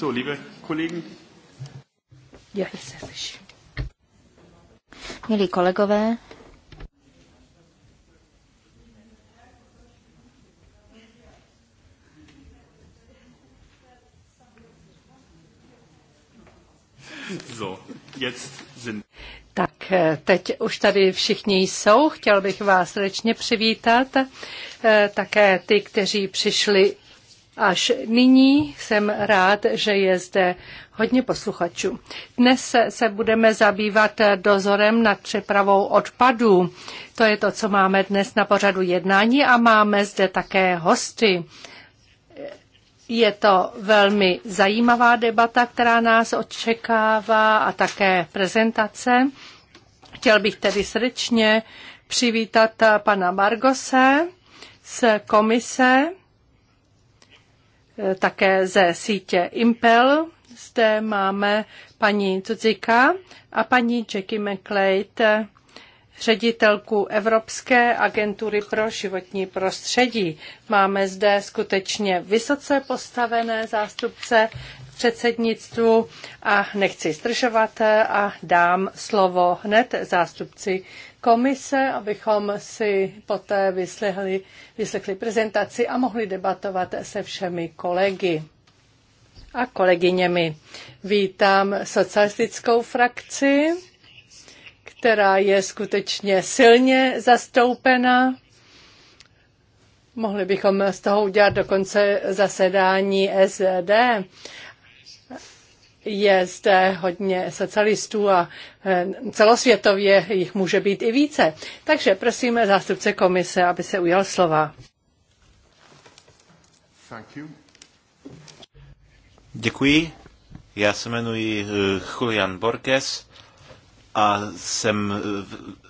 So, liebe Kollegen. Ja, ich Milí kolegové, So, jetzt sind... Tak eh, teď už tady všichni jsou. Chtěl bych vás srdečně přivítat. Eh, také ty, kteří přišli Až nyní jsem rád, že je zde hodně posluchačů. Dnes se budeme zabývat dozorem nad přepravou odpadů. To je to, co máme dnes na pořadu jednání a máme zde také hosty. Je to velmi zajímavá debata, která nás očekává a také prezentace. Chtěl bych tedy srdečně přivítat pana Margose z komise Eh, také ze sítě Impel. Zde máme paní Cudzika a paní Jackie McLeod, ředitelku Evropské agentury pro životní prostředí. Máme zde skutečně vysoce postavené zástupce předsednictvu a nechci zdržovat eh, a dám slovo hned zástupci komise, abychom si poté vyslechli, vyslechli prezentaci a mohli debatovat se všemi kolegy a kolegyněmi. Vítám socialistickou frakci, která je skutečně silně zastoupena. Mohli bychom z toho udělat dokonce zasedání SD je zde hodně socialistů a eh, celosvětově jich může být i více. Takže prosíme zástupce komise, aby se ujal slova. Děkuji. Já se jmenuji eh, Julian Borges a jsem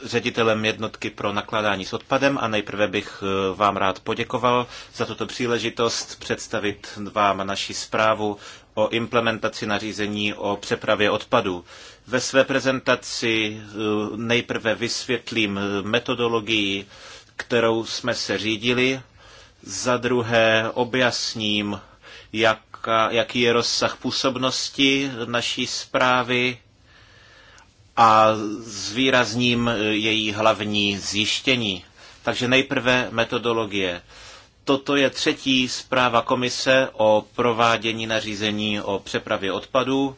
eh, ředitelem jednotky pro nakládání s odpadem a nejprve bych vám rád poděkoval za tuto příležitost představit vám naši zprávu o implementaci nařízení o přepravě odpadů. Ve své prezentaci eh, nejprve vysvětlím eh, metodologii, kterou jsme se řídili, za druhé objasním, jak, jaký je rozsah působnosti naší zprávy a zvýrazním eh, její hlavní zjištění. Takže nejprve metodologie. Toto je třetí zpráva komise o provádění nařízení o přepravě odpadů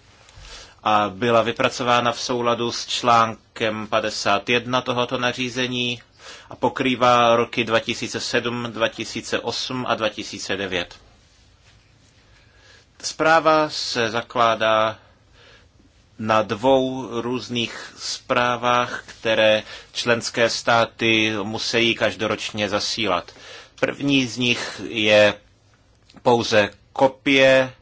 a byla vypracována v souladu s článkem 51 tohoto nařízení a pokrývá roky 2007, 2008 a 2009. Zpráva se zakládá na dvou různých zprávách, které členské státy musí každoročně zasílat. První z nich je pouze kopie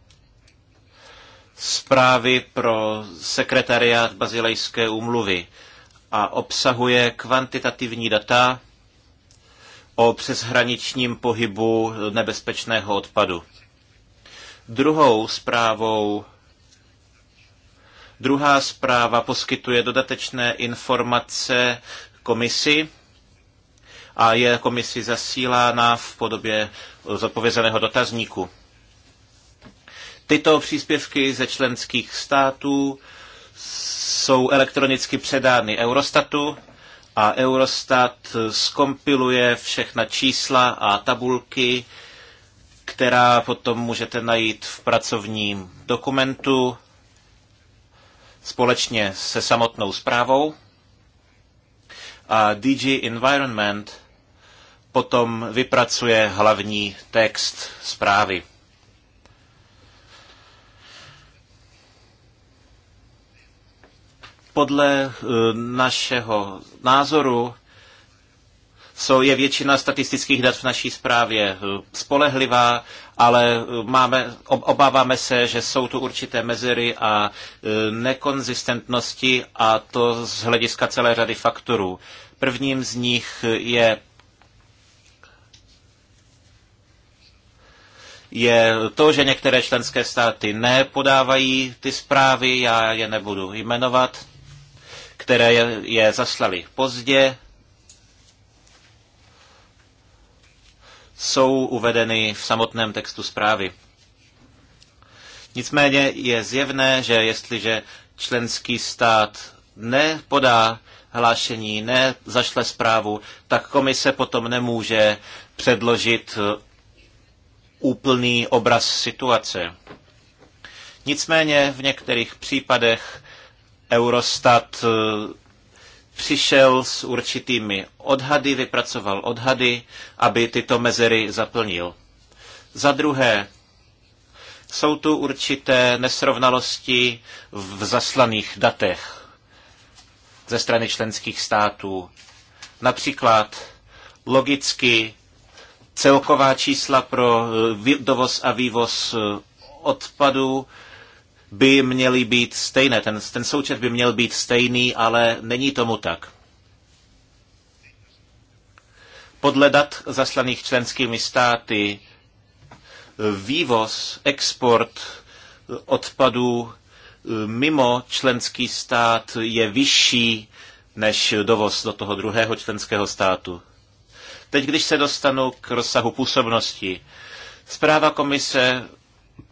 zprávy pro sekretariát Bazilejské úmluvy a obsahuje kvantitativní data o přeshraničním pohybu nebezpečného odpadu. Druhou zprávou Druhá zpráva poskytuje dodatečné informace komisi a je komisi zasílána v podobě zodpovězeného dotazníku. Tyto příspěvky ze členských států jsou elektronicky předány Eurostatu a Eurostat skompiluje všechna čísla a tabulky, která potom můžete najít v pracovním dokumentu společně se samotnou zprávou. A DG Environment potom vypracuje hlavní text zprávy. Podle eh, našeho názoru jsou, je většina statistických dat v naší zprávě eh, spolehlivá, ale eh, máme, obáváme se, že jsou tu určité mezery a nekonzistentnosti a to z hlediska celé řady faktorů. Prvním z nich je je to, že některé členské státy nepodávají ty zprávy, já je nebudu jmenovat, které je, je zaslali pozdě, jsou uvedeny v samotném textu zprávy. Nicméně je zjevné, že jestliže členský stát nepodá hlášení, nezašle zprávu, tak komise potom nemůže předložit úplný obraz situace. Nicméně v některých případech Eurostat e, přišel s určitými odhady, vypracoval odhady, aby tyto mezery zaplnil. Za druhé, jsou tu určité nesrovnalosti v zaslaných datech ze strany členských států. Například logicky celková čísla pro eh, dovoz a vývoz eh, odpadu by měly být stejné. Ten, ten součet by měl být stejný, ale není tomu tak. Podle dat zaslaných členskými státy vývoz, export eh, odpadů mimo členský stát je vyšší než dovoz do toho druhého členského státu. Teď, když se dostanu k rozsahu působnosti, zpráva komise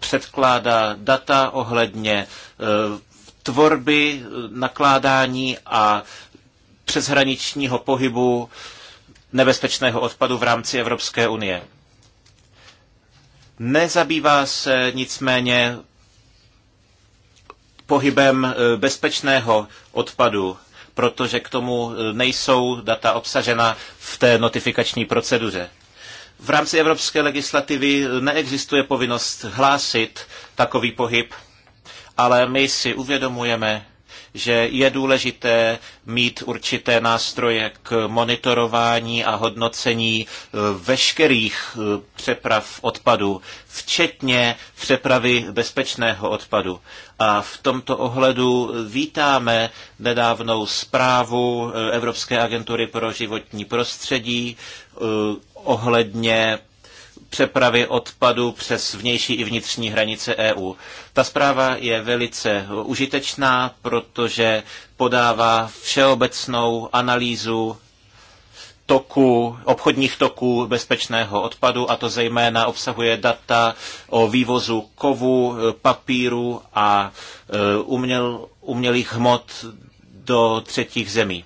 předkládá data ohledně e, tvorby, e, nakládání a přeshraničního pohybu nebezpečného odpadu v rámci Evropské unie. Nezabývá se nicméně pohybem e, bezpečného odpadu protože k tomu e, nejsou data obsažena v té notifikační proceduře. V rámci evropské legislativy neexistuje povinnost hlásit takový pohyb, ale my si uvědomujeme, že je důležité mít určité nástroje k monitorování a hodnocení eh, veškerých eh, přeprav odpadu, včetně přepravy bezpečného odpadu. A v tomto ohledu vítáme nedávnou zprávu eh, Evropské agentury pro životní prostředí ohledně přepravy odpadu přes vnější i vnitřní hranice EU. Ta zpráva je velice užitečná, protože podává všeobecnou analýzu toku, obchodních toků bezpečného odpadu, a to zejména obsahuje data o vývozu kovu, papíru a e, uměl, umělých hmot do třetích zemí.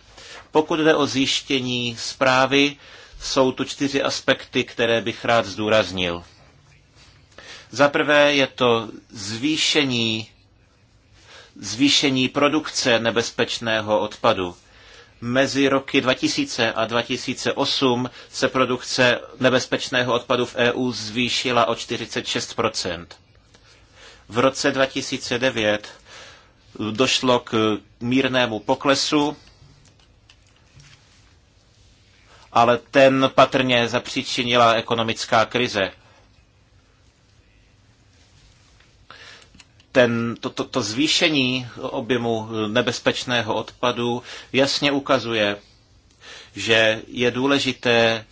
Pokud jde o zjištění zprávy, jsou tu čtyři aspekty, které bych rád zdůraznil. Za prvé je to zvýšení, zvýšení produkce nebezpečného odpadu. Mezi roky 2000 a 2008 se produkce nebezpečného odpadu v EU zvýšila o 46 V roce 2009 došlo k mírnému poklesu ale ten patrně zapříčinila ekonomická krize. ten, to, to, to zvýšení objemu nebezpečného odpadu jasně ukazuje, že je důležité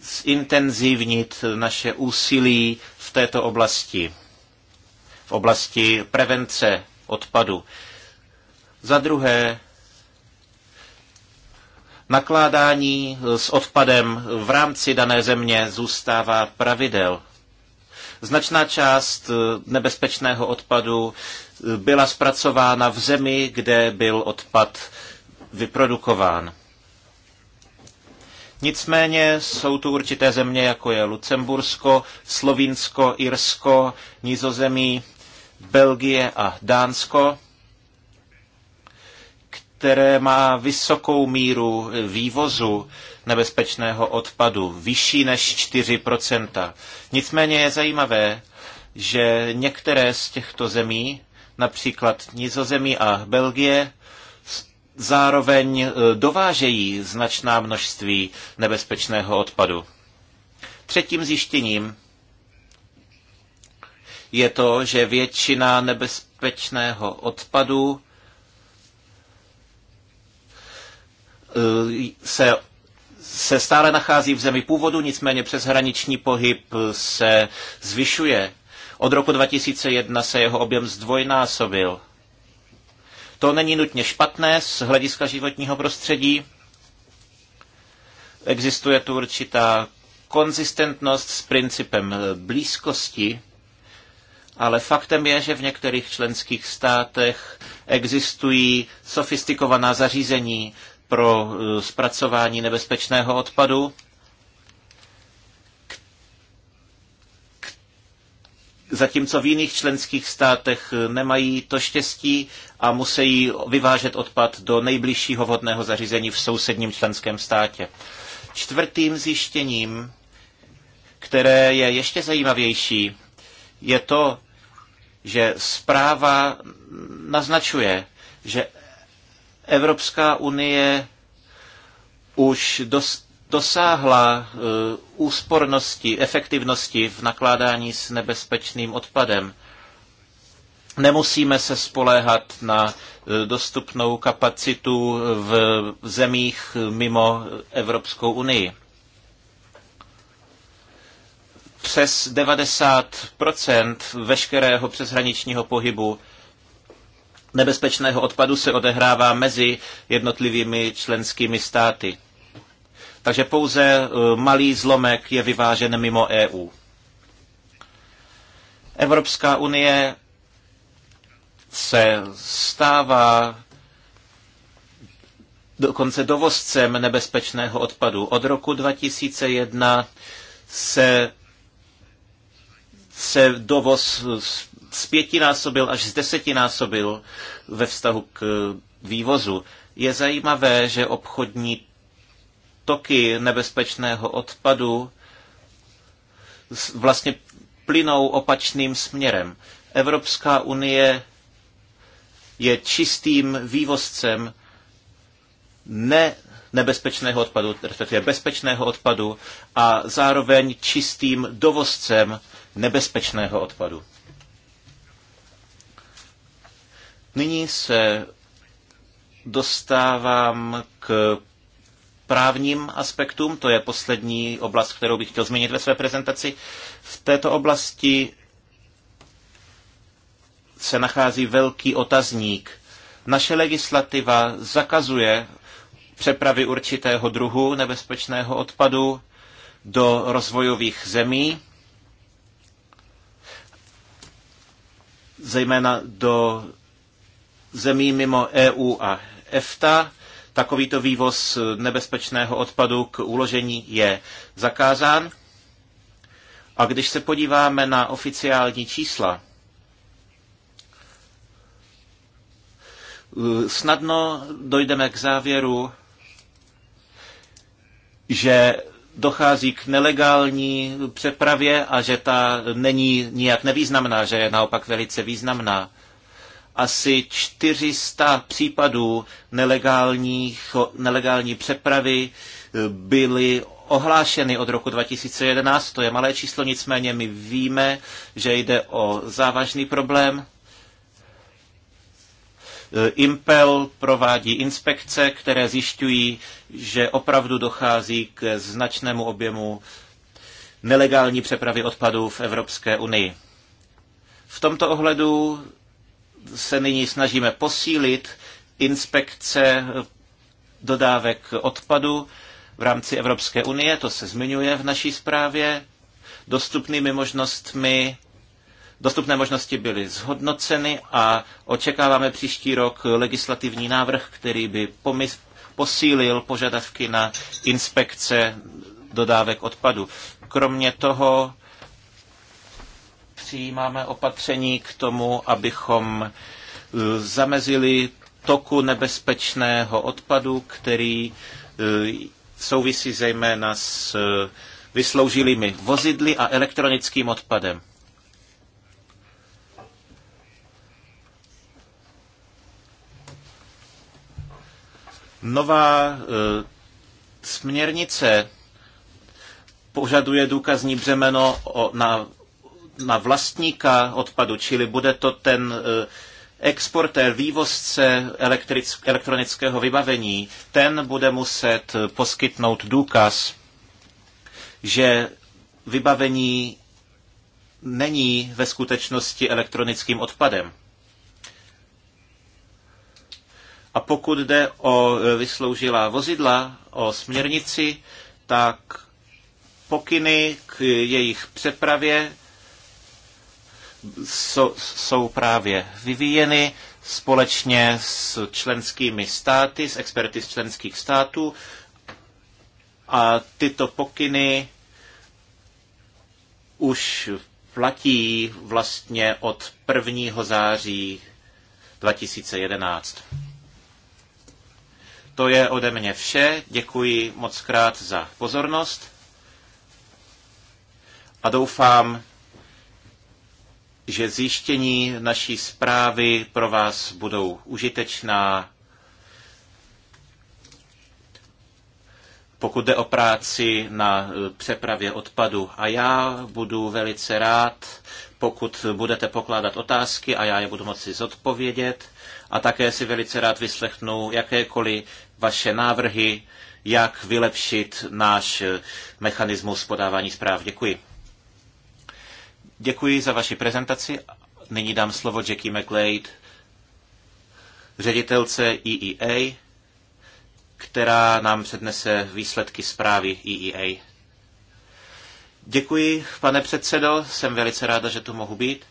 zintenzivnit naše úsilí v této oblasti, v oblasti prevence odpadu. Za druhé, Nakládání eh, s odpadem v rámci dané země zůstává pravidel. Značná část eh, nebezpečného odpadu eh, byla zpracována v zemi, kde byl odpad vyprodukován. Nicméně jsou tu určité země, jako je Lucembursko, Slovinsko, Irsko, Nizozemí, Belgie a Dánsko, které má vysokou míru vývozu nebezpečného odpadu, vyšší než 4%. Nicméně je zajímavé, že některé z těchto zemí, například Nizozemí a Belgie, zároveň e, dovážejí značná množství nebezpečného odpadu. Třetím zjištěním je to, že většina nebezpečného odpadu Eh, se se stále nachází v zemi původu, nicméně přes hraniční pohyb se zvyšuje. Od roku 2001 se jeho objem zdvojnásobil. To není nutně špatné z hlediska životního prostředí. Existuje tu určitá konzistentnost s principem blízkosti, ale faktem je, že v některých členských státech existují sofistikovaná zařízení, pro eh, zpracování nebezpečného odpadu, zatímco v jiných členských státech eh, nemají to štěstí a musí vyvážet odpad do nejbližšího vodného zařízení v sousedním členském státě. Čtvrtým zjištěním, které je ještě zajímavější, je to, že zpráva naznačuje, že Evropská unie už dos, dosáhla eh, úspornosti, efektivnosti v nakládání s nebezpečným odpadem. Nemusíme se spoléhat na eh, dostupnou kapacitu v zemích mimo Evropskou unii. Přes 90 veškerého přeshraničního pohybu nebezpečného odpadu se odehrává mezi jednotlivými členskými státy. Takže pouze e, malý zlomek je vyvážen mimo EU. Evropská unie se stává dokonce dovozcem nebezpečného odpadu. Od roku 2001 se, se dovoz z až z desetinásobil ve vztahu k vývozu. Je zajímavé, že obchodní toky nebezpečného odpadu vlastně plynou opačným směrem. Evropská unie je čistým vývozcem ne nebezpečného odpadu, respektive bezpečného odpadu a zároveň čistým dovozcem nebezpečného odpadu. Nyní se dostávám k právním aspektům, to je poslední oblast, kterou bych chtěl změnit ve své prezentaci. V této oblasti se nachází velký otazník. Naše legislativa zakazuje přepravy určitého druhu nebezpečného odpadu do rozvojových zemí, zejména do zemí mimo EU a EFTA. Takovýto vývoz nebezpečného odpadu k uložení je zakázán. A když se podíváme na oficiální čísla, eh, snadno dojdeme k závěru, že dochází k nelegální přepravě a že ta není nijak nevýznamná, že je naopak velice významná asi 400 případů nelegální přepravy eh, byly ohlášeny od roku 2011. To je malé číslo, nicméně my víme, že jde o závažný problém. Eh, Impel provádí inspekce, které zjišťují, že opravdu dochází k značnému objemu nelegální přepravy odpadů v Evropské unii. V tomto ohledu se nyní snažíme posílit inspekce dodávek odpadu v rámci Evropské unie, to se zmiňuje v naší zprávě. Dostupnými možnostmi Dostupné možnosti byly zhodnoceny a očekáváme příští rok legislativní návrh, který by pomys posílil požadavky na inspekce dodávek odpadu. Kromě toho přijímáme opatření k tomu, abychom e, zamezili toku nebezpečného odpadu, který e, souvisí zejména s e, vysloužilými vozidly a elektronickým odpadem. Nová směrnice požaduje důkazní břemeno o, na na vlastníka odpadu, čili bude to ten eh, exportér, vývozce elektronického vybavení, ten bude muset poskytnout důkaz, že vybavení není ve skutečnosti elektronickým odpadem. A pokud jde o eh, vysloužilá vozidla, o směrnici, tak pokyny k jejich přepravě jsou právě vyvíjeny společně s členskými státy, s experty z členských států a tyto pokyny už platí vlastně od 1. září 2011. To je ode mě vše. Děkuji moc krát za pozornost a doufám, že zjištění naší zprávy pro vás budou užitečná. pokud jde o práci na e, přepravě odpadu. A já budu velice rád, pokud budete pokládat otázky a já je budu moci zodpovědět. A také si velice rád vyslechnu jakékoliv vaše návrhy, jak vylepšit náš e, mechanismus podávání zpráv. Děkuji. Děkuji za vaši prezentaci. Nyní dám slovo Jackie McLeod, ředitelce EEA, která nám přednese výsledky zprávy EEA. Děkuji, pane předsedo, jsem velice ráda, že tu mohu být.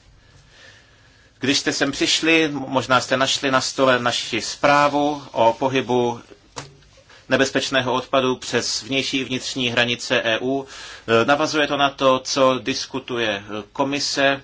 Když jste sem přišli, možná jste našli na stole naši zprávu o pohybu nebezpečného odpadu přes vnější i vnitřní hranice EU. Navazuje to na to, co diskutuje komise.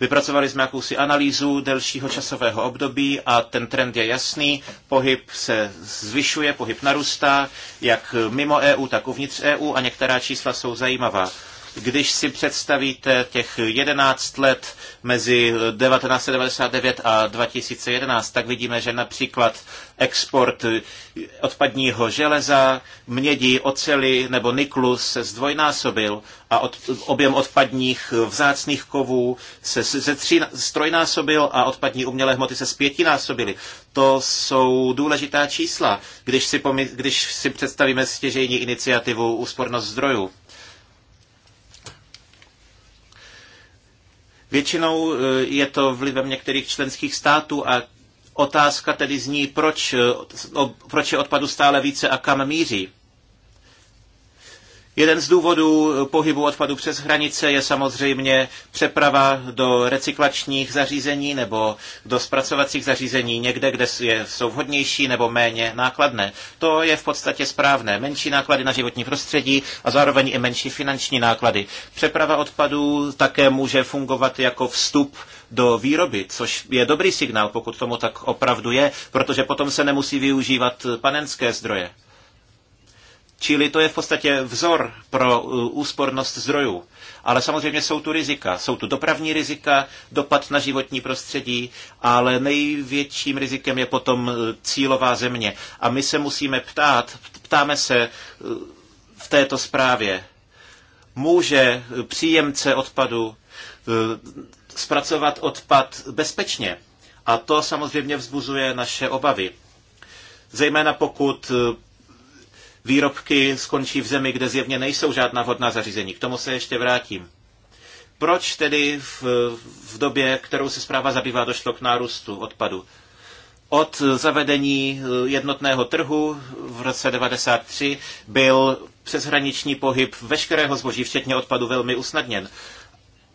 Vypracovali jsme jakousi analýzu delšího časového období a ten trend je jasný. Pohyb se zvyšuje, pohyb narůstá, jak mimo EU, tak uvnitř EU a některá čísla jsou zajímavá. Když si představíte těch 11 let mezi 1999 a 2011, tak vidíme, že například export odpadního železa, mědi, oceli nebo niklu se zdvojnásobil a od, objem odpadních vzácných kovů se ze tří strojnásobil a odpadní umělé hmoty se zpětinásobily. To jsou důležitá čísla, když si, když si představíme stěžejní iniciativu úspornost zdrojů. Většinou e, je to vlivem některých členských států a otázka tedy zní, proč, e, proč je odpadu stále více a kam míří. Jeden z důvodů pohybu odpadu přes hranice je samozřejmě přeprava do recyklačních zařízení nebo do zpracovacích zařízení někde, kde jsou vhodnější nebo méně nákladné. To je v podstatě správné. Menší náklady na životní prostředí a zároveň i menší finanční náklady. Přeprava odpadů také může fungovat jako vstup do výroby, což je dobrý signál, pokud tomu tak opravdu je, protože potom se nemusí využívat panenské zdroje. Čili to je v podstatě vzor pro uh, úspornost zdrojů. Ale samozřejmě jsou tu rizika. Jsou tu dopravní rizika, dopad na životní prostředí, ale největším rizikem je potom uh, cílová země. A my se musíme ptát, ptáme se uh, v této zprávě, může příjemce odpadu zpracovat odpad bezpečně? A to samozřejmě vzbuzuje naše obavy. Zejména pokud výrobky skončí v zemi, kde zjevně nejsou žádná vhodná zařízení. K tomu se ještě vrátím. Proč tedy v, v době, kterou se zpráva zabývá, došlo k nárůstu odpadu? Od zavedení jednotného trhu v roce 1993 byl přeshraniční pohyb veškerého zboží, včetně odpadu, velmi usnadněn.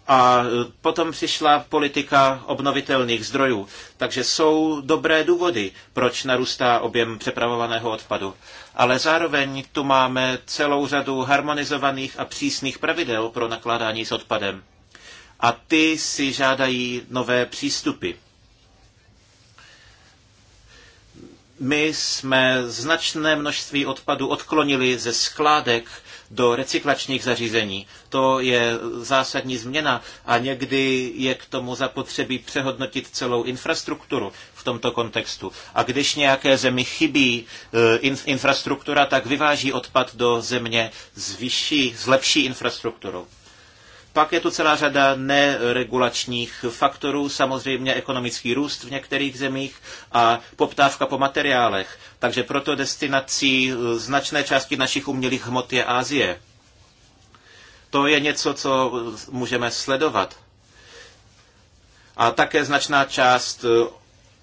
A potom přišla politika obnovitelných zdrojů. Takže jsou dobré důvody, proč narůstá objem přepravovaného odpadu ale zároveň tu máme celou řadu harmonizovaných a přísných pravidel pro nakládání s odpadem. A ty si žádají nové přístupy. My jsme značné množství odpadu odklonili ze skládek do recyklačních zařízení. To je zásadní změna a někdy je k tomu zapotřebí přehodnotit celou infrastrukturu v tomto kontextu. A když nějaké zemi chybí eh, infrastruktura, tak vyváží odpad do země s, vyšší, s lepší infrastrukturou. Pak je tu celá řada neregulačních faktorů, samozřejmě ekonomický růst v některých zemích a poptávka po materiálech. Takže proto destinací eh, značné části našich umělých hmot je Asie. To je něco, co eh, můžeme sledovat. A také značná část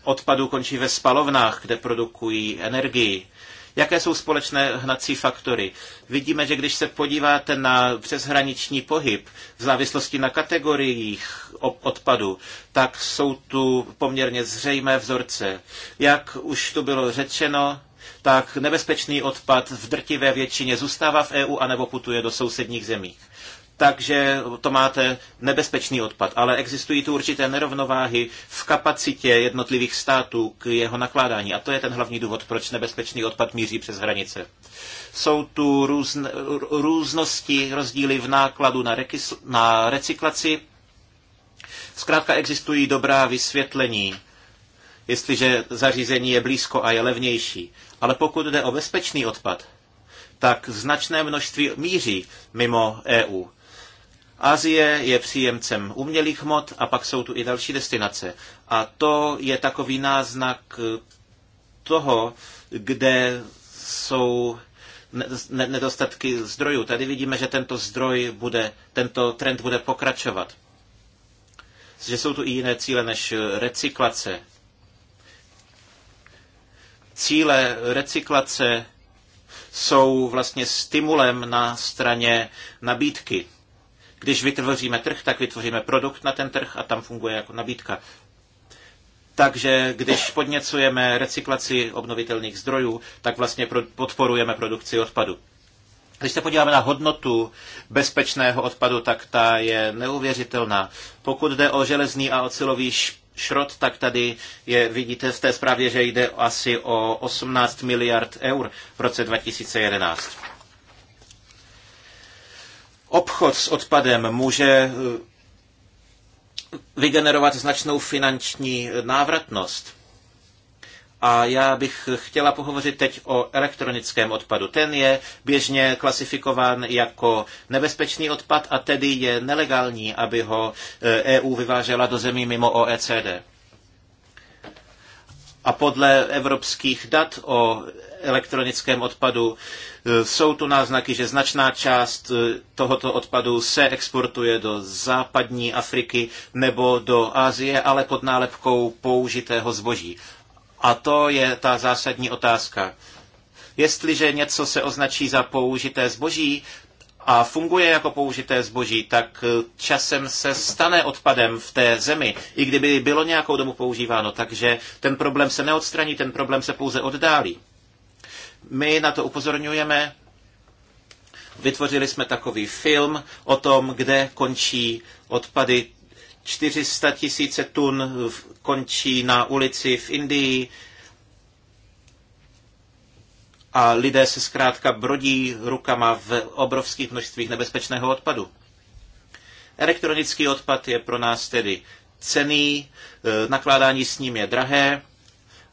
odpadů končí ve spalovnách, kde produkují energii. Jaké jsou společné hnací faktory? Vidíme, že když se podíváte na přeshraniční pohyb v závislosti na kategoriích odpadu, tak jsou tu poměrně zřejmé vzorce. Jak už tu bylo řečeno, tak nebezpečný odpad v drtivé většině zůstává v EU anebo putuje do sousedních zemích takže to máte nebezpečný odpad. Ale existují tu určité nerovnováhy v kapacitě jednotlivých států k jeho nakládání. A to je ten hlavní důvod, proč nebezpečný odpad míří přes hranice. Jsou tu různ, různosti, rozdíly v nákladu na, rekis, na recyklaci. Zkrátka existují dobrá vysvětlení, jestliže zařízení je blízko a je levnější. Ale pokud jde o bezpečný odpad, tak značné množství míří mimo EU. Asie je příjemcem umělých hmot a pak jsou tu i další destinace. A to je takový náznak eh, toho, kde jsou nedostatky zdrojů. Tady vidíme, že tento zdroj bude, tento trend bude pokračovat. Že jsou tu i jiné cíle než recyklace. Cíle recyklace jsou vlastně stimulem na straně nabídky když vytvoříme trh, tak vytvoříme produkt na ten trh a tam funguje jako nabídka. Takže když podněcujeme recyklaci obnovitelných zdrojů, tak vlastně podporujeme produkci odpadu. Když se podíváme na hodnotu bezpečného odpadu, tak ta je neuvěřitelná. Pokud jde o železný a ocelový šrot, tak tady je, vidíte v té zprávě, že jde asi o 18 miliard eur v roce 2011. Obchod s odpadem může eh, vygenerovat značnou finanční eh, návratnost. A já bych chtěla pohovořit teď o elektronickém odpadu. Ten je běžně klasifikován jako nebezpečný odpad a tedy je nelegální, aby ho EU eh, e vyvážela do zemí mimo OECD. A podle evropských dat o elektronickém odpadu. E, jsou tu náznaky, že značná část e, tohoto odpadu se exportuje do západní Afriky nebo do Asie, ale pod nálepkou použitého zboží. A to je ta zásadní otázka. Jestliže něco se označí za použité zboží, a funguje jako použité zboží, tak e, časem se stane odpadem v té zemi, i kdyby bylo nějakou dobu používáno. Takže ten problém se neodstraní, ten problém se pouze oddálí. My na to upozorňujeme, vytvořili jsme takový film o tom, kde končí odpady 400 tisíce tun končí na ulici v Indii a lidé se zkrátka brodí rukama v obrovských množstvích nebezpečného odpadu. Elektronický odpad je pro nás tedy cený, e, nakládání s ním je drahé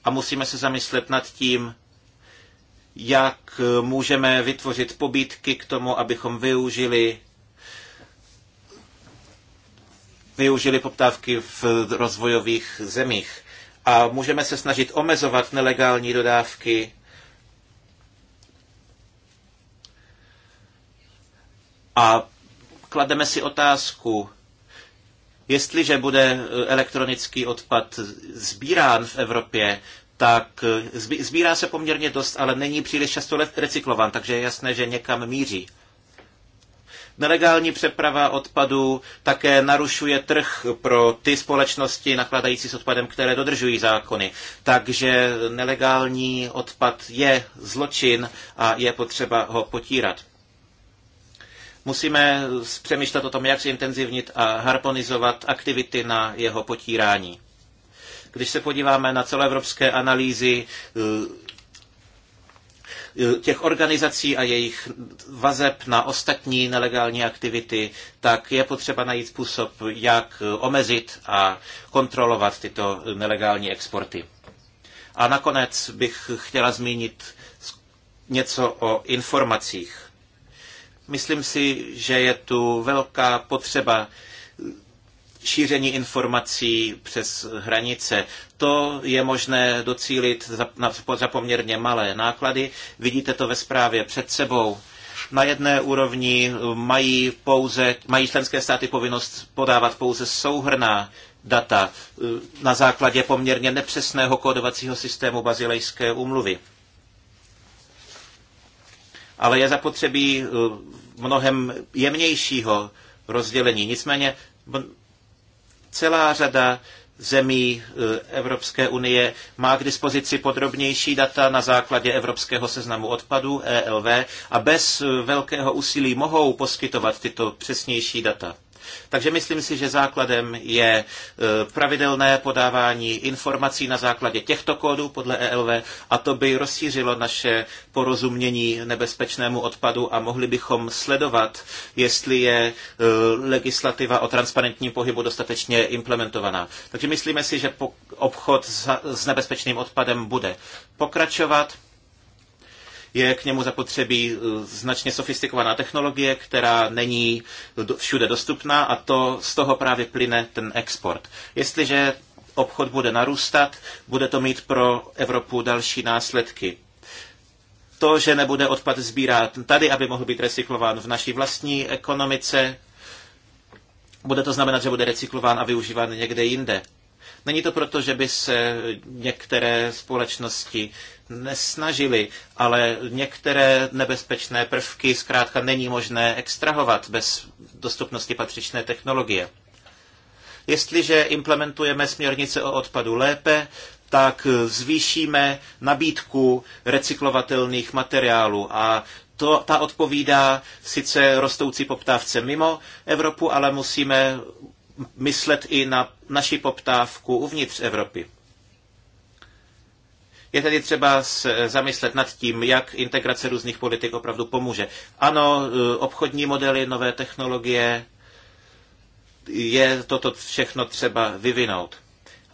a musíme se zamyslet nad tím, jak můžeme vytvořit pobídky k tomu, abychom využili využili poptávky v rozvojových zemích. A můžeme se snažit omezovat nelegální dodávky a klademe si otázku, jestliže bude elektronický odpad sbírán v Evropě, tak sbírá eh, se poměrně dost, ale není příliš často recyklován, takže je jasné, že někam míří. Nelegální přeprava odpadu také narušuje trh pro ty společnosti nakladající s odpadem, které dodržují zákony. Takže nelegální odpad je zločin a je potřeba ho potírat. Musíme přemýšlet o tom, jak zintenzivnit a harmonizovat aktivity na jeho potírání. Když se podíváme na celoevropské analýzy eh, eh, těch organizací a jejich vazeb na ostatní nelegální aktivity, tak je potřeba najít způsob, jak eh, omezit a kontrolovat tyto nelegální exporty. A nakonec bych chtěla zmínit něco o informacích. Myslím si, že je tu velká potřeba šíření informací přes hranice. To je možné docílit za, za poměrně malé náklady. Vidíte to ve zprávě před sebou. Na jedné úrovni mají, pouze, mají členské státy povinnost podávat pouze souhrná data eh, na základě poměrně nepřesného kódovacího systému bazilejské úmluvy. Ale je zapotřebí eh, mnohem jemnějšího rozdělení. Nicméně Celá řada zemí eh, Evropské unie má k dispozici podrobnější data na základě Evropského seznamu odpadů ELV a bez eh, velkého úsilí mohou poskytovat tyto přesnější data. Takže myslím si, že základem je e, pravidelné podávání informací na základě těchto kódů podle ELV a to by rozšířilo naše porozumění nebezpečnému odpadu a mohli bychom sledovat, jestli je e, legislativa o transparentním pohybu dostatečně implementovaná. Takže myslíme si, že obchod s nebezpečným odpadem bude pokračovat je k němu zapotřebí eh, značně sofistikovaná technologie, která není všude dostupná a to z toho právě plyne ten export. Jestliže obchod bude narůstat, bude to mít pro Evropu další následky to, že nebude odpad sbírat tady, aby mohl být recyklován v naší vlastní ekonomice. Bude to znamenat, že bude recyklován a využíván někde jinde. Není to proto, že by se některé společnosti nesnažily, ale některé nebezpečné prvky zkrátka není možné extrahovat bez dostupnosti patřičné technologie. Jestliže implementujeme směrnice o odpadu lépe, tak zvýšíme nabídku recyklovatelných materiálů a to, ta odpovídá sice rostoucí poptávce mimo Evropu, ale musíme myslet i na naši poptávku uvnitř Evropy. Je tedy třeba zamyslet nad tím, jak integrace různých politik opravdu pomůže. Ano, e, obchodní modely, nové technologie, je toto všechno třeba vyvinout.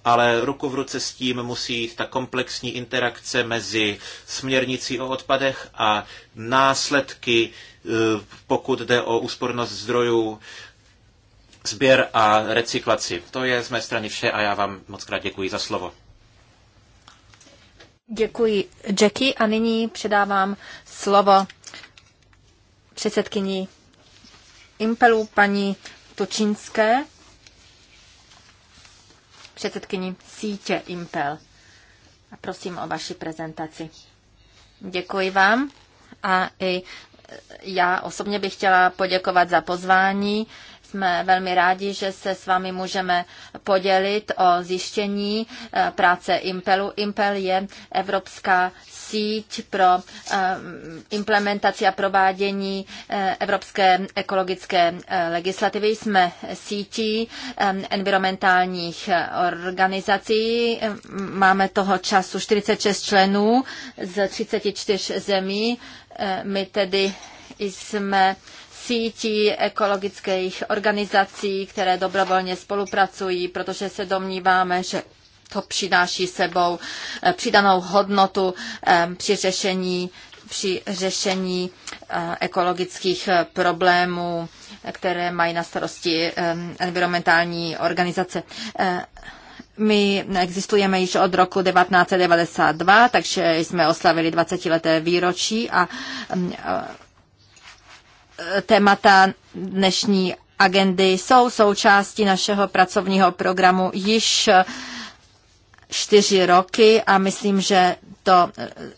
Ale ruku v ruce s tím musí jít ta komplexní interakce mezi směrnicí o odpadech a následky, e, pokud jde o úspornost zdrojů, sběr a recyklaci. To je z mé strany vše a já vám moc krát děkuji za slovo. Děkuji Jackie a nyní předávám slovo předsedkyni Impelu paní Točínské, předsedkyni sítě Impel. A prosím o vaši prezentaci. Děkuji vám a i já osobně bych chtěla poděkovat za pozvání jsme velmi rádi, že se s vámi můžeme podělit o zjištění eh, práce Impelu. Impel je evropská síť pro eh, implementaci a provádění eh, evropské ekologické legislativy. Jsme sítí environmentálních organizací. Máme toho času 46 členů z 34 zemí. My tedy jsme sítí ekologických organizací, které dobrovolně spolupracují, protože se domníváme, že to přináší sebou eh, přidanou hodnotu eh, při řešení, při řešení eh, ekologických problémů, které mají na starosti environmentální organizace. My existujeme již od roku 1992, takže jsme oslavili 20. leté výročí a mm, témata dnešní agendy jsou součástí našeho pracovního programu již čtyři roky a myslím, že to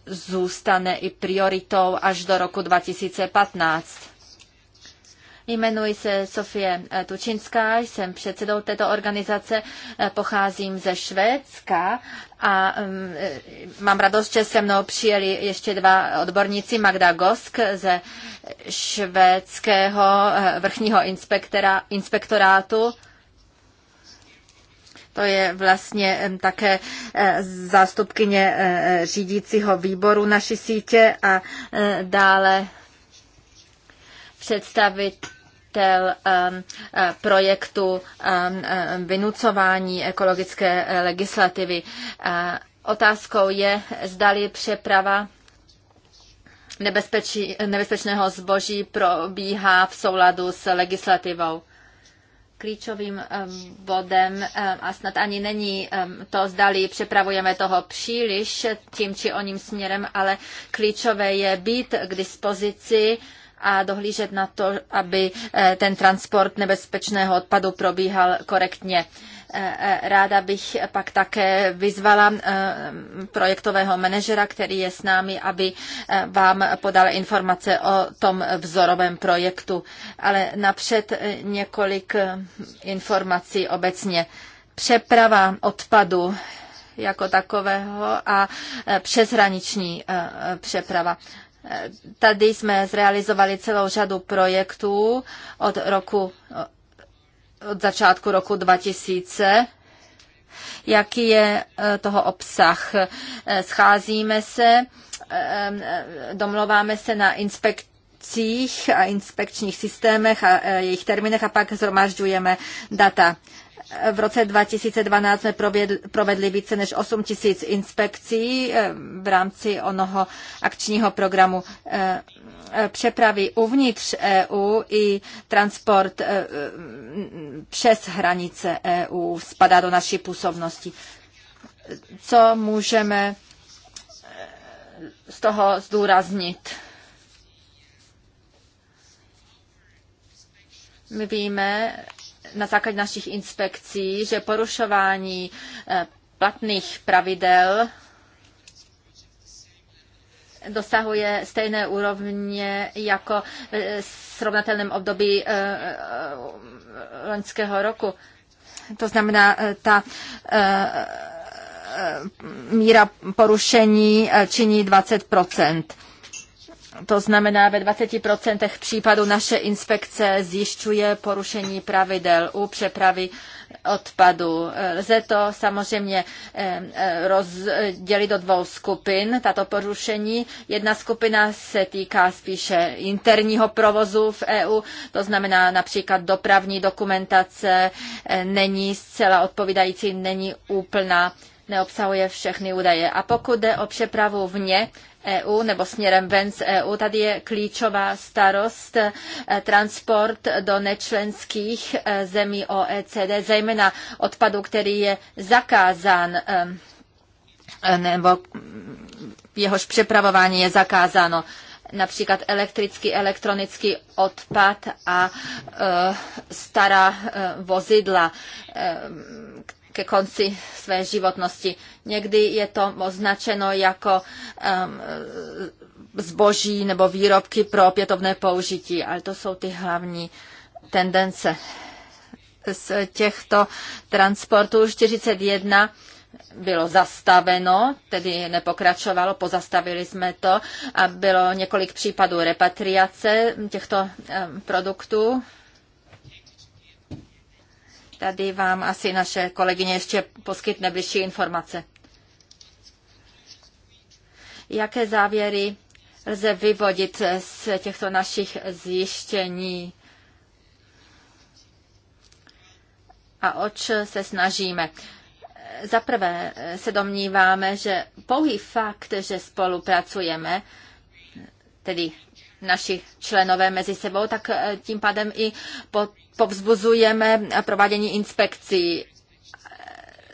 zůstane i prioritou až do roku 2015. Jmenuji se Sofie eh, Tučinská, jsem předsedou této organizace, eh, pocházím ze Švédska a mm, eh, mám radost, že se mnou přijeli ještě dva odborníci, Magda Gosk ze švédského vrchního inspektorátu to je vlastně také zástupkyně řídícího výboru naší sítě a dále představit majitel um, eh, projektu um, eh, vynucování ekologické eh, legislativy. Otázkou je, zdali přeprava nebezpečí, nebezpečného zboží probíhá v souladu s legislativou. Klíčovým bodem a snad ani není to, zdali přepravujeme toho příliš tím či oním směrem, ale klíčové je být k dispozici a dohlížet na to, aby eh, ten transport nebezpečného odpadu probíhal korektně. Eh, eh, ráda bych pak také vyzvala projektového manažera, který je s námi, aby vám podal informace o tom vzorovém projektu. Ale napřed několik informací obecně. Přeprava odpadu jako takového a přeshraniční přeprava. Tady jsme zrealizovali celou řadu projektů od roku od začátku roku 2000 jaký je e, toho obsah. E, scházíme se, e, domlouváme se na inspekcích a inspekčních systémech a jejich termínech a pak zhromažďujeme data. V roce 2012 jsme provedli více než 8 tisíc inspekcí eh, v rámci onoho akčního programu eh, eh, přepravy uvnitř EU i transport přes hranice EU spadá do naší působnosti. Co můžeme z toho zdůraznit? My víme, na základě našich inspekcí, že porušování eh, platných pravidel dosahuje stejné úrovně jako eh, v srovnatelném období eh, loňského roku. To znamená, ta míra porušení činí 20 to znamená, ve 20% případů naše inspekce zjišťuje porušení pravidel u přepravy odpadu. Lze to samozřejmě eh, rozdělit do dvou skupin, tato porušení. Jedna skupina se týká spíše interního provozu v EU, to znamená například dopravní dokumentace eh, není zcela odpovídající, není úplná neobsahuje všechny údaje. A pokud jde o přepravu vně EU nebo směrem ven z EU, tady je klíčová starost eh, transport do nečlenských eh, zemí OECD, zejména odpadu, který je zakázán eh, nebo jehož přepravování je zakázáno například elektrický, elektronický odpad a e, stará e, vozidla, e, ke konci své životnosti. Někdy je to označeno jako um, zboží nebo výrobky pro opětovné použití, ale to jsou ty hlavní tendence. Z těchto transportů 41 bylo zastaveno, tedy nepokračovalo, pozastavili jsme to a bylo několik případů repatriace těchto um, produktů Tady vám asi naše kolegyně ještě poskytne bližší informace. Jaké závěry lze vyvodit z těchto našich zjištění? A oč se snažíme? Za prvé se domníváme, že pouhý fakt, že spolupracujeme, tedy naši členové mezi sebou, tak eh, tím pádem i pod povzbuzujeme provádění inspekcí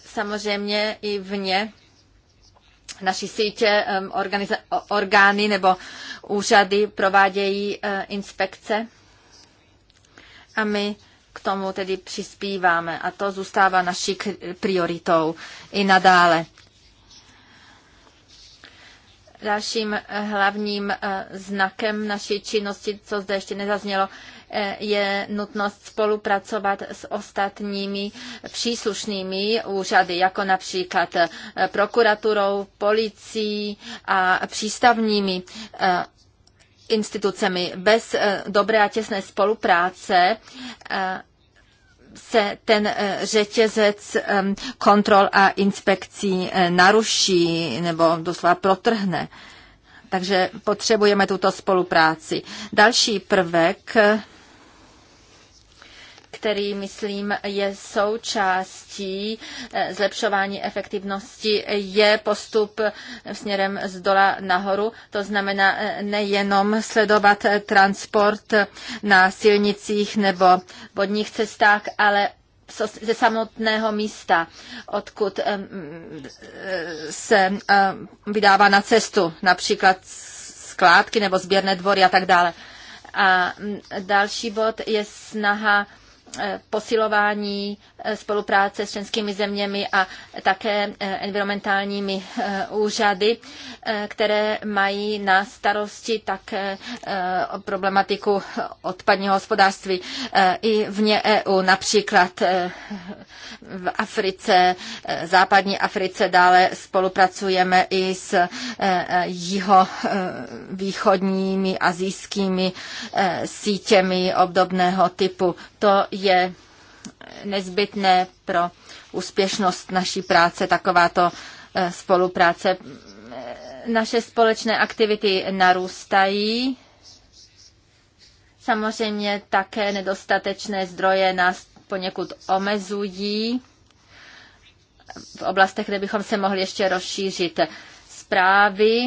samozřejmě i vně naší sítě orgány nebo úřady provádějí e, inspekce a my k tomu tedy přispíváme a to zůstává naší prioritou i nadále. Dalším e, hlavním e, znakem naší činnosti, co zde ještě nezaznělo, je nutnost spolupracovat s ostatními příslušnými úřady, jako například eh, prokuraturou, policií a přístavními eh, institucemi. Bez eh, dobré a těsné spolupráce se ten řetězec kontrol a inspekcí naruší nebo doslova protrhne. Takže potřebujeme tuto spolupráci. Další prvek který, myslím, je součástí eh, zlepšování efektivnosti, je postup eh, směrem z dola nahoru. To znamená eh, nejenom sledovat transport na silnicích nebo vodních cestách, ale ze samotného místa, odkud se vydává na cestu, například skládky nebo sběrné dvory a tak dále. A mm, další bod je snaha Eh, posilování eh, spolupráce s členskými zeměmi a také eh, environmentálními úřady, které mají na starosti také problematiku odpadního hospodářství i vně EU, například v Africe, západní Africe dále spolupracujeme i s jihovýchodními azijskými sítěmi obdobného typu. To je je nezbytné pro úspěšnost naší práce takováto eh, spolupráce. Naše společné aktivity narůstají. Samozřejmě také nedostatečné zdroje nás poněkud omezují v oblastech, kde bychom se mohli ještě rozšířit. Zprávy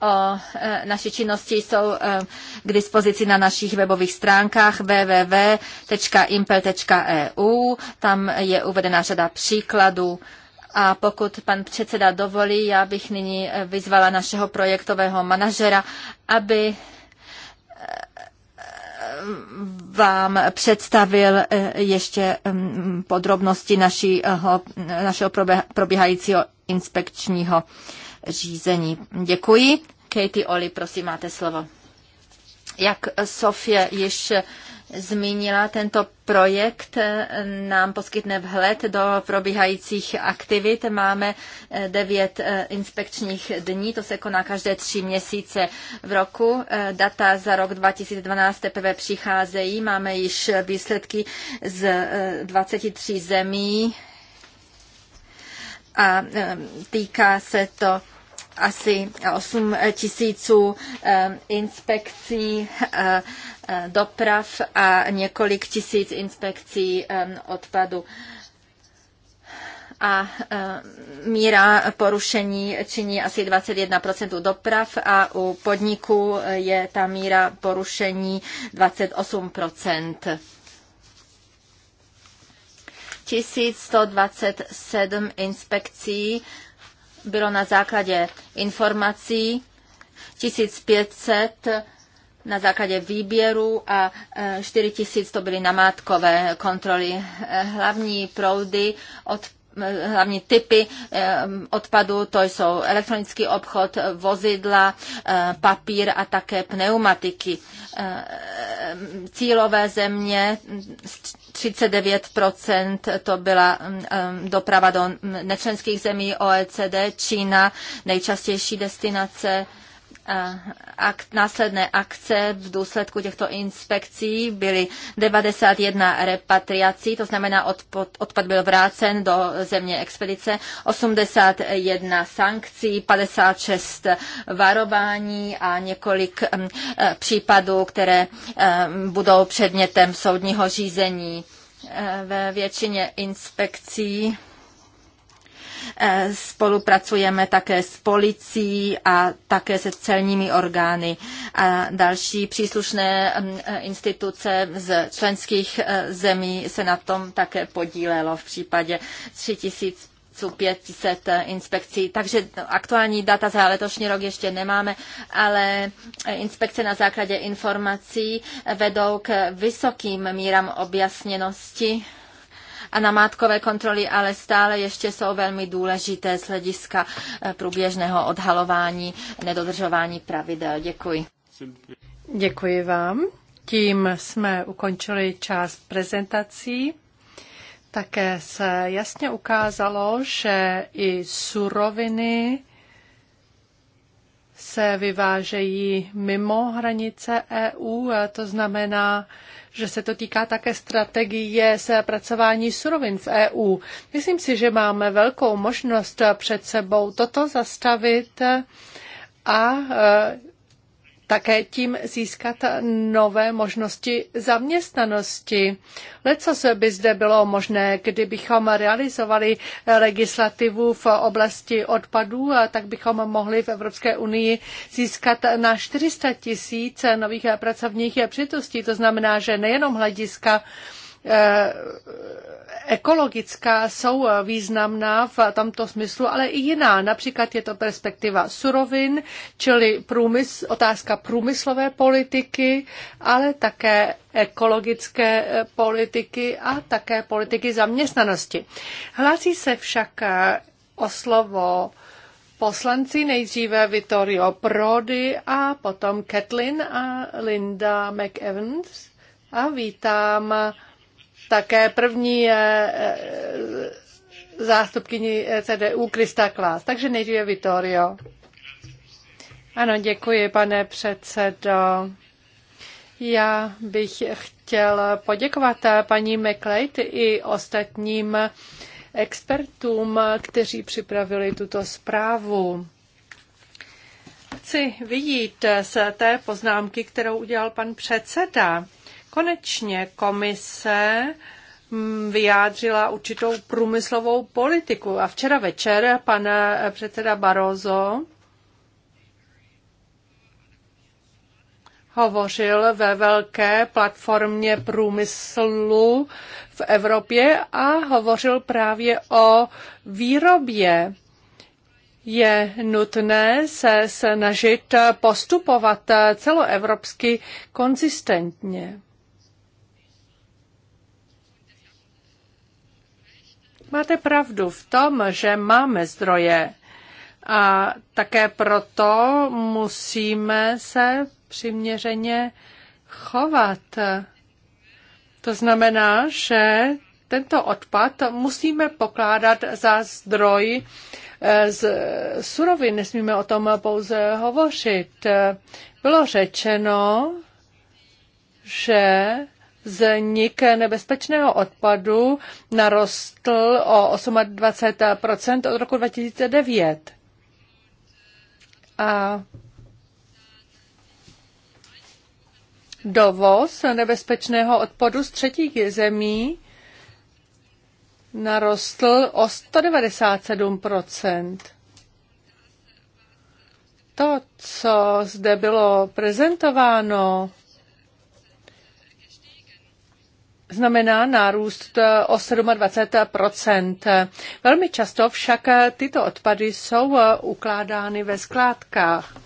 o e, naší činnosti jsou e, k dispozici na našich webových stránkách www.impel.eu. Tam je uvedena řada příkladů. A pokud pan předseda dovolí, já bych nyní e, vyzvala našeho projektového manažera, aby vám představil ještě podrobnosti našího, našeho probíhajícího inspekčního řízení. Děkuji. Katie Oli, prosím, máte slovo. Jak Sofie již zmínila, tento projekt nám poskytne vhled do probíhajících aktivit. Máme devět eh, inspekčních dní, to se koná každé tři měsíce v roku. Eh, data za rok 2012 teprve přicházejí. Máme již výsledky z 23 eh, zemí a týká se to asi 8 tisíců eh, inspekcí eh, eh, doprav a několik tisíc inspekcí odpadu. A míra porušení činí asi 21% doprav a u podniků je ta míra porušení 28%. 1127 inspekcí bylo na základě informací 1500 na základě výběru a 4 e, to byly namátkové kontroly. E, hlavní proudy od hlavní typy eh, odpadu, to jsou elektronický obchod, vozidla, eh, papír a také pneumatiky. Eh, cílové země 39% to byla mm, mm, doprava do nečlenských zemí OECD, Čína, nejčastější destinace Eh, následné akce v důsledku těchto inspekcí byly 91 repatriací, to znamená odpad, odpad byl vrácen do země expedice, 81 sankcí, 56 varování a několik mm, eh, případů, které eh, budou předmětem soudního řízení. Ve většině inspekcí Eh, spolupracujeme také s policií a také se celními orgány a další příslušné mm, eh, instituce z členských eh, zemí se na tom také podílelo v případě 3000 500 inspekcí. Takže aktuální data za letošní rok ještě nemáme, ale inspekce na základě informací vedou k vysokým míram objasněnosti a namátkové kontroly ale stále ještě jsou velmi důležité z hlediska eh, průběžného odhalování nedodržování pravidel. Děkuji. Děkuji vám. Tím jsme ukončili část prezentací. Také se jasně ukázalo, že i suroviny se vyvážejí mimo hranice EU, to znamená, že se to týká také strategie se pracování surovin v EU. Myslím si, že máme velkou možnost před sebou toto zastavit a také tím získat nové možnosti zaměstnanosti. Leco se by zde bylo možné, kdybychom realizovali legislativu v oblasti odpadů, tak bychom mohli v Evropské unii získat na 400 tisíc nových pracovních příležitostí. To znamená, že nejenom hlediska Eh, ekologická jsou eh, významná v tomto smyslu, ale i jiná. Například je to perspektiva surovin, čili průmysl, otázka průmyslové politiky, ale také ekologické eh, politiky a také politiky zaměstnanosti. Hlásí se však o slovo poslanci nejdříve Vittorio Prodi a potom Kathleen a Linda McEvans. A vítám také první eh, eh, zástupkyni CDU Krista Klás. Takže nejdříve Vittorio. Ano, děkuji, pane předsedo. Já bych chtěl poděkovat eh, paní McLeod i ostatním expertům, kteří připravili tuto zprávu. Chci vyjít z té poznámky, kterou udělal pan předseda. Konečně komise mm, vyjádřila určitou průmyslovou politiku. A včera večer pan předseda Barozo hovořil ve velké platformě průmyslu v Evropě a hovořil právě o výrobě. Je nutné se snažit postupovat celoevropsky konzistentně. Máte pravdu v tom, že máme zdroje a také proto musíme se přiměřeně chovat. To znamená, že tento odpad musíme pokládat za zdroj eh, z surovin. Nesmíme o tom pouze hovořit. Bylo řečeno, že Vznik nebezpečného odpadu narostl o 28 od roku 2009. A dovoz nebezpečného odpadu z třetích zemí narostl o 197 To, co zde bylo prezentováno, znamená nárůst o 27 Velmi často však tyto odpady jsou ukládány ve skládkách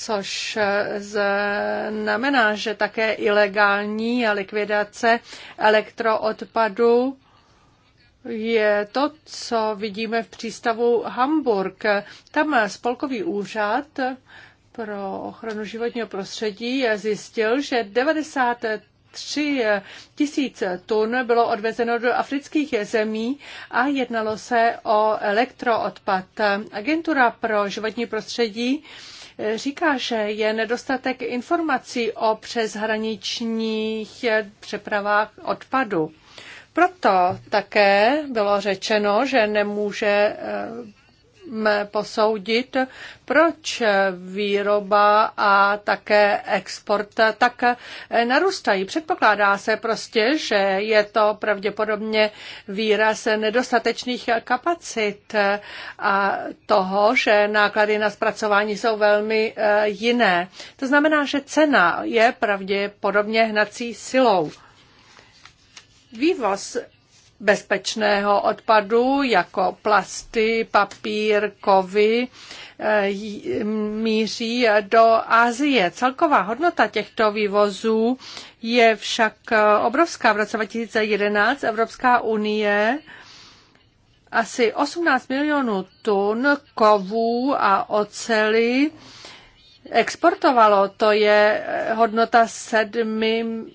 což znamená, že také ilegální likvidace elektroodpadu je to, co vidíme v přístavu Hamburg. Tam spolkový úřad pro ochranu životního prostředí zjistil, že 90 3 eh, tisíce tun bylo odvezeno do afrických zemí a jednalo se o elektroodpad. Agentura pro životní prostředí eh, říká, že je nedostatek informací o přeshraničních eh, přepravách odpadu. Proto také bylo řečeno, že nemůže posoudit, proč výroba a také export tak narůstají. Předpokládá se prostě, že je to pravděpodobně výraz nedostatečných kapacit a toho, že náklady na zpracování jsou velmi eh, jiné. To znamená, že cena je pravděpodobně hnací silou. Vývoz bezpečného odpadu, jako plasty, papír, kovy, eh, míří do Asie. Celková hodnota těchto vývozů je však eh, obrovská. V roce 2011 Evropská unie asi 18 milionů tun kovů a oceli exportovalo. To je eh, hodnota 7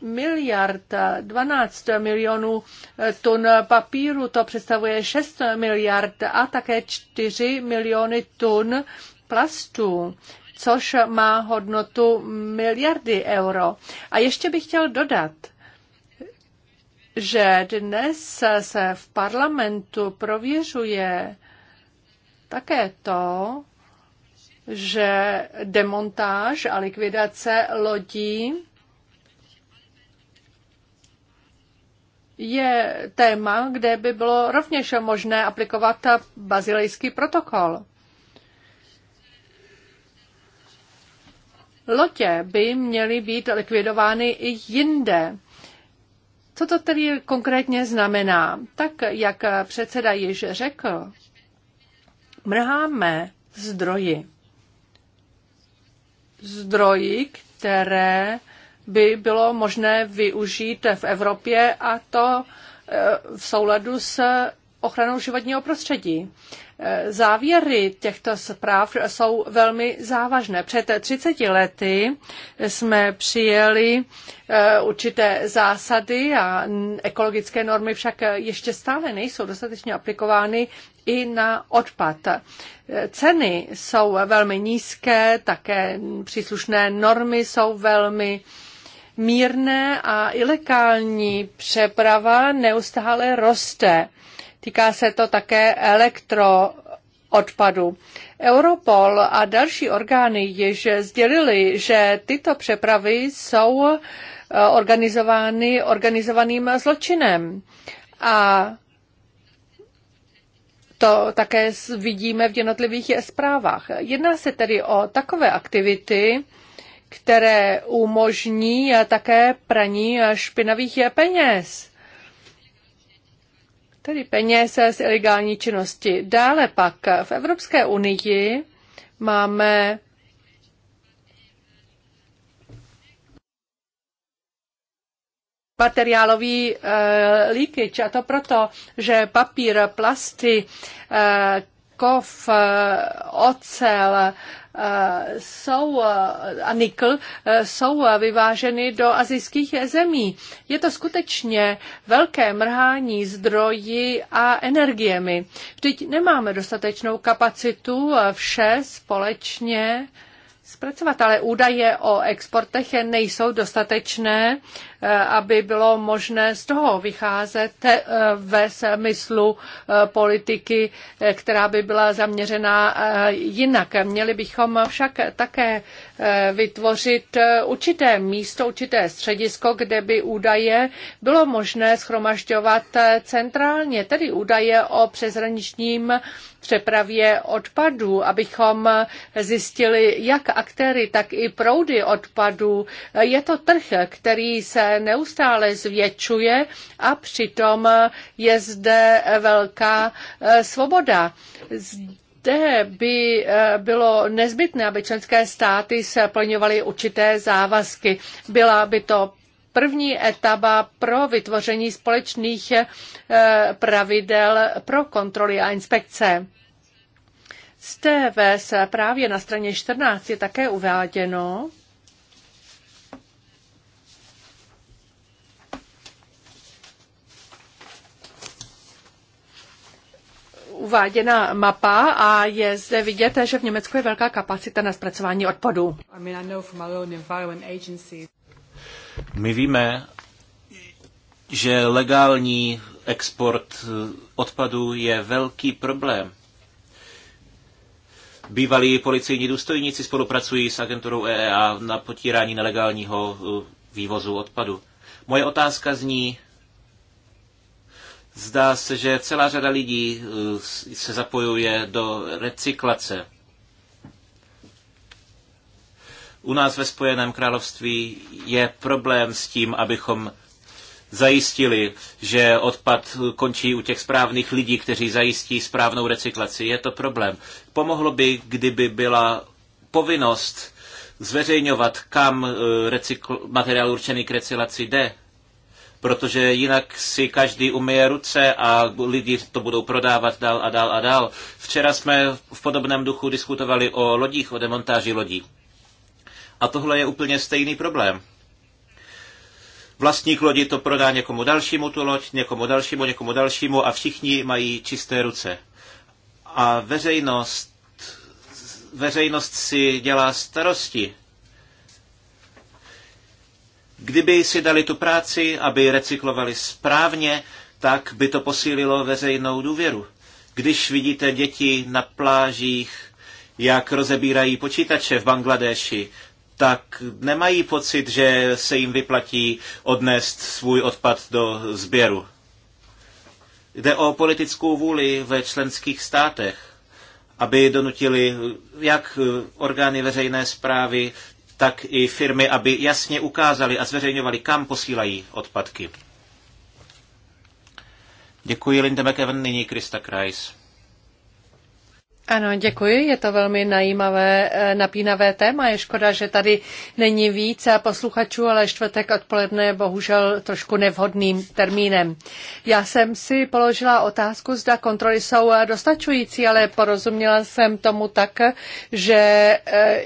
miliard 12 milionů eh, tun papíru, to představuje 6 miliard a také 4 miliony tun plastů což má hodnotu miliardy euro. A ještě bych chtěl dodat, že dnes se v parlamentu prověřuje také to, že demontáž a likvidace lodí je téma, kde by bylo rovněž možné aplikovat bazilejský protokol. Lotě by měly být likvidovány i jinde. Co to tedy konkrétně znamená? Tak, jak předseda již řekl, mrháme zdroji. Zdroji, které by bylo možné využít v Evropě a to e, v souladu s ochranou životního prostředí. E, závěry těchto zpráv jsou velmi závažné. Před 30 lety jsme přijeli e, určité zásady a ekologické normy však ještě stále nejsou dostatečně aplikovány i na odpad. Ceny jsou velmi nízké, také příslušné normy jsou velmi mírné a ilegální přeprava neustále roste. Týká se to také elektro odpadu. Europol a další orgány již sdělili, že tyto přepravy jsou eh, organizovány organizovaným zločinem. A to také vidíme v jednotlivých zprávách. Jedná se tedy o takové aktivity, které umožní také praní špinavých peněz tedy peněz z ilegální činnosti. Dále pak v Evropské unii máme materiálový e, líkyč a to proto, že papír, plasty, e, kov, eh, ocel, eh, jsou eh, a nikl jsou vyváženy do azijských zemí. Je to skutečně velké mrhání zdroji a energiemi. Vždyť nemáme dostatečnou kapacitu vše společně zpracovat, ale údaje o exportech nejsou dostatečné Eh, aby bylo možné z toho vycházet eh, ve smyslu eh, politiky, která by byla zaměřena jinak. Měli bychom však také vytvořit určité místo, určité středisko, kde by údaje bylo možné schromažďovat centrálně, tedy údaje o přeshraničním přepravě odpadů, abychom zjistili jak aktéry, tak i proudy odpadů. Je to trh, který se neustále zvětšuje a přitom je zde velká eh, svoboda zde by eh, bylo nezbytné, aby členské státy splňovaly určité závazky. Byla by to první etapa pro vytvoření společných eh, pravidel pro kontroly a inspekce. Z TVS právě na straně 14 je také uváděno, uváděna mapa a je zde vidět, že v Německu je velká kapacita na zpracování odpadů. My víme, že legální export eh, odpadů je velký problém. Bývalí policejní důstojníci spolupracují s agenturou EEA na potírání nelegálního eh, vývozu odpadu. Moje otázka zní, Zdá se, že celá řada lidí eh, se zapojuje do recyklace. U nás ve Spojeném království je problém s tím, abychom zajistili, že odpad končí u těch správných lidí, kteří zajistí správnou recyklaci. Je to problém. Pomohlo by, kdyby byla povinnost zveřejňovat, kam eh, recykl- materiál určený k recyklaci jde protože jinak si každý umyje ruce a lidi to budou prodávat dál a dál a dál. Včera jsme v podobném duchu diskutovali o lodích, o demontáži lodí. A tohle je úplně stejný problém. Vlastník lodi to prodá někomu dalšímu tu loď, někomu dalšímu, někomu dalšímu a všichni mají čisté ruce. A veřejnost, veřejnost si dělá starosti Kdyby si dali tu práci, aby recyklovali správně, tak by to posílilo veřejnou důvěru. Když vidíte děti na plážích, jak rozebírají počítače v Bangladeši, tak nemají pocit, že se jim vyplatí odnést svůj odpad do sběru. Jde o politickou vůli ve členských státech, aby donutili jak orgány veřejné zprávy, tak i firmy, aby jasně ukázali a zveřejňovali, kam posílají odpadky. Děkuji, Linde McEwen, nyní Krista Kreis. Ano, děkuji. Je to velmi najímavé, eh, napínavé téma. Je škoda, že tady není více posluchačů, ale čtvrtek odpoledne je bohužel trošku nevhodným termínem. Já jsem si položila otázku, zda kontroly jsou eh, dostačující, ale porozuměla jsem tomu tak, že eh,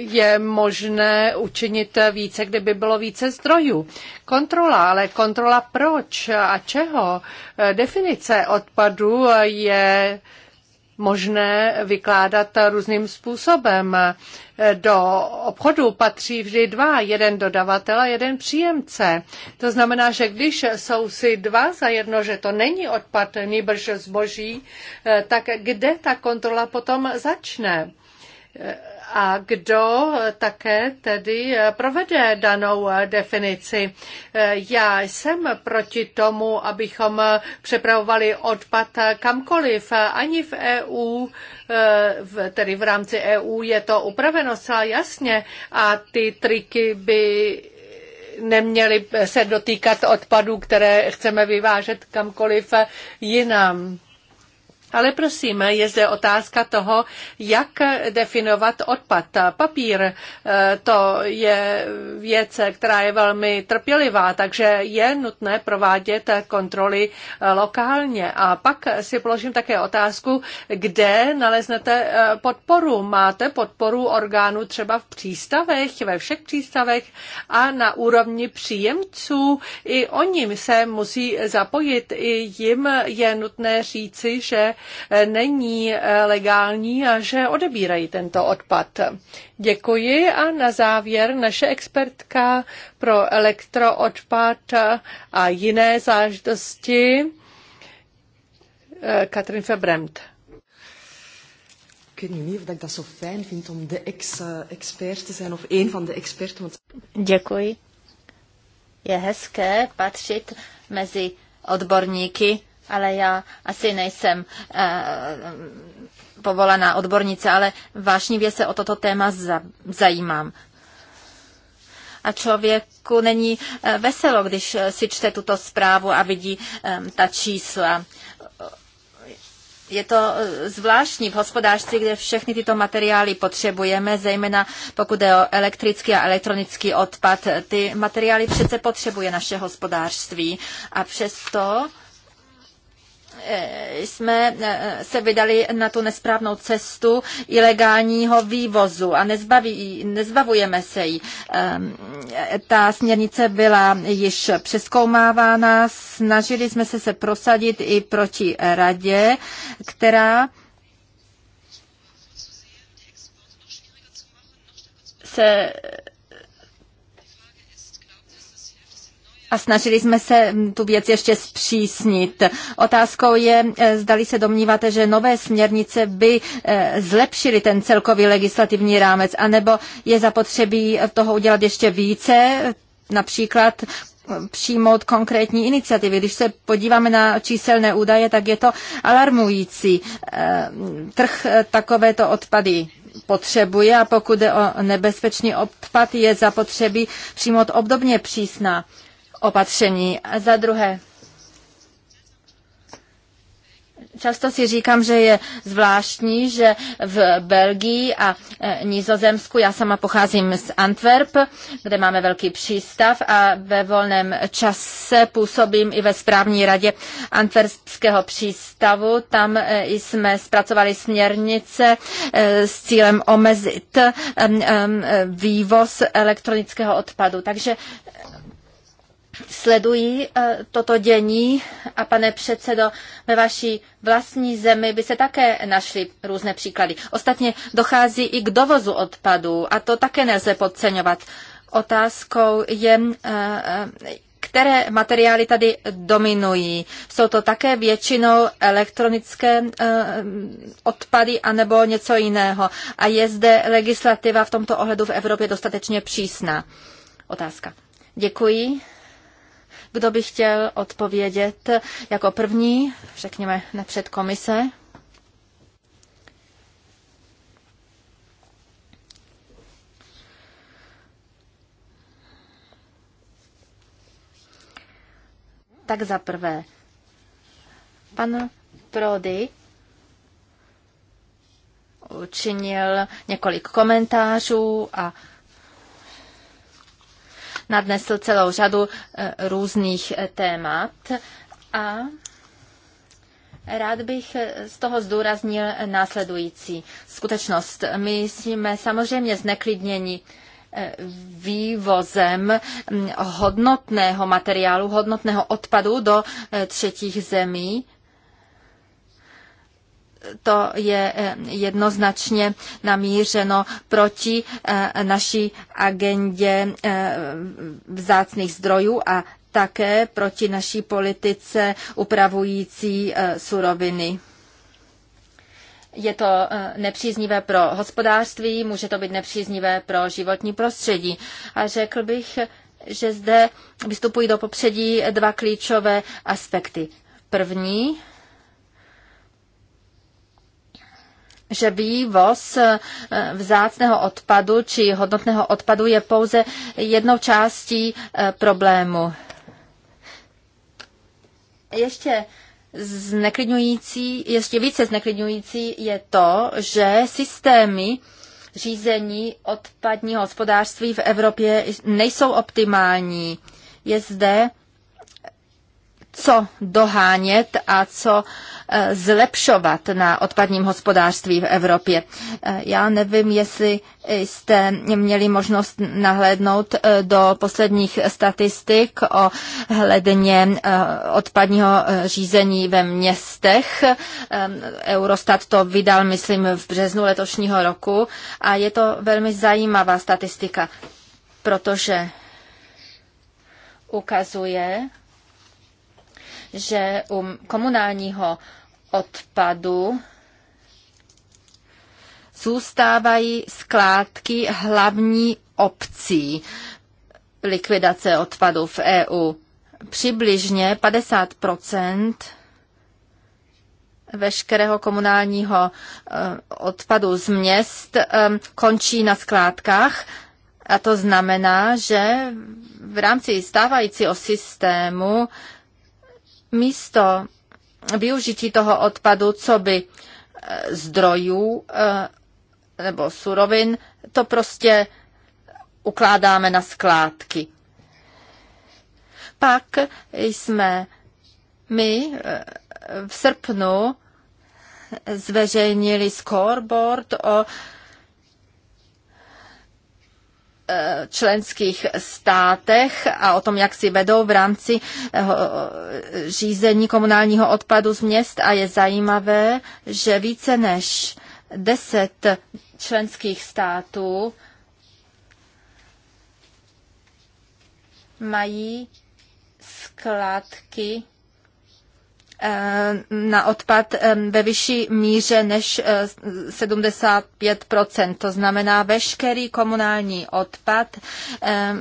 je možné učinit více, kdyby bylo více zdrojů. Kontrola, ale kontrola proč a čeho? Definice odpadu je možné vykládat různým způsobem. Do obchodu patří vždy dva, jeden dodavatel a jeden příjemce. To znamená, že když jsou si dva za jedno, že to není odpad, nýbrž zboží, eh, tak kde ta kontrola potom začne? Eh, a kdo také tedy provede danou definici. Já jsem proti tomu, abychom přepravovali odpad kamkoliv, ani v EU, tedy v rámci EU je to upraveno zcela jasně a ty triky by neměly se dotýkat odpadů, které chceme vyvážet kamkoliv jinam. Ale prosím, je zde otázka toho, jak definovat odpad. Papír eh, to je věc, která je velmi trpělivá, takže je nutné provádět kontroly eh, lokálně. A pak si položím také otázku, kde naleznete eh, podporu. Máte podporu orgánů třeba v přístavech, ve všech přístavech a na úrovni příjemců. I o ním se musí zapojit, i jim je nutné říci, že není eh, legální a že odebírají tento odpad. Děkuji a na závěr naše expertka pro elektroodpad a jiné zážitosti eh, Katrin Verbremt. Ik weet niet of ik dat zo fijn vind om de ex-expert eh, te zijn of één van de experten. Want... Děkuji. Je hezké patřit mezi odborníky ale já asi nejsem eh, povolaná odbornice, ale vášnivě se o toto téma zajímám. A člověku není eh, veselo, když eh, si čte tuto zprávu a vidí ta čísla. Je to zvláštní v hospodářství, kde všechny tyto materiály potřebujeme, zejména pokud je o elektrický a elektronický odpad. Ty materiály přece potřebuje naše hospodářství a přesto jsme eh, se vydali na tu nesprávnou cestu ilegálního vývozu a nezbaví, nezbavujeme se jí. Ehm, ta směrnice byla již přeskoumávána, snažili jsme se se prosadit i proti radě, která se a snažili jsme se mm, tu věc ještě zpřísnit. Otázkou je, e, zdali se domníváte, že nové směrnice by e, zlepšily ten celkový legislativní rámec, anebo je zapotřebí toho udělat ještě více, například e, přijmout konkrétní iniciativy. Když se podíváme na číselné údaje, tak je to alarmující. Trh takovéto odpady potřebuje a pokud je o nebezpečný odpad, je zapotřebí přijmout obdobně přísná opatření. A za druhé, Často si říkám, že je zvláštní, že v Belgii a e, Nizozemsku, já sama pocházím z Antwerp, kde máme velký přístav a ve volném čase působím i ve správní radě Antwerpského přístavu. Tam e, jsme zpracovali směrnice e, s cílem omezit vývoz elektronického odpadu. Takže sledují eh, toto dění a pane předsedo, ve vaší vlastní zemi by se také našly různé příklady. Ostatně dochází i k dovozu odpadů a to také nelze podceňovat. Otázkou je, eh, eh, které materiály tady dominují. Jsou to také většinou elektronické odpady anebo něco jiného. A je zde legislativa v tomto ohledu v Evropě dostatečně přísná? Otázka. Děkuji. Kdo by chtěl odpovědět jako první, řekněme napřed komise? Tak za prvé, pan Prody učinil několik komentářů a nadnesl celou řadu eh, různých eh, témat a Rád bych eh, z toho zdůraznil následující skutečnost. My jsme samozřejmě zneklidněni vývozem mm, hodnotného materiálu, hodnotného odpadu do třetích zemí to je eh, jednoznačně namířeno proti eh, naší agendě eh, vzácných zdrojů a také proti naší politice upravující suroviny. Je to nepříznivé pro hospodářství, může to být nepříznivé pro životní prostředí. A řekl bych, že zde vystupují do popředí dva klíčové aspekty. První že vývoz eh, vzácného odpadu či hodnotného odpadu je pouze jednou částí eh, problému. Ještě zneklidňující, ještě více zneklidňující je to, že systémy řízení odpadního hospodářství v Evropě nejsou optimální. Je zde co dohánět a co e, zlepšovat na odpadním hospodářství v Evropě. E, já nevím, jestli jste měli možnost nahlédnout e, do posledních statistik o hledně odpadního řízení ve městech. Eurostat to vydal, myslím, v březnu letošního roku a je to velmi zajímavá statistika, protože ukazuje, že u komunálního odpadu zůstávají skládky hlavní obcí likvidace odpadů v EU. Přibližně 50 veškerého komunálního eh, odpadu z měst eh, končí na skládkách. A to znamená, že v rámci stávajícího systému místo využití toho odpadu, co by e, zdrojů e, nebo surovin, to prostě ukládáme na skládky. Pak jsme my e, v srpnu zveřejnili scoreboard o Eh, členských státech a o tom, jak si vedou v rámci eh, řízení komunálního odpadu z měst a je zajímavé, že více než deset členských států mají skládky Eh, na odpad eh, ve vyšší míře než 75 eh, To znamená, veškerý komunální odpad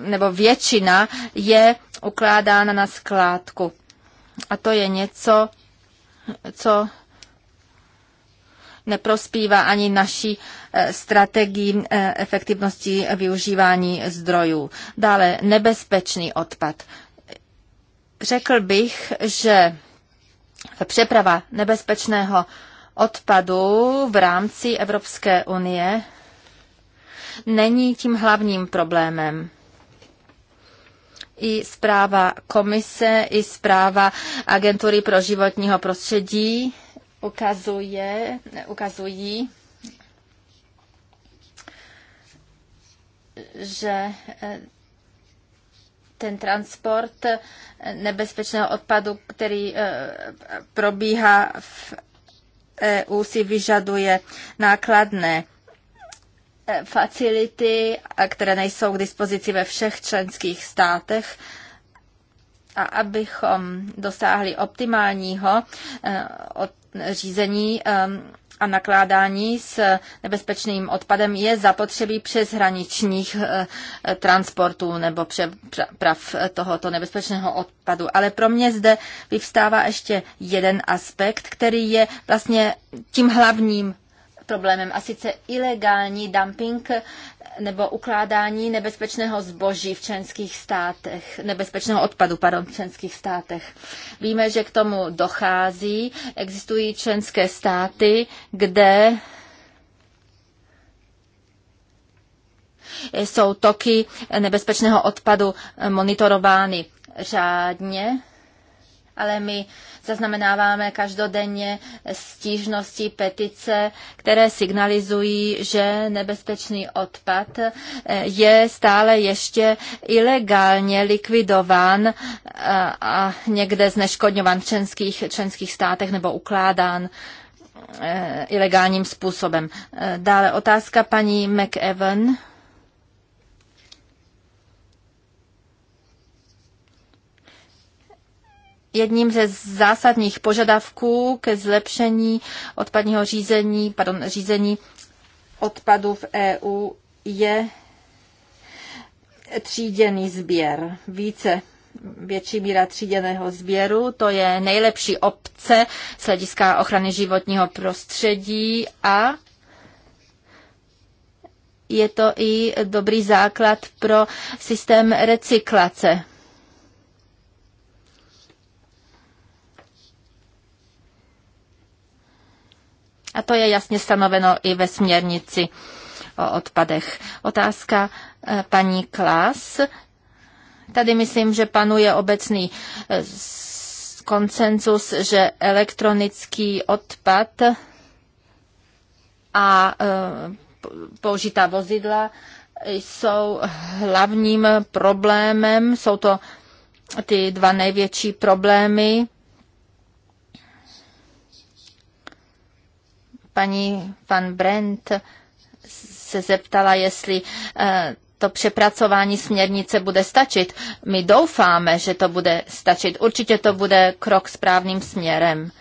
nebo většina je ukládána na skládku. A to je něco, co neprospívá ani naší strategii efektivnosti využívání zdrojů. Dále nebezpečný odpad. Řekl bych, že Přeprava nebezpečného odpadu v rámci Evropské unie není tím hlavním problémem. I zpráva komise, i zpráva agentury pro životního prostředí ukazuje, ukazují, že ten transport nebezpečného odpadu, který eh, probíhá v EU, si vyžaduje nákladné eh, facility, které nejsou k dispozici ve všech členských státech. A abychom dosáhli optimálního eh, řízení um, a nakládání s nebezpečným odpadem je zapotřebí přeshraničních uh, transportů nebo přeprav tohoto nebezpečného odpadu. Ale pro mě zde vyvstává ještě jeden aspekt, který je vlastně tím hlavním problémem, a sice ilegální dumping nebo ukládání nebezpečného zboží v členských státech, nebezpečného odpadu, pardon, v členských státech. Víme, že k tomu dochází. Existují členské státy, kde jsou toky nebezpečného odpadu monitorovány řádně ale my zaznamenáváme každodenně stížnosti, petice, které signalizují, že nebezpečný odpad eh, je stále ještě ilegálně likvidován eh, a někde zneškodňován v členských, členských státech nebo ukládán eh, ilegálním způsobem. Dále otázka paní McEvan. jedním ze zásadních požadavků ke zlepšení odpadního řízení, pardon, řízení odpadu v EU je tříděný sběr. Více větší míra tříděného sběru, to je nejlepší obce z hlediska ochrany životního prostředí a je to i dobrý základ pro systém recyklace. A to je jasně stanoveno i ve směrnici o odpadech. Otázka eh, paní Klas. Tady myslím, že panuje obecný eh, konsenzus, že elektronický odpad a eh, použitá vozidla jsou hlavním problémem. Jsou to ty dva největší problémy Paní van Brent se zeptala, jestli eh, to přepracování směrnice bude stačit. My doufáme, že to bude stačit. Určitě to bude krok správným směrem.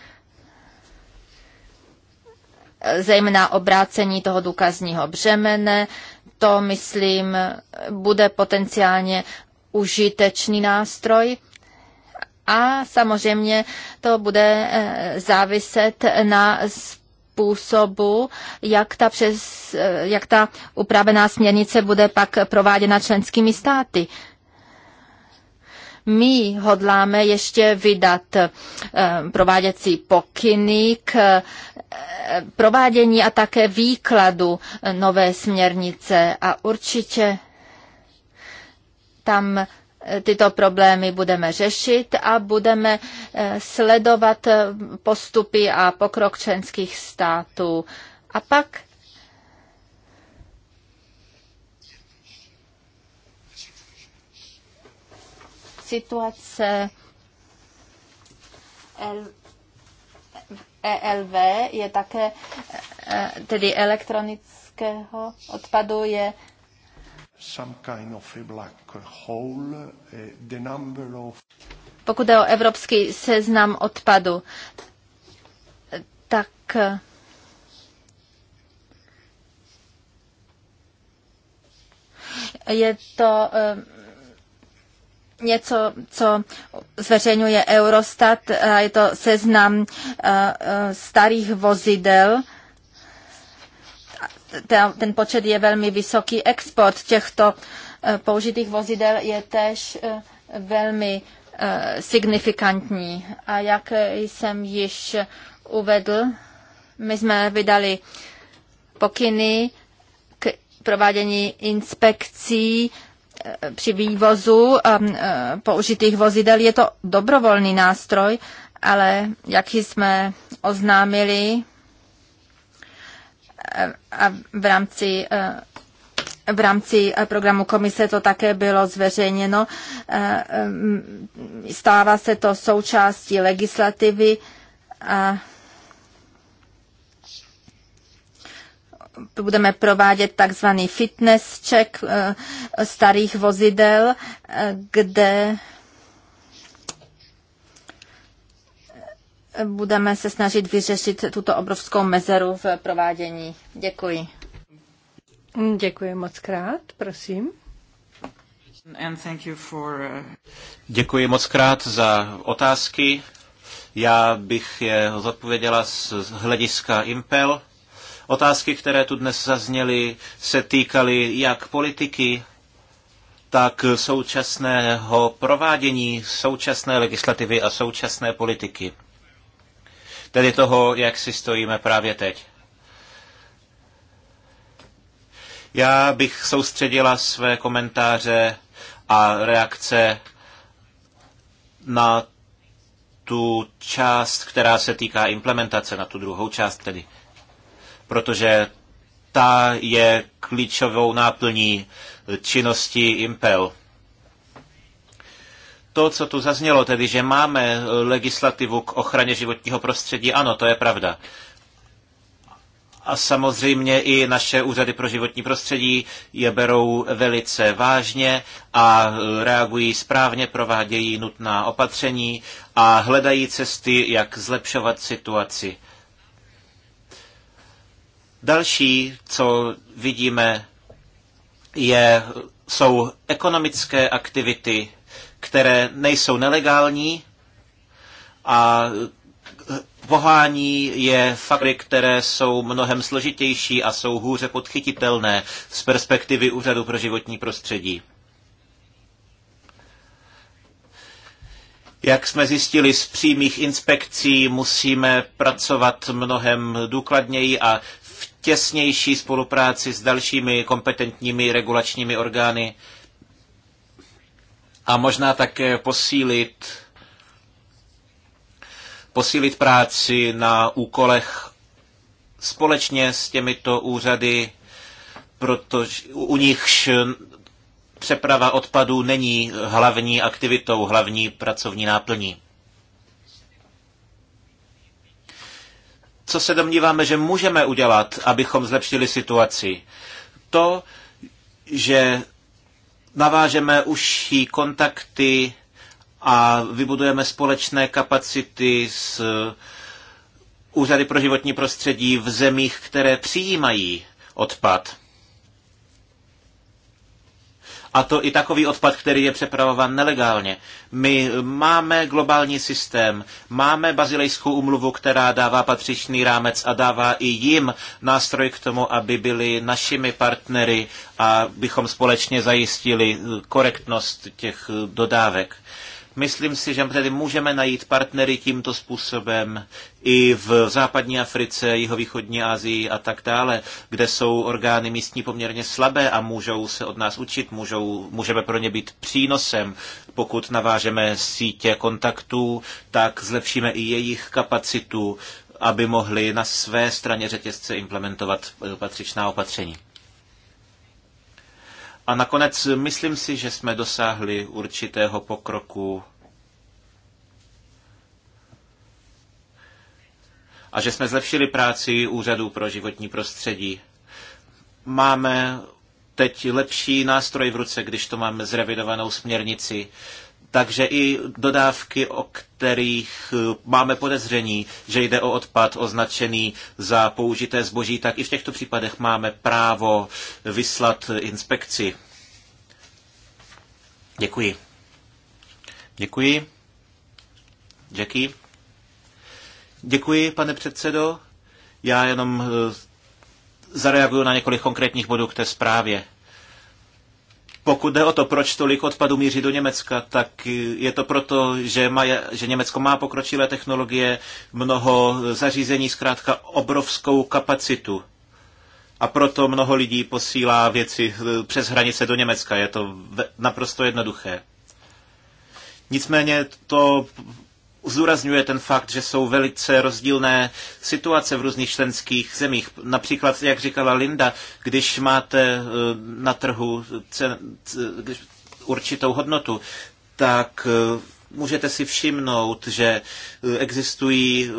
Zejména obrácení toho důkazního břemene, to, myslím, bude potenciálně užitečný nástroj. A samozřejmě to bude eh, záviset na způsobu, jak ta, přes, eh, jak ta upravená směrnice bude pak prováděna členskými státy. My hodláme ještě vydat eh, prováděcí pokyny k eh, provádění a také výkladu nové směrnice a určitě tam tyto problémy budeme řešit a budeme eh, sledovat eh, postupy a pokrok členských států. A pak situace ELV je také, eh, tedy elektronického odpadu je some kind of a black hole, the number of... Pokud je o evropský seznam odpadu, tak eh, je to eh, něco, co zveřejňuje Eurostat, je to seznam eh, starých vozidel, ten počet je velmi vysoký. Export těchto eh, použitých vozidel je tež eh, velmi eh, signifikantní. A jak jsem již uvedl, my jsme vydali pokyny k provádění inspekcí při vývozu použitých vozidel. Je to dobrovolný nástroj, ale jak jsme oznámili, v rámci eh, v rámci eh, programu komise to také bylo zveřejněno. Eh, stává se to součástí legislativy a budeme provádět takzvaný fitness check starých vozidel, kde budeme se snažit vyřešit tuto obrovskou mezeru v provádění. Děkuji. Děkuji moc krát, prosím. For... Uh, Děkuji moc krát za otázky. Já bych je zodpověděla z hlediska Impel. Otázky, které tu dnes zazněly, se týkaly jak politiky, tak současného provádění současné legislativy a současné politiky tedy toho, jak si stojíme právě teď. Já bych soustředila své komentáře a reakce na tu část, která se týká implementace, na tu druhou část tedy. Protože ta je klíčovou náplní činnosti Impel to, co tu zaznělo, tedy že máme eh, legislativu k ochraně životního prostředí, ano, to je pravda. A samozřejmě i naše úřady pro životní prostředí je berou velice vážně a eh, reagují správně, provádějí nutná opatření a hledají cesty, jak zlepšovat situaci. Další, co vidíme, je, jsou ekonomické aktivity které nejsou nelegální a pohání je faktory, které jsou mnohem složitější a jsou hůře podchytitelné z perspektivy Úřadu pro životní prostředí. Jak jsme zjistili z přímých inspekcí, musíme pracovat mnohem důkladněji a v těsnější spolupráci s dalšími kompetentními regulačními orgány a možná také posílit, posílit práci na úkolech společně s těmito úřady, protože u nichž přeprava odpadů není hlavní aktivitou, hlavní pracovní náplní. Co se domníváme, že můžeme udělat, abychom zlepšili situaci? To, že navážeme užší kontakty a vybudujeme společné kapacity s eh, úřady pro životní prostředí v zemích, které přijímají odpad a to i takový odpad, který je přepravován nelegálně. My máme globální systém, máme bazilejskou umluvu, která dává patřičný rámec a dává i jim nástroj k tomu, aby byli našimi partnery a bychom společně zajistili korektnost těch dodávek. Myslím si, že tedy můžeme najít partnery tímto způsobem i v západní Africe, jihovýchodní Asii a tak dále, kde jsou orgány místní poměrně slabé a můžou se od nás učit, můžou, můžeme pro ně být přínosem. Pokud navážeme sítě kontaktů, tak zlepšíme i jejich kapacitu, aby mohli na své straně řetězce implementovat patřičná opatření. A nakonec myslím si, že jsme dosáhli určitého pokroku a že jsme zlepšili práci Úřadu pro životní prostředí. Máme teď lepší nástroj v ruce, když to máme zrevidovanou směrnici, takže i dodávky, o kterých eh, máme podezření, že jde o odpad označený za použité zboží, tak i v těchto případech máme právo vyslat inspekci. Děkuji. Děkuji. Děkuji. Děkuji, pane předsedo. Já jenom eh, zareaguju na několik konkrétních bodů k té zprávě. Pokud jde o to, proč tolik odpadů míří do Německa, tak je to proto, že, má, že Německo má pokročilé technologie, mnoho zařízení, zkrátka obrovskou kapacitu. A proto mnoho lidí posílá věci eh, přes hranice do Německa. Je to naprosto jednoduché. Nicméně to zdůrazňuje ten fakt, že jsou velice rozdílné situace v různých členských zemích. Například, jak říkala Linda, když máte eh, na trhu cen, určitou hodnotu, tak eh, můžete si všimnout, že eh, existují,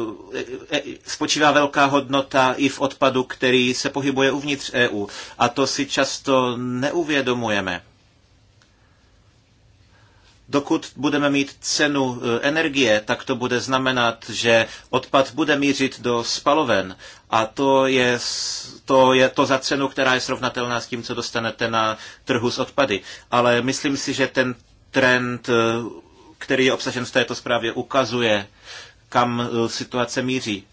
spočívá velká hodnota i v odpadu, který se pohybuje uvnitř EU. A to si často neuvědomujeme. Dokud budeme mít cenu e, energie, tak to bude znamenat, že odpad bude mířit do spaloven. A to je, to je to za cenu, která je srovnatelná s tím, co dostanete na trhu s odpady. Ale myslím si, že ten trend, e, který je obsažen v této zprávě, ukazuje, kam e, situace míří.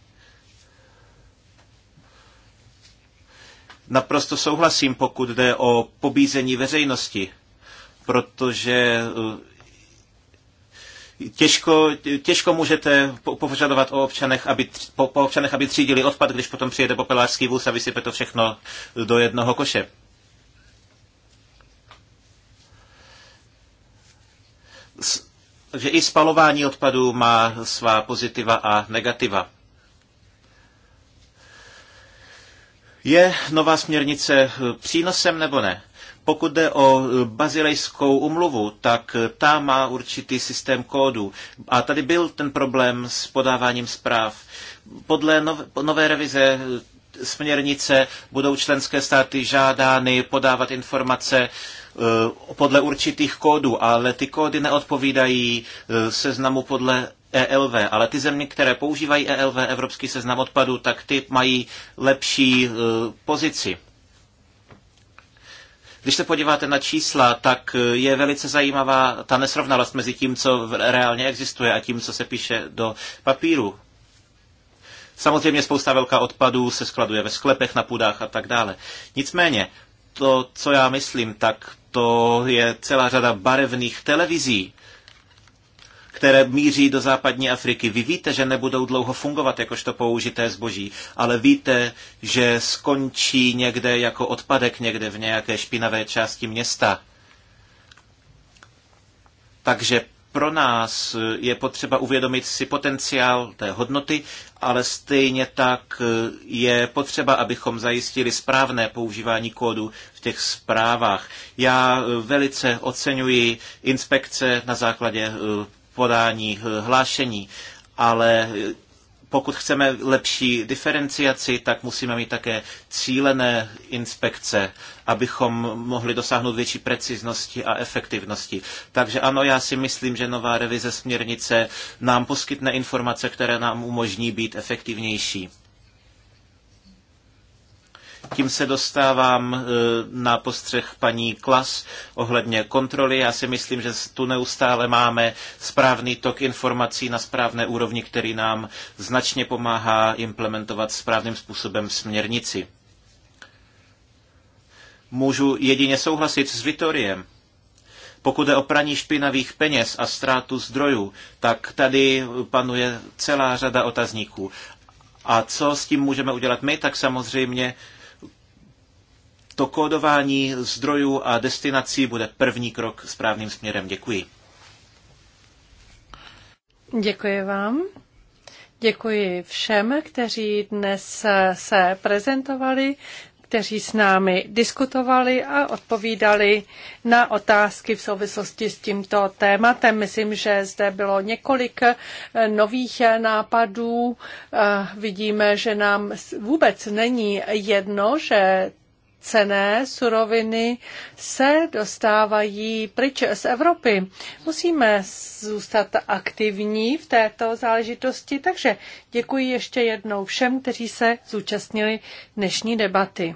Naprosto souhlasím, pokud jde o pobízení veřejnosti, protože těžko, těžko můžete požadovat o občanech, aby, po, po občanech, aby třídili odpad, když potom přijede popelářský vůz a vysype to všechno do jednoho koše. Takže i spalování odpadů má svá pozitiva a negativa. Je nová směrnice přínosem nebo ne? Pokud jde o e, bazilejskou umluvu, tak e, ta má určitý systém kódů. A tady byl ten problém s podáváním zpráv. Podle nové revize e, směrnice budou členské státy žádány podávat informace podle určitých kódů, ale ty kódy neodpovídají seznamu podle ELV, ale ty země, které používají ELV, Evropský seznam odpadů, tak ty mají lepší pozici. Když se podíváte na čísla, tak eh, je velice zajímavá ta nesrovnalost mezi tím, co reálně existuje a tím, co se píše do papíru. Samozřejmě spousta velká odpadů se skladuje ve sklepech, na půdách a tak dále. Nicméně, to, co já myslím, tak to je celá řada barevných televizí, které míří do západní Afriky. Vy víte, že nebudou dlouho fungovat jakožto použité zboží, ale víte, že skončí někde jako odpadek někde v nějaké špinavé části města. Takže pro nás je potřeba uvědomit si potenciál té hodnoty, ale stejně tak je potřeba, abychom zajistili správné používání kódu v těch zprávách. Já velice oceňuji inspekce na základě eh, podání eh, hlášení, ale eh, pokud chceme lepší diferenciaci, tak musíme mít také cílené inspekce, abychom mohli dosáhnout větší preciznosti a efektivnosti. Takže ano, já si myslím, že nová revize směrnice nám poskytne informace, které nám umožní být efektivnější. Tím se dostávám e, na postřeh paní Klas ohledně kontroly. Já si myslím, že tu neustále máme správný tok informací na správné úrovni, který nám značně pomáhá implementovat správným způsobem směrnici. Můžu jedině souhlasit s Vitoriem. Pokud je o praní špinavých peněz a ztrátu zdrojů, tak tady panuje celá řada otazníků. A co s tím můžeme udělat my, tak samozřejmě to kódování zdrojů a destinací bude první krok správným směrem. Děkuji. Děkuji vám. Děkuji všem, kteří dnes se prezentovali, kteří s námi diskutovali a odpovídali na otázky v souvislosti s tímto tématem. Myslím, že zde bylo několik nových nápadů. Eh, vidíme, že nám vůbec není jedno, že cené suroviny se dostávají pryč z Evropy. Musíme zůstat aktivní v této záležitosti, takže děkuji ještě jednou všem, kteří se zúčastnili dnešní debaty.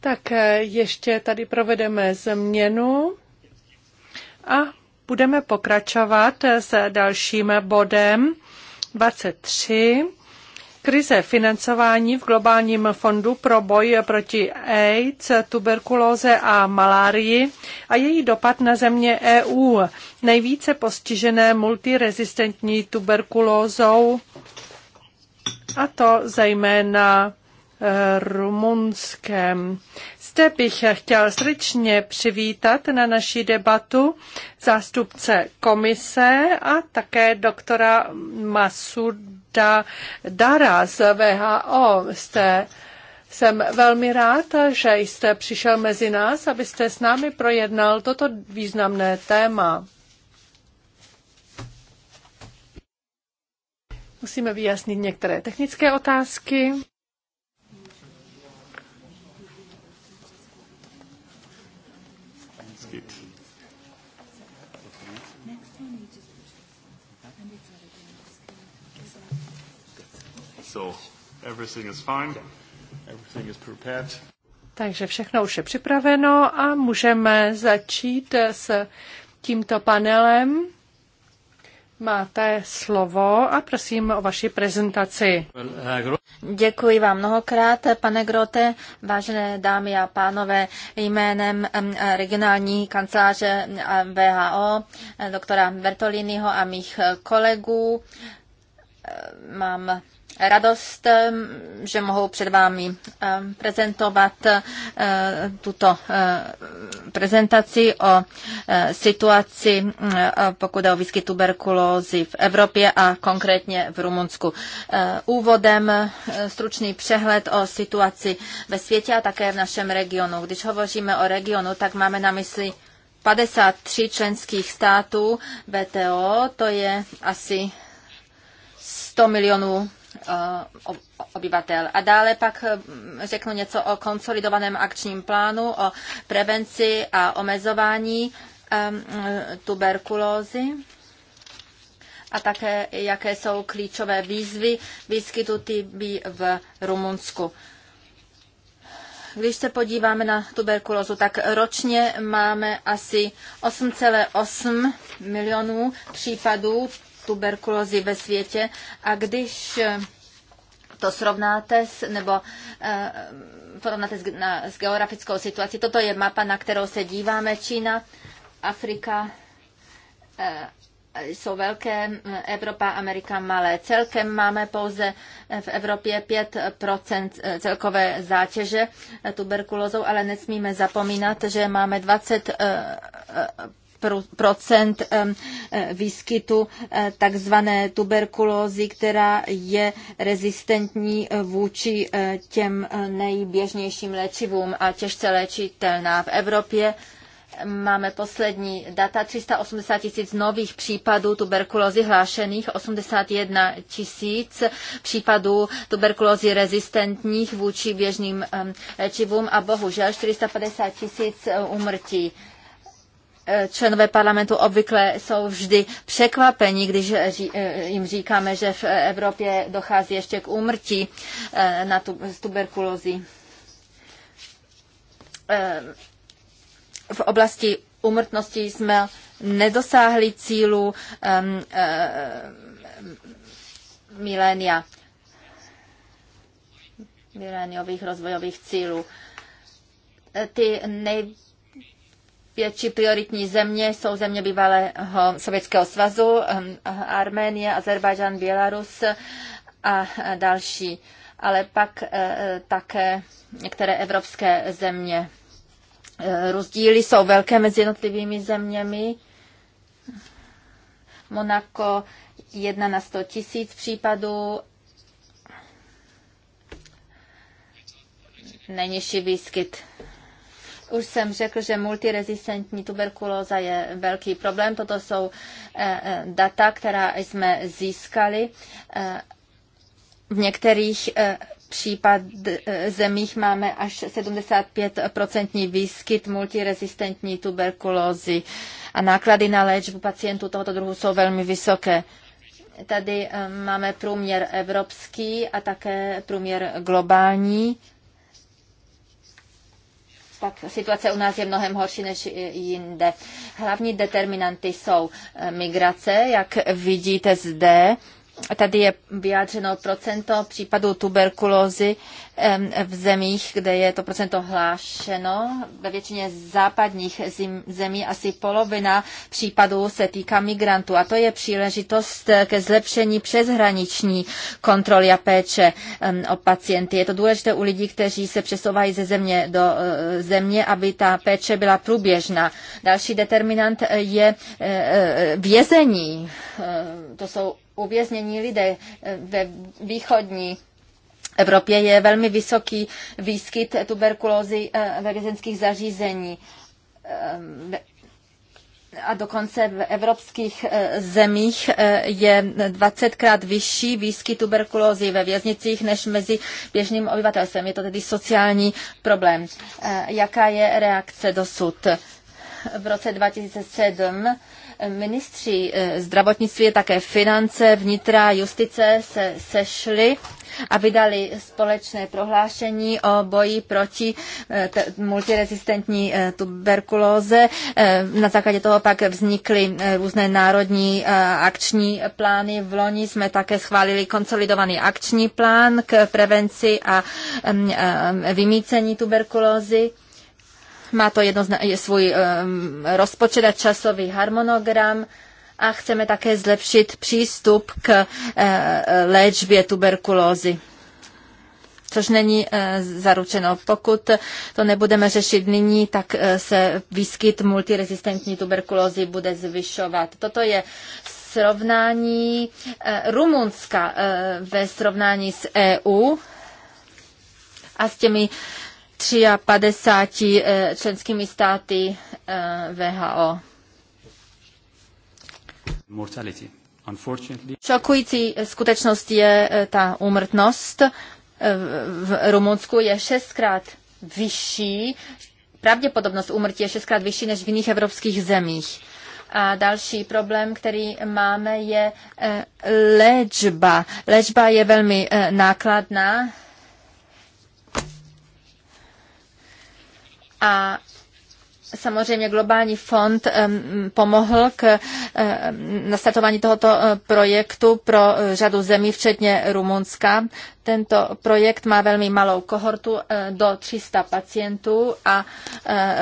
Tak eh, ještě tady provedeme změnu a budeme pokračovat eh, s dalším bodem 23. Krize financování v Globálním fondu pro boj proti AIDS, tuberkulóze a malárii a její dopad na země EU, nejvíce postižené multirezistentní tuberkulózou, a to zejména Rumunském. Zde bych chtěl srdečně přivítat na naší debatu zástupce komise a také doktora Masuda Dara z VHO. Jste jsem velmi rád, že jste přišel mezi nás, abyste s námi projednal toto významné téma. Musíme vyjasnit některé technické otázky. so everything is fine. Everything is prepared. Takže všechno už je připraveno a můžeme začít s tímto panelem. Máte slovo a prosím o vaši prezentaci. Děkuji vám mnohokrát, pane Grote, vážené dámy a pánové, jménem regionální kanceláře VHO, doktora Bertoliniho a mých kolegů mám radost, že mohu před vámi prezentovat e, tuto e, prezentaci o e, situaci, pokud je o výskyt tuberkulózy v Evropě a konkrétně v Rumunsku. Úvodem stručný přehled o situaci ve světě a také v našem regionu. Když hovoříme o regionu, tak máme na mysli 53 členských států VTO, to je asi 100 milionů eh, obyvatel. A dále pak eh, řeknu něco o konsolidovaném akčním plánu, o prevenci a omezování ehm, eh, tuberkulózy a také jaké jsou klíčové výzvy výskytu TB v Rumunsku. Když se podíváme na tuberkulózu, tak ročně máme asi 8,8 milionů případů tuberkulózy ve světě a když eh, to srovnáte s, nebo eh, porovnáte s, na, s geografickou situací, toto je mapa, na kterou se díváme, Čína, Afrika, eh, jsou velké, eh, Evropa, Amerika malé. Celkem máme pouze eh, v Evropě 5 celkové zátěže tuberkulózou, ale nesmíme zapomínat, že máme 20 E, výskytu e, takzvané tuberkulózy, která je rezistentní e, vůči těm nejběžnějším léčivům a těžce léčitelná. V Evropě Máme poslední data, 380 tisíc nových případů tuberkulózy hlášených, 81 tisíc případů tuberkulózy rezistentních vůči běžným léčivům a bohužel 450 tisíc umrtí členové parlamentu obvykle jsou vždy překvapeni, když eh, jim říkáme, že v Evropě dochází ještě k úmrtí eh, na tu, z tuberkulózy. Eh, v oblasti úmrtnosti jsme nedosáhli cílu um, um, milénia, miléniových rozvojových cílů. Ty nej, Větší prioritní země jsou země bývalého Sovětského svazu, hm, Arménie, Azerbajdžán, Bělarus a další, ale pak eh, také některé evropské země. Eh, rozdíly jsou velké mezi jednotlivými zeměmi. Monako 1 na 100 tisíc případů, nejnižší výskyt už jsem řekl, že multirezistentní tuberkulóza je velký problém. Toto jsou eh, eh, data, která jsme získali. Eh, v některých případ zemích máme až 75% výskyt multirezistentní tuberkulózy a náklady na léčbu pacientů tohoto druhu jsou velmi vysoké. Tady máme průměr evropský a také průměr globální pak situace u nás je mnohem horší než jinde. Hlavní determinanty jsou eh, migrace, jak vidíte zde, Tady je vyjádřeno procento případů tuberkulózy v zemích, kde je to procento hlášeno. Ve většině západních zemí asi polovina případů se týká migrantů a to je příležitost ke zlepšení přeshraniční kontroly a péče o pacienty. Je to důležité u lidí, kteří se přesouvají ze země do e, země, aby ta péče byla průběžná. Další determinant je e, e, vězení. To jsou uvěznění lidé ve východní Evropě je velmi vysoký výskyt tuberkulózy eh, ve vězenských zařízení eh, a dokonce v evropských eh, zemích je 20krát vyšší výskyt tuberkulózy ve věznicích než mezi běžným obyvatelstvem. Je to tedy sociální problém. Jaká je reakce dosud? V roce 2007 Ministři eh, zdravotnictví, také finance, vnitra, justice se sešli a vydali společné prohlášení o boji proti eh, multirezistentní eh, tuberkulóze. Na základě toho pak vznikly různé národní akční plány. V loni jsme také schválili konsolidovaný akční plán k prevenci a mm, vymícení tuberkulózy. Má to jedno, je svůj um, rozpočet a časový harmonogram a chceme také zlepšit přístup k eh, léčbě tuberkulózy což není eh, zaručeno. Pokud to nebudeme řešit nyní, tak se výskyt multiresistentní tuberkulózy bude zvyšovat. Toto je srovnání Rumunska ve srovnání s EU a s těmi 53 eh, členskými státy eh, VHO. Mortality. Šokující skutečnost je eh, ta úmrtnost. V Rumunsku je šestkrát vyšší, pravděpodobnost úmrtí je šestkrát vyšší než v jiných evropských zemích. A další problém, který máme, je léčba. Léčba je velmi nákladná, A Samozřejmě globální fond pomohl k nastartování tohoto eh, projektu pro eh, řadu zemí, včetně Rumunska. Tento projekt má velmi malou kohortu eh, do 300 pacientů a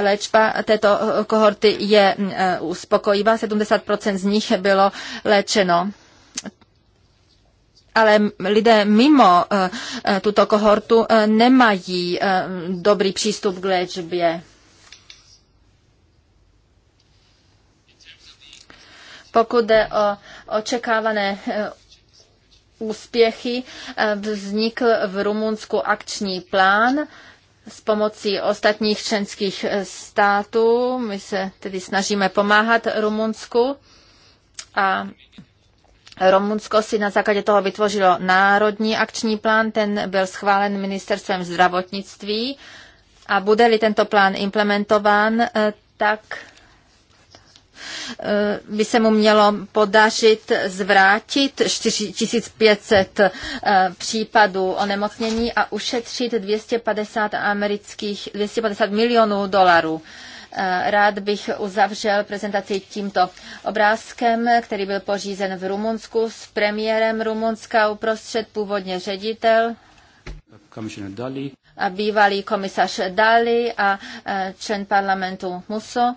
léčba této kohorty je uspokojivá. 70 z nich bylo léčeno ale lidé mimo eh, eh, tuto kohortu eh, nemají dobrý přístup k léčbě. Pokud jde o očekávané úspěchy, vznikl v Rumunsku akční plán s pomocí ostatních členských států. My se tedy snažíme pomáhat Rumunsku a Rumunsko si na základě toho vytvořilo národní akční plán, ten byl schválen ministerstvem zdravotnictví a bude-li tento plán implementován, eh, tak eh, by se mu mělo podařit zvrátit 4500 eh, případů onemocnění a ušetřit 250, amerických, 250 milionů dolarů. Rád bych uzavřel prezentaci tímto obrázkem, který byl pořízen v Rumunsku s premiérem Rumunska uprostřed původně ředitel a bývalý komisař Dali a e, člen parlamentu Muso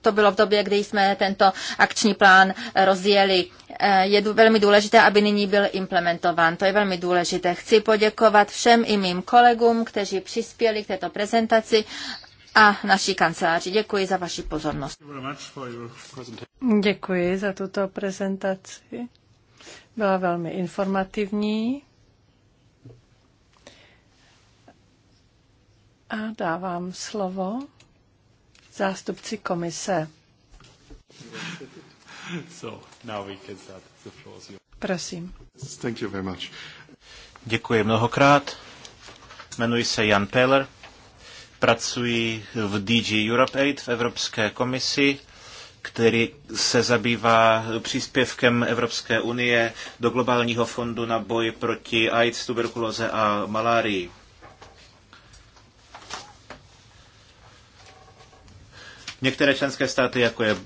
to bylo v době, kdy jsme tento akční plán rozjeli. E, je velmi důležité, aby nyní byl implementován. To je velmi důležité. Chci poděkovat všem i mým kolegům, kteří přispěli k této prezentaci a naší kanceláři. Děkuji za vaši pozornost. Děkuji za tuto prezentaci. Byla velmi informativní. A dávám slovo zástupci komise. So, now we can start the Prosím. Thank you very much. Děkuji mnohokrát. Jmenuji se Jan Peller Pracuji v DG Europe Aid v Evropské komisi, který se zabývá příspěvkem Evropské unie do globálního fondu na boj proti AIDS, tuberkulóze a malárii. Některé členské státy, jako je eh,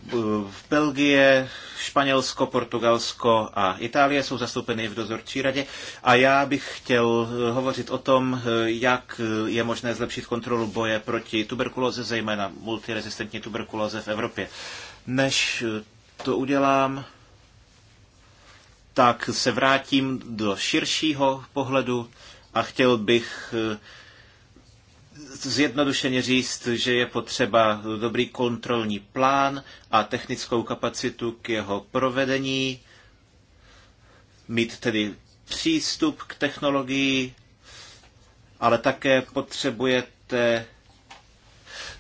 v Belgie, Španělsko, Portugalsko a Itálie jsou zastoupeny v dozorčí radě a já bych chtěl eh, hovořit o tom, eh, jak eh, je možné zlepšit kontrolu boje proti tuberkulóze, zejména multiresistentní tuberkulóze v Evropě. Než to udělám, tak se vrátím do širšího pohledu a chtěl bych zjednodušeně říct, že je potřeba dobrý kontrolní plán a technickou kapacitu k jeho provedení, mít tedy přístup k technologii, ale také potřebujete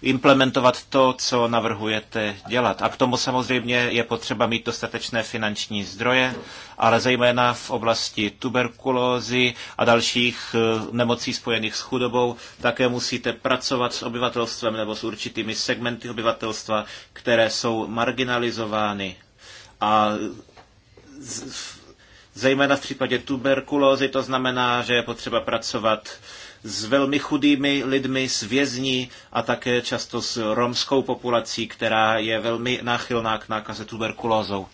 implementovat to, co navrhujete dělat. A k tomu samozřejmě je potřeba mít dostatečné finanční zdroje, ale zejména v oblasti tuberkulózy a dalších eh, nemocí spojených s chudobou také musíte pracovat s obyvatelstvem nebo s určitými segmenty obyvatelstva, které jsou marginalizovány. A zejména v případě tuberkulózy to znamená, že je potřeba pracovat s velmi chudými lidmi, s vězni a také často s romskou populací, která je velmi náchylná k nákaze tuberkulózou.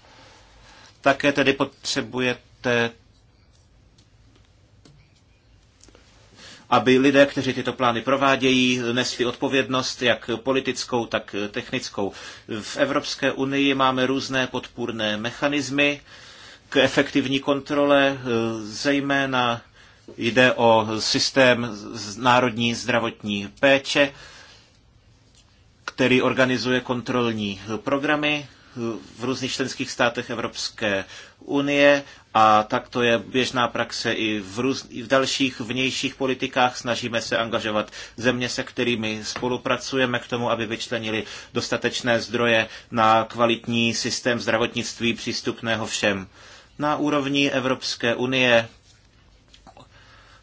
Také tedy potřebujete aby lidé, kteří tyto plány provádějí, nesli odpovědnost jak politickou, tak technickou. V Evropské unii máme různé podpůrné mechanismy k efektivní kontrole, zejména Jde o systém národní zdravotní péče, který organizuje kontrolní programy v různých členských státech Evropské unie a tak to je běžná praxe i v, růz, i v dalších vnějších politikách. Snažíme se angažovat země, se kterými spolupracujeme k tomu, aby vyčlenili dostatečné zdroje na kvalitní systém zdravotnictví přístupného všem. Na úrovni Evropské unie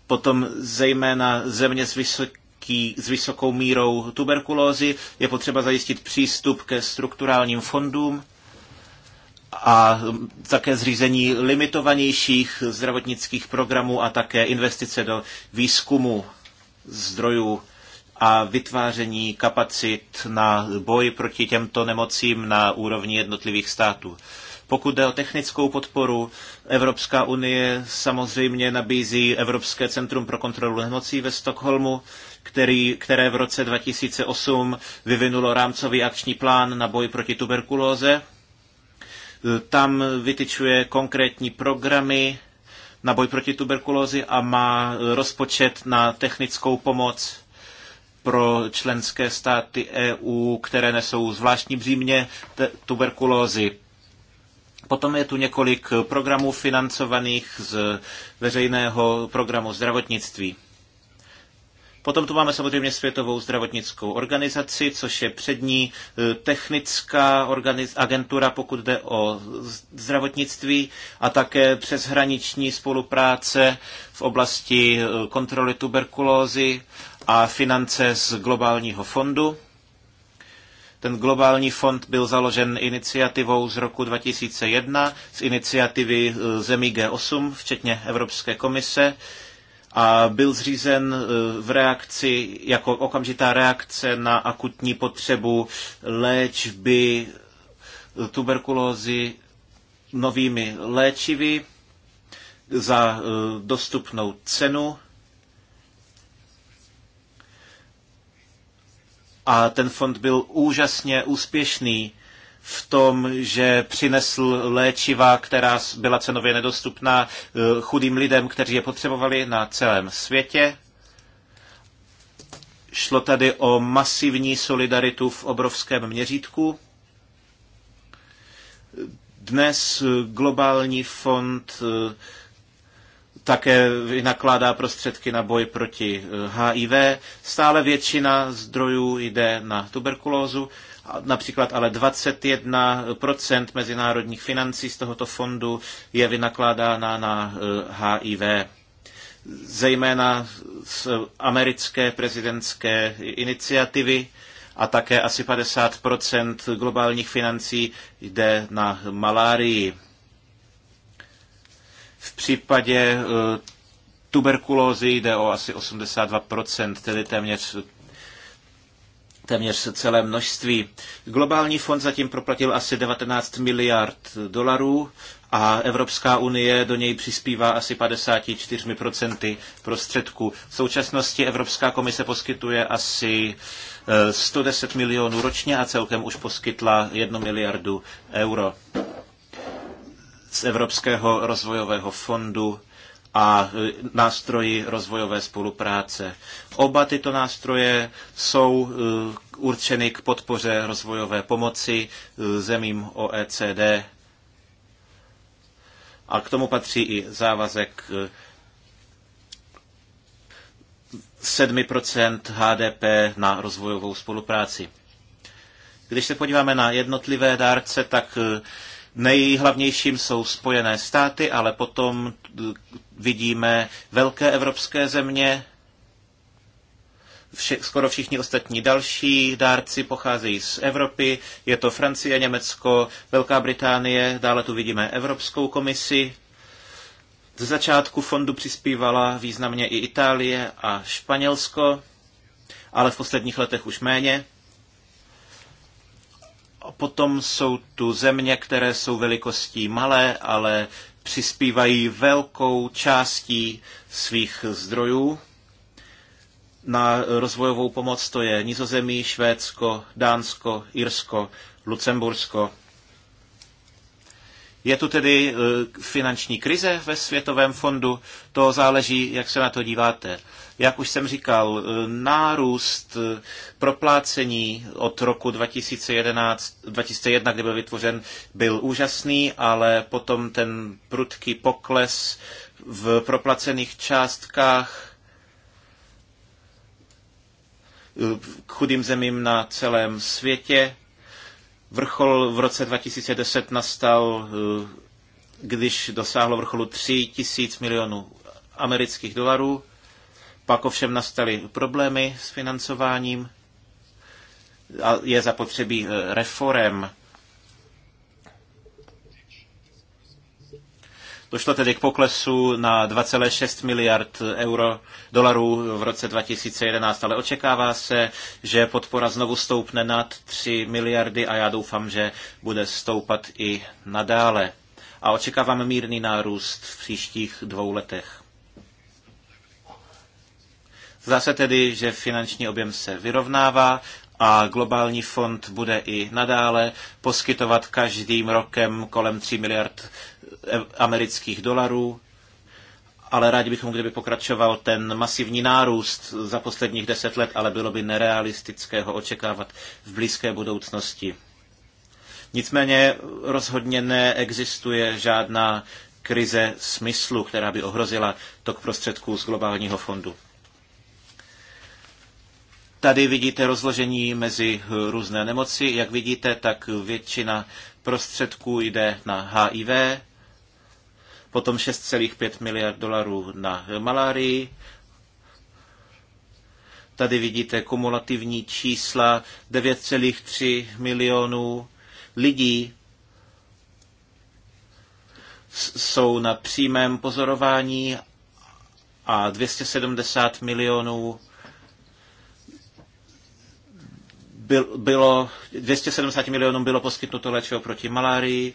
potom zejména země s vysoký, s vysokou mírou tuberkulózy, je potřeba zajistit přístup ke strukturálním fondům a také zřízení limitovanějších zdravotnických programů a také investice do výzkumu zdrojů a vytváření kapacit na boj proti těmto nemocím na úrovni jednotlivých států. Pokud jde o technickou podporu, Evropská unie samozřejmě nabízí Evropské centrum pro kontrolu nemocí ve Stockholmu, který, které v roce 2008 vyvinulo rámcový akční plán na boj proti tuberkulóze. Tam vytyčuje konkrétní programy na boj proti tuberkulózi a má rozpočet na technickou pomoc pro členské státy EU, které nesou zvláštní břímě tuberkulózy. Potom je tu několik programů financovaných z veřejného programu zdravotnictví. Potom tu máme samozřejmě Světovou zdravotnickou organizaci, což je přední eh, technická agentura, pokud jde o zdravotnictví a také přeshraniční spolupráce v oblasti eh, kontroly tuberkulózy a finance z globálního fondu. Ten globální fond byl založen iniciativou z roku 2001, z iniciativy eh, zemí G8, včetně Evropské komise, a byl zřízen eh, v reakci, jako okamžitá reakce na akutní potřebu léčby eh, tuberkulózy novými léčivy za dostupnou cenu a ten fond byl úžasně úspěšný v tom, že přinesl léčiva, která byla cenově nedostupná eh, chudým lidem, kteří je potřebovali na celém světě. Šlo tady o masivní solidaritu v obrovském měřítku. Dnes eh, globální fond eh, také vynakládá prostředky na boj proti HIV. Eh, Stále většina zdrojů jde na tuberkulózu, například ale 21% mezinárodních financí z tohoto fondu je vynakládána na HIV eh, zejména z americké prezidentské iniciativy a také asi 50 globálních financí jde na malárii. V případě eh, tuberkulózy jde o asi 82%, tedy téměř téměř celé množství. Globální fond zatím proplatil asi 19 miliard dolarů a Evropská unie do něj přispívá asi 54% prostředků. V současnosti Evropská komise poskytuje asi 110 eh, milionů ročně a celkem už poskytla 1 miliardu euro z Evropského rozvojového fondu a e, nástroji rozvojové spolupráce. Oba tyto nástroje jsou e, určeny k podpoře rozvojové pomoci e, zemím OECD a k tomu patří i závazek 7% HDP na rozvojovou spolupráci. Když se podíváme na jednotlivé dárce, tak Nejhlavnějším jsou Spojené státy, ale potom vidíme velké evropské země, vše, skoro všichni ostatní další dárci pocházejí z Evropy. Je to Francie, Německo, Velká Británie, dále tu vidíme Evropskou komisi. Ze začátku fondu přispívala významně i Itálie a Španělsko, ale v posledních letech už méně. Potom jsou tu země, které jsou velikostí malé, ale přispívají velkou částí svých zdrojů na rozvojovou pomoc. To je Nizozemí, Švédsko, Dánsko, Irsko, Lucembursko. Je tu tedy eh, finanční krize ve Světovém fondu? To záleží, jak se na to díváte jak už jsem říkal, e, nárůst e, proplácení od roku 2011, 2001, kdy byl vytvořen, byl úžasný, ale potom ten prudký pokles v proplacených částkách e, k chudým zemím na celém světě. Vrchol v roce 2010 nastal, když dosáhlo vrcholu 3 tisíc milionů amerických dolarů. Pak ovšem nastaly problémy s financováním a je zapotřebí e, reform. Došlo tedy k poklesu na 2,6 miliard euro dolarů v roce 2011, ale očekává se, že podpora znovu stoupne nad 3 miliardy a já doufám, že bude stoupat i nadále. A očekávám mírný nárůst v příštích dvou letech. Zdá se tedy, že finanční objem se vyrovnává a globální fond bude i nadále poskytovat každým rokem kolem 3 miliard amerických dolarů, ale rádi bychom, kdyby pokračoval ten masivní nárůst za posledních deset let, ale bylo by nerealistické ho očekávat v blízké budoucnosti. Nicméně rozhodně neexistuje žádná krize smyslu, která by ohrozila tok prostředků z globálního fondu. Tady vidíte rozložení mezi eh, různé nemoci. Jak vidíte, tak většina prostředků jde na HIV, potom 6,5 miliard dolarů na malárii. Tady vidíte kumulativní čísla 9,3 milionů lidí jsou na přímém pozorování a 270 milionů bylo, 270 milionům bylo poskytnuto léčivo proti malárii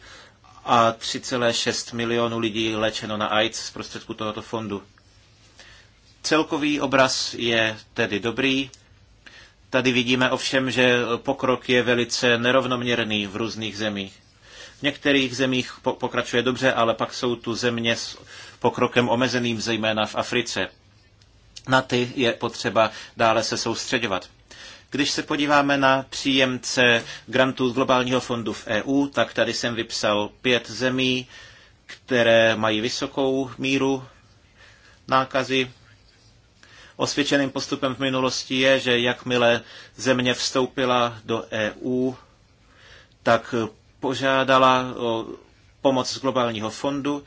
a 3,6 milionů lidí léčeno na AIDS z prostředku tohoto fondu. Celkový obraz je tedy dobrý. Tady vidíme ovšem, že pokrok je velice nerovnoměrný v různých zemích. V některých zemích pokračuje dobře, ale pak jsou tu země s pokrokem omezeným, zejména v Africe. Na ty je potřeba dále se soustředovat. Když se podíváme na příjemce grantů z Globálního fondu v EU, tak tady jsem vypsal pět zemí, které mají vysokou míru nákazy. Osvědčeným postupem v minulosti je, že jakmile země vstoupila do EU, tak požádala o pomoc z globálního fondu,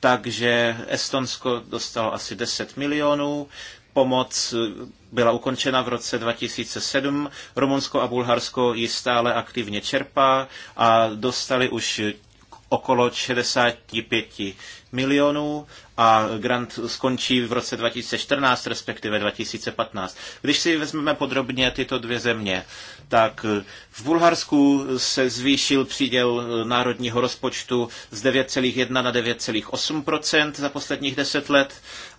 takže Estonsko dostalo asi 10 milionů, pomoc byla ukončena v roce 2007. Rumunsko a Bulharsko ji stále aktivně čerpá a dostali už okolo 65 milionů a grant skončí v roce 2014, respektive 2015. Když si vezmeme podrobně tyto dvě země, tak v Bulharsku se zvýšil příděl národního rozpočtu z 9,1 na 9,8 za posledních 10 let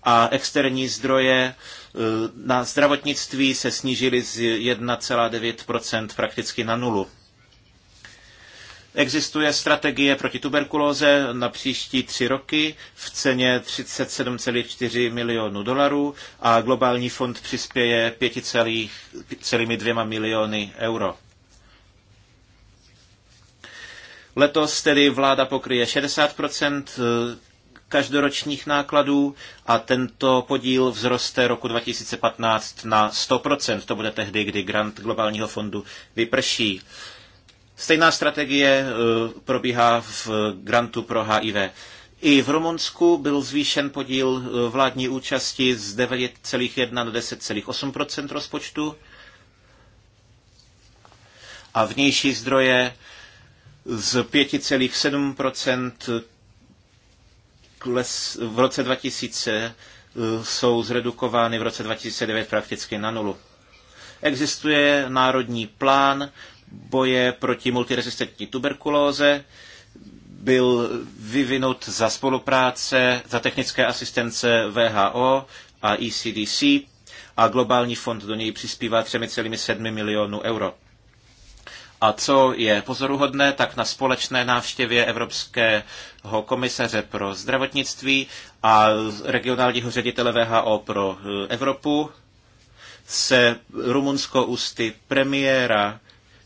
a externí zdroje eh, na zdravotnictví se snížily z 1,9 prakticky na nulu. Existuje strategie proti tuberkulóze na příští tři roky v ceně 37,4 milionů dolarů a globální fond přispěje 5,2 miliony euro. Letos tedy vláda pokryje 60 eh, každoročních nákladů a tento podíl vzroste roku 2015 na 100%. To bude tehdy, kdy grant globálního fondu vyprší. Stejná strategie eh, probíhá v grantu pro HIV. I v Rumunsku byl zvýšen podíl eh, vládní účasti z 9,1 na 10,8 rozpočtu a vnější zdroje z 5,7 kles v roce 2000 eh, jsou zredukovány v roce 2009 prakticky na nulu. Existuje národní plán boje proti multiresistentní tuberkulóze byl vyvinut za spolupráce, za technické asistence VHO a ECDC a Globální fond do něj přispívá 3,7 milionů euro. A co je pozoruhodné, tak na společné návštěvě Evropského komisaře pro zdravotnictví a regionálního ředitele VHO pro eh, Evropu se Rumunsko ústy premiéra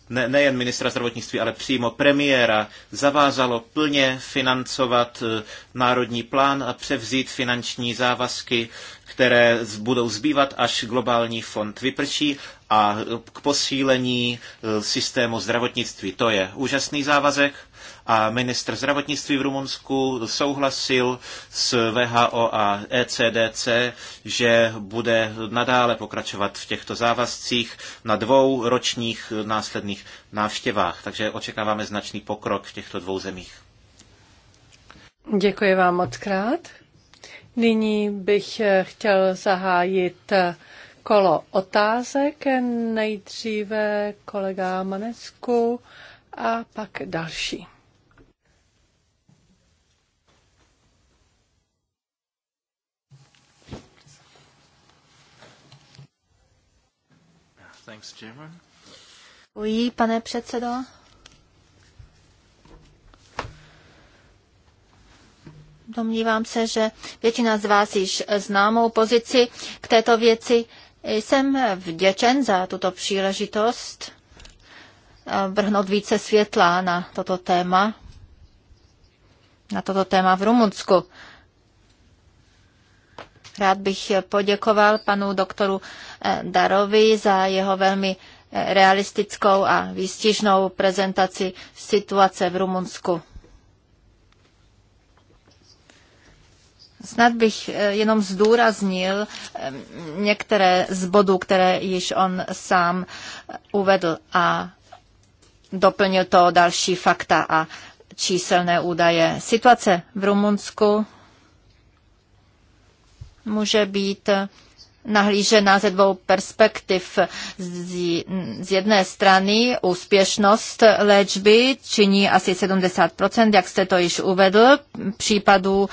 ne, nejen ministra zdravotnictví, ale přímo premiéra, zavázalo plně financovat eh, národní plán a převzít finanční závazky, které budou zbývat, až globální fond vyprší a eh, k posílení eh, systému zdravotnictví. To je úžasný závazek a ministr zdravotnictví v Rumunsku souhlasil s VHO a ECDC, že bude nadále pokračovat v těchto závazcích na dvou ročních následných návštěvách. Takže očekáváme značný pokrok v těchto dvou zemích. Děkuji vám moc krát. Nyní bych chtěl zahájit kolo otázek. Nejdříve kolega Manesku a pak další. Thanks, Chairman. pane předsedo. Domnívám se, že většina z vás již známou pozici k této věci. Jsem vděčen za tuto příležitost eh, vrhnout více světla na toto téma, na toto téma v Rumunsku. Rád bych poděkoval panu doktoru eh, Darovi za jeho velmi eh, realistickou a výstižnou prezentaci situace v Rumunsku. Snad bych eh, jenom zdůraznil některé z bodů, které již on sám uvedl a doplnil to další fakta a číselné údaje. Situace v Rumunsku může být nahlížena ze dvou perspektiv. Z jedné strany úspěšnost léčby činí asi 70%, jak jste to již uvedl, případů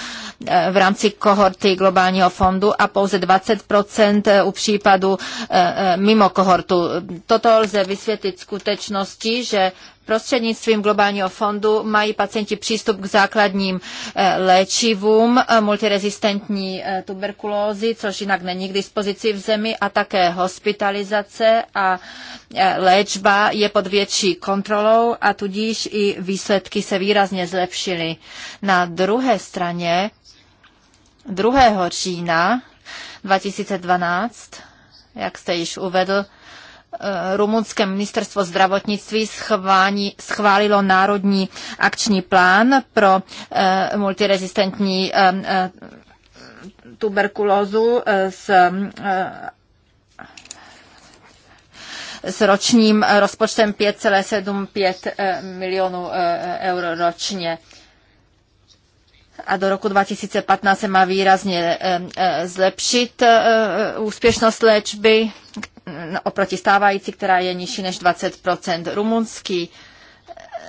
eh, v rámci kohorty globálního fondu a pouze 20% u případů eh, eh, mimo kohortu. Toto lze vysvětlit skutečnosti, že Prostřednictvím globálního fondu mají pacienti přístup k základním eh, léčivům, eh, multirezistentní eh, tuberkulózy, což jinak není k dispozici v zemi, a také hospitalizace a léčba je pod větší kontrolou a tudíž i výsledky se výrazně zlepšily. Na druhé straně 2. října 2012, jak jste již uvedl, Eh, rumunské ministerstvo zdravotnictví schválí, schválilo národní akční plán pro eh, multirezistentní eh, tuberkulózu s s ročním rozpočtem 5,75 milionů euro ročně a do roku 2015 se má výrazně zlepšit úspěšnost léčby oproti stávající, která je nižší než 20%. Rumunský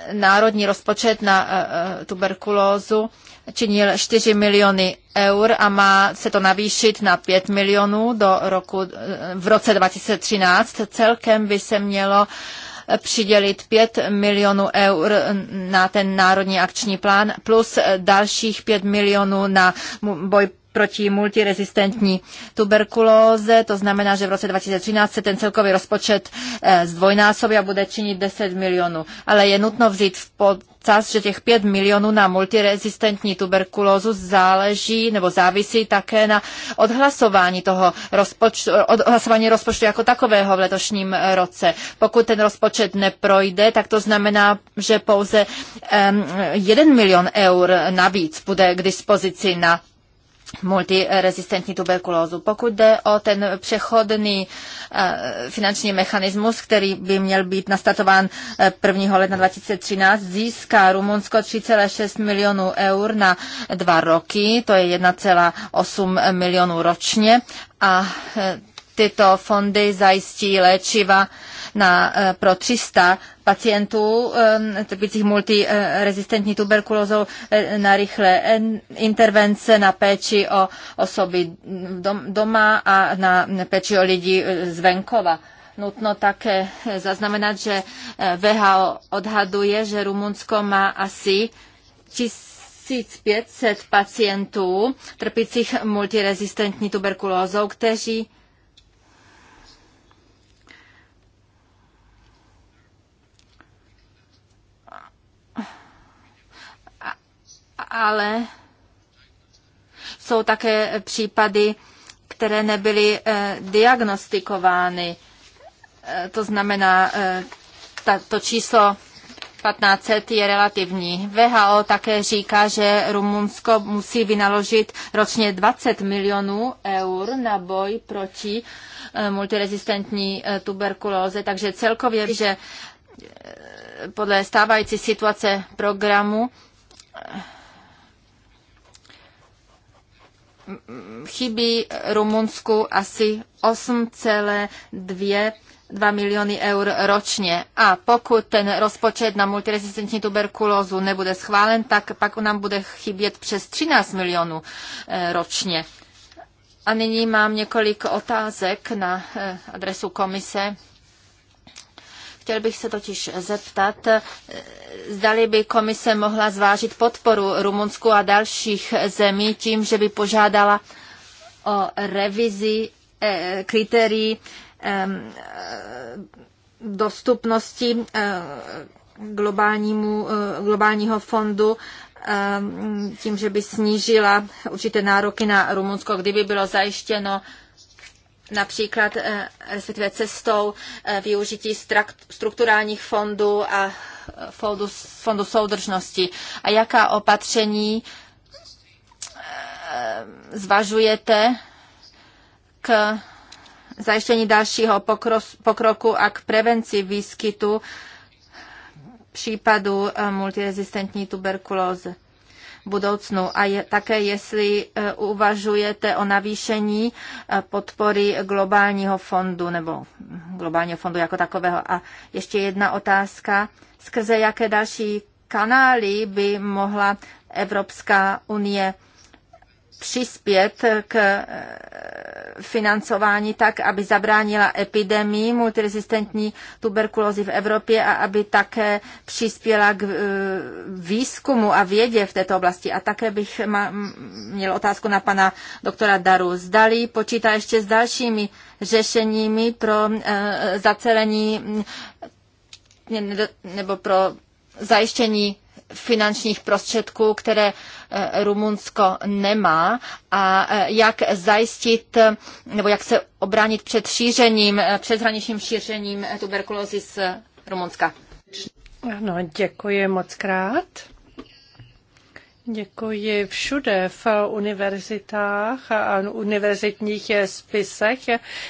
eh, národní rozpočet na eh, eh, tuberkulózu činil 4 miliony eur a má se to navýšit na 5 milionů do roku, v roce 2013. Celkem by se mělo přidělit 5 milionů eur na ten národní akční plán plus dalších 5 milionů na boj proti multirezistentní tuberkulóze. To znamená, že v roce 2013 se ten celkový rozpočet eh, zdvojnásobí a bude činit 10 milionů. Ale je nutno vzít v potaz, že těch 5 milionů na multirezistentní tuberkulózu záleží nebo závisí také na odhlasování toho rozpočtu, odhlasování rozpočtu jako takového v letošním eh, roce. Pokud ten rozpočet neprojde, tak to znamená, že pouze 1 milion eur navíc bude k dispozici na multirezistentní tuberkulózu. Pokud jde o ten přechodný eh, finanční mechanismus, který by měl být nastartován 1. Eh, ledna 2013, získá Rumunsko 3,6 milionů eur na dva roky, to je 1,8 milionů ročně a eh, tyto fondy zajistí léčiva na, eh, pro 300 pacientů eh, trpících multirezistentní tuberkulózou eh, na rychlé intervence, na péči o osoby doma a na péči o lidi z venkova. Nutno také zaznamenat, že VHO odhaduje, že Rumunsko má asi 1500 pacientů trpících multirezistentní tuberkulózou, kteří ale jsou také případy, které nebyly eh, diagnostikovány. Eh, to znamená, eh, to číslo 1500 je relativní. VHO také říká, že Rumunsko musí vynaložit ročně 20 milionů eur na boj proti multirezistentní tuberkulóze, takže celkově, že podle stávající situace programu chybí Rumunsku asi 8,2 miliony eur ročně. A pokud ten rozpočet na multiresistentní tuberkulózu nebude schválen, tak pak nám bude chybět přes 13 milionů eh, ročně. A nyní mám několik otázek na eh, adresu komise. Chtěl bych se totiž zeptat, eh, zdali by komise mohla zvážit podporu Rumunsku a dalších zemí tím, že by požádala o revizi eh, kritérií eh, dostupnosti globálnímu, globálního fondu tím, že by snížila určité nároky na Rumunsko, kdyby bylo zajištěno například eh, respektive cestou eh, využití strukturálních fondů a eh, fondu, fondu soudržnosti a jaká opatření zvažujete k zajištění dalšího pokroku a k prevenci výskytu případů multirezistentní tuberkulózy v budoucnu a je, také jestli e, uvažujete o navýšení e, podpory globálního fondu nebo globálního fondu jako takového. A ještě jedna otázka, skrze jaké další kanály by mohla Evropská unie přispět k eh, financování tak, aby zabránila epidemii multiresistentní tuberkulózy v Evropě a aby také přispěla k eh, výzkumu a vědě v této oblasti. A také bych měl otázku na pana doktora Daru. Zdali počítá ještě s dalšími řešeními pro eh, zacelení nebo pro zajištění finančních prostředků, které eh, Rumunsko nemá a eh, jak zajistit eh, nebo jak se obránit před šířením, přeshraničním šířením tuberkulózy z Rumunska. Ano, děkuji moc krát. Děkuji. Všude v univerzitách a univerzitních spisech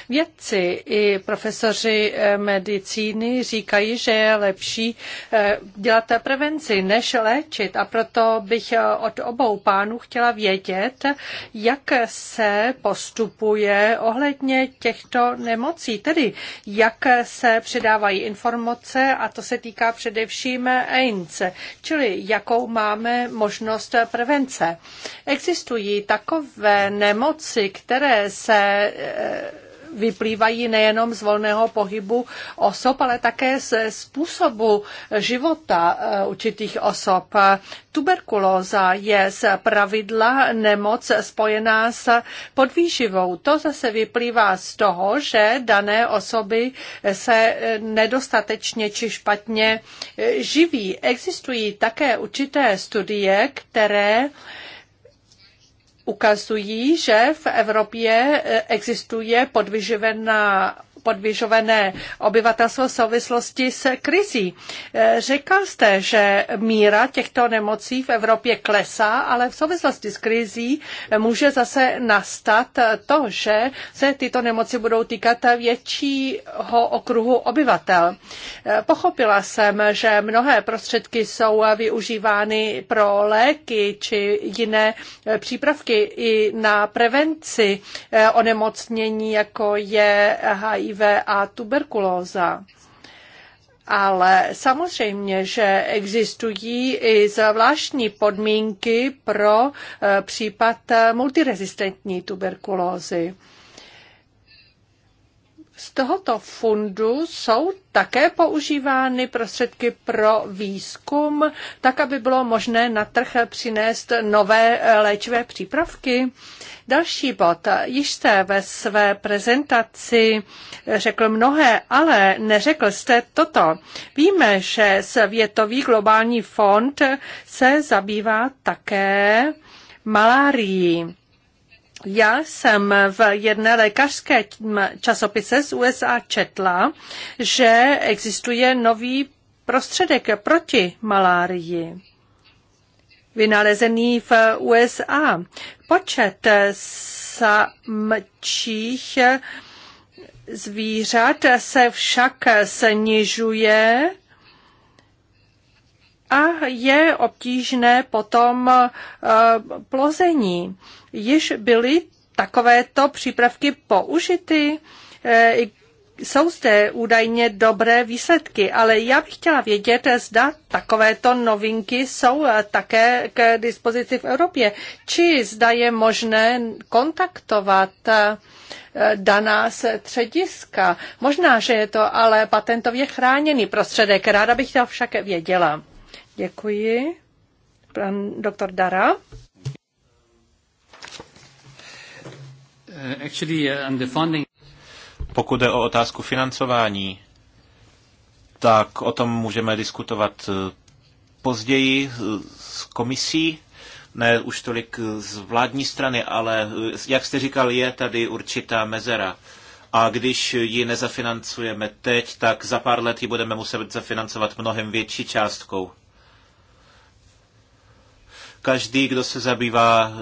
vědci i profesoři medicíny říkají, že je lepší eh, dělat prevenci než léčit. A proto bych od obou pánů chtěla vědět, jak se postupuje ohledně těchto nemocí, tedy jak se předávají informace, a to se týká především AIDS, čili jakou máme možnost možnost prevence. Existují takové nemoci, které se eh, vyplývají nejenom z volného pohybu osob, ale také ze způsobu života eh, určitých osob. Tuberkulóza je z pravidla nemoc spojená s podvýživou. To zase vyplývá z toho, že dané osoby se eh, nedostatečně či špatně eh, živí. Existují také určité studie, které ukazují, že v Evropě eh, existuje podvyživená podvěžované obyvatelstvo v souvislosti s krizí. E, Říkal jste, že míra těchto nemocí v Evropě klesá, ale v souvislosti s krizí může zase nastat to, že se tyto nemoci budou týkat většího okruhu obyvatel. E, Pochopila jsem, že mnohé prostředky jsou využívány pro léky či jiné přípravky i na prevenci e, onemocnění, jako je HIV HIV a tuberkulóza. Ale samozřejmě, že existují i zvláštní podmínky pro eh, případ eh, multiresistentní tuberkulózy. Z tohoto fondu jsou také používány prostředky pro výzkum, tak aby bylo možné na trh přinést nové léčivé přípravky. Další bod. Již jste ve své prezentaci řekl mnohé, ale neřekl jste toto. Víme, že Světový globální fond se zabývá také malárií. Já jsem v jedné lékařské časopise z USA četla, že existuje nový prostředek proti malárii vynalezený v USA. Počet samčích zvířat se však snižuje a je obtížné potom e, plození. Již byly takovéto přípravky použity? E, jsou zde údajně dobré výsledky, ale já bych chtěla vědět, zda takovéto novinky jsou také k dispozici v Evropě, či zda je možné kontaktovat e, daná střediska. Možná, že je to ale patentově chráněný prostředek. Ráda bych to však věděla. Děkuji. Pan doktor Dara. Uh, actually, uh, Pokud jde o otázku financování, tak o tom můžeme diskutovat uh, později s komisí, ne už tolik z vládní strany, ale jak jste říkal, je tady určitá mezera. A když ji nezafinancujeme teď, tak za pár let ji budeme muset zafinancovat mnohem větší částkou. Každý, kdo se zabývá eh,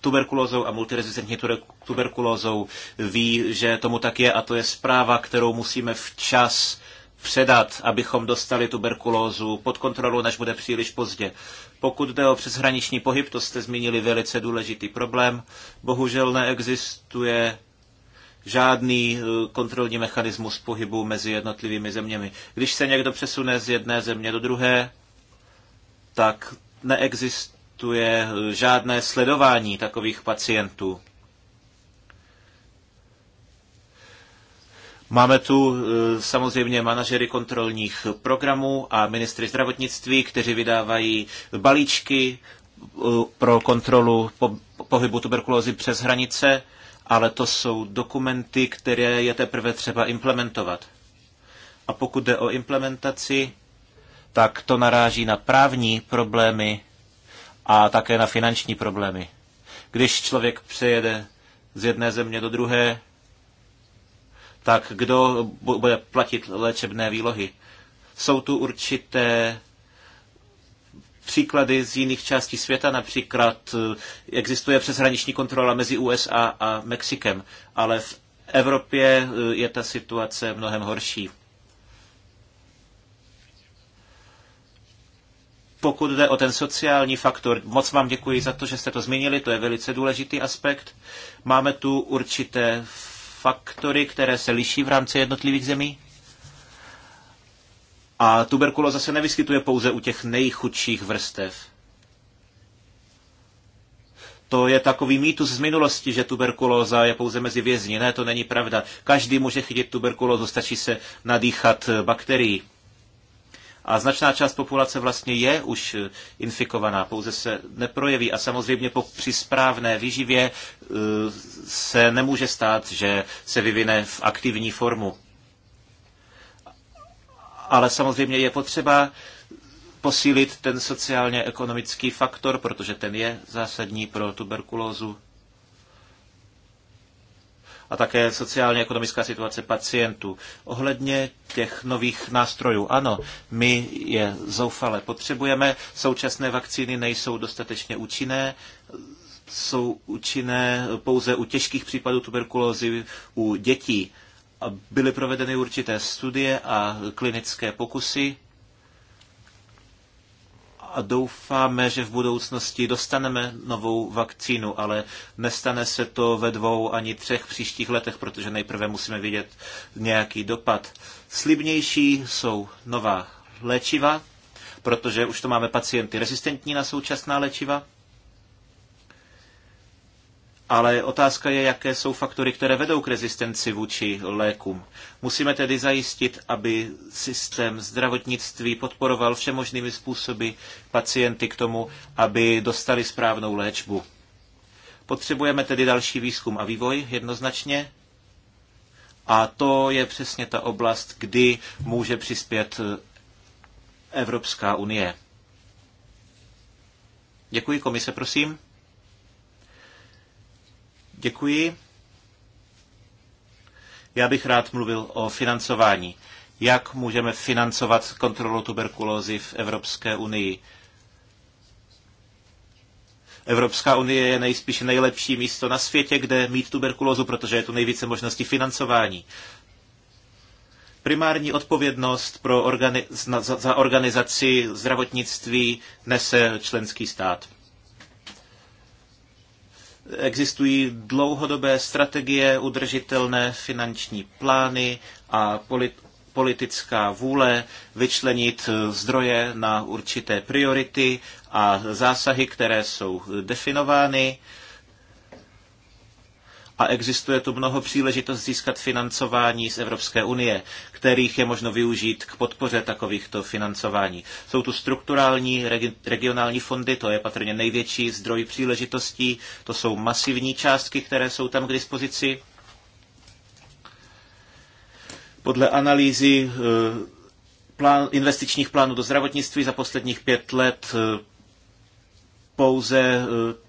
tuberkulózou a multirezistentní tuberkulózou, ví, že tomu tak je a to je zpráva, kterou musíme včas předat, abychom dostali tuberkulózu pod kontrolu, než bude příliš pozdě. Pokud jde o přeshraniční pohyb, to jste zmínili velice důležitý problém. Bohužel neexistuje žádný eh, kontrolní mechanismus pohybu mezi jednotlivými zeměmi. Když se někdo přesune z jedné země do druhé, tak neexistuje neexistuje žádné sledování takových pacientů. Máme tu eh, samozřejmě manažery kontrolních programů a ministry zdravotnictví, kteří vydávají balíčky eh, pro kontrolu pohybu tuberkulózy přes hranice, ale to jsou dokumenty, které je teprve třeba implementovat. A pokud jde o implementaci, tak to naráží na právní problémy a také na finanční problémy. Když člověk přejede z jedné země do druhé, tak kdo bude platit léčebné výlohy? Jsou tu určité příklady z jiných částí světa, například eh, existuje přeshraniční kontrola mezi USA a Mexikem, ale v Evropě eh, je ta situace mnohem horší. pokud jde o ten sociální faktor, moc vám děkuji za to, že jste to zmínili, to je velice důležitý aspekt. Máme tu určité faktory, které se liší v rámci jednotlivých zemí? A tuberkulóza se nevyskytuje pouze u těch nejchudších vrstev. To je takový mýtus z minulosti, že tuberkulóza je pouze mezi vězni. Ne, to není pravda. Každý může chytit tuberkulózu, stačí se nadýchat bakterií. A značná část populace vlastně je už eh, infikovaná, pouze se neprojeví. A samozřejmě po, při správné výživě eh, se nemůže stát, že se vyvine v aktivní formu. Ale samozřejmě je potřeba posílit ten sociálně-ekonomický faktor, protože ten je zásadní pro tuberkulózu a také sociálně ekonomická situace pacientů. Ohledně těch nových nástrojů, ano, my je zoufale potřebujeme, současné vakcíny nejsou dostatečně účinné, jsou účinné pouze u těžkých případů tuberkulózy u dětí. Byly provedeny určité studie a klinické pokusy, a doufáme, že v budoucnosti dostaneme novou vakcínu, ale nestane se to ve dvou ani třech příštích letech, protože nejprve musíme vidět nějaký dopad. Slibnější jsou nová léčiva, protože už to máme pacienty rezistentní na současná léčiva ale otázka je, jaké jsou faktory, které vedou k rezistenci vůči lékům. Musíme tedy zajistit, aby systém zdravotnictví podporoval všemožnými způsoby pacienty k tomu, aby dostali správnou léčbu. Potřebujeme tedy další výzkum a vývoj jednoznačně. A to je přesně ta oblast, kdy může přispět Evropská unie. Děkuji, komise, prosím. Děkuji. Já bych rád mluvil o financování. Jak můžeme financovat kontrolu tuberkulózy v Evropské unii? Evropská unie je nejspíše nejlepší místo na světě, kde mít tuberkulózu, protože je tu nejvíce možností financování. Primární odpovědnost pro organi- za organizaci zdravotnictví nese členský stát existují dlouhodobé strategie, udržitelné finanční plány a polit, politická vůle vyčlenit zdroje na určité priority a zásahy, které jsou definovány a existuje tu mnoho příležitost získat financování z Evropské unie, kterých je možno využít k podpoře takovýchto financování. Jsou tu strukturální regionální fondy, to je patrně největší zdroj příležitostí, to jsou masivní částky, které jsou tam k dispozici. Podle analýzy eh, plán, investičních plánů do zdravotnictví za posledních pět let eh, pouze eh,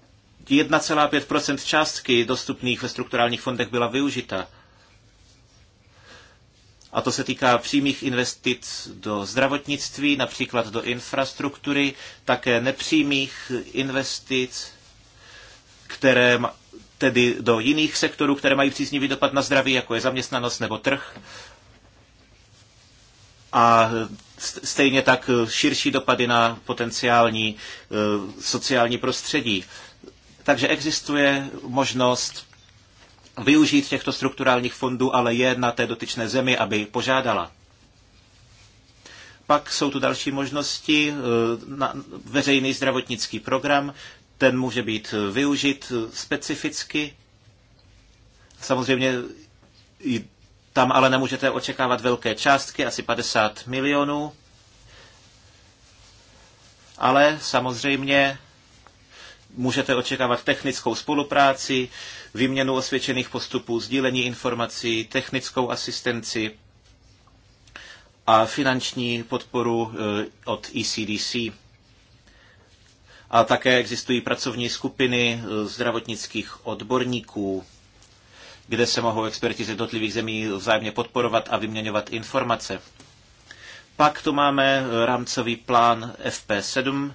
1,5 částky dostupných ve strukturálních fondech byla využita. A to se týká přímých investic do zdravotnictví, například do infrastruktury, také nepřímých investic, které tedy do jiných sektorů, které mají příznivý dopad na zdraví, jako je zaměstnanost nebo trh. A stejně tak širší dopady na potenciální eh, sociální prostředí. Takže existuje možnost využít těchto strukturálních fondů, ale je na té dotyčné zemi, aby požádala. Pak jsou tu další možnosti. Eh, na veřejný zdravotnický program, ten může být eh, využit eh, specificky. Samozřejmě tam ale nemůžete očekávat velké částky, asi 50 milionů. Ale samozřejmě můžete očekávat technickou spolupráci, výměnu osvědčených postupů, sdílení informací, technickou asistenci a finanční podporu eh, od ECDC. A také existují pracovní skupiny eh, zdravotnických odborníků, kde se mohou experti z jednotlivých zemí vzájemně podporovat a vyměňovat informace. Pak tu máme eh, rámcový plán FP7,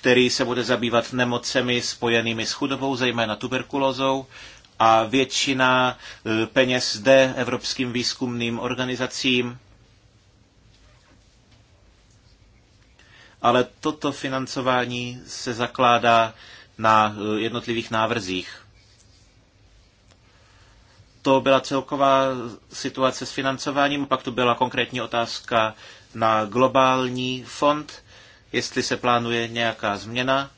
který se bude zabývat nemocemi spojenými s chudobou, zejména tuberkulózou a většina e, peněz jde evropským výzkumným organizacím. Ale toto financování se zakládá na e, jednotlivých návrzích. To byla celková situace s financováním, pak tu byla konkrétní otázka na globální fond jestli se plánuje nějaká změna.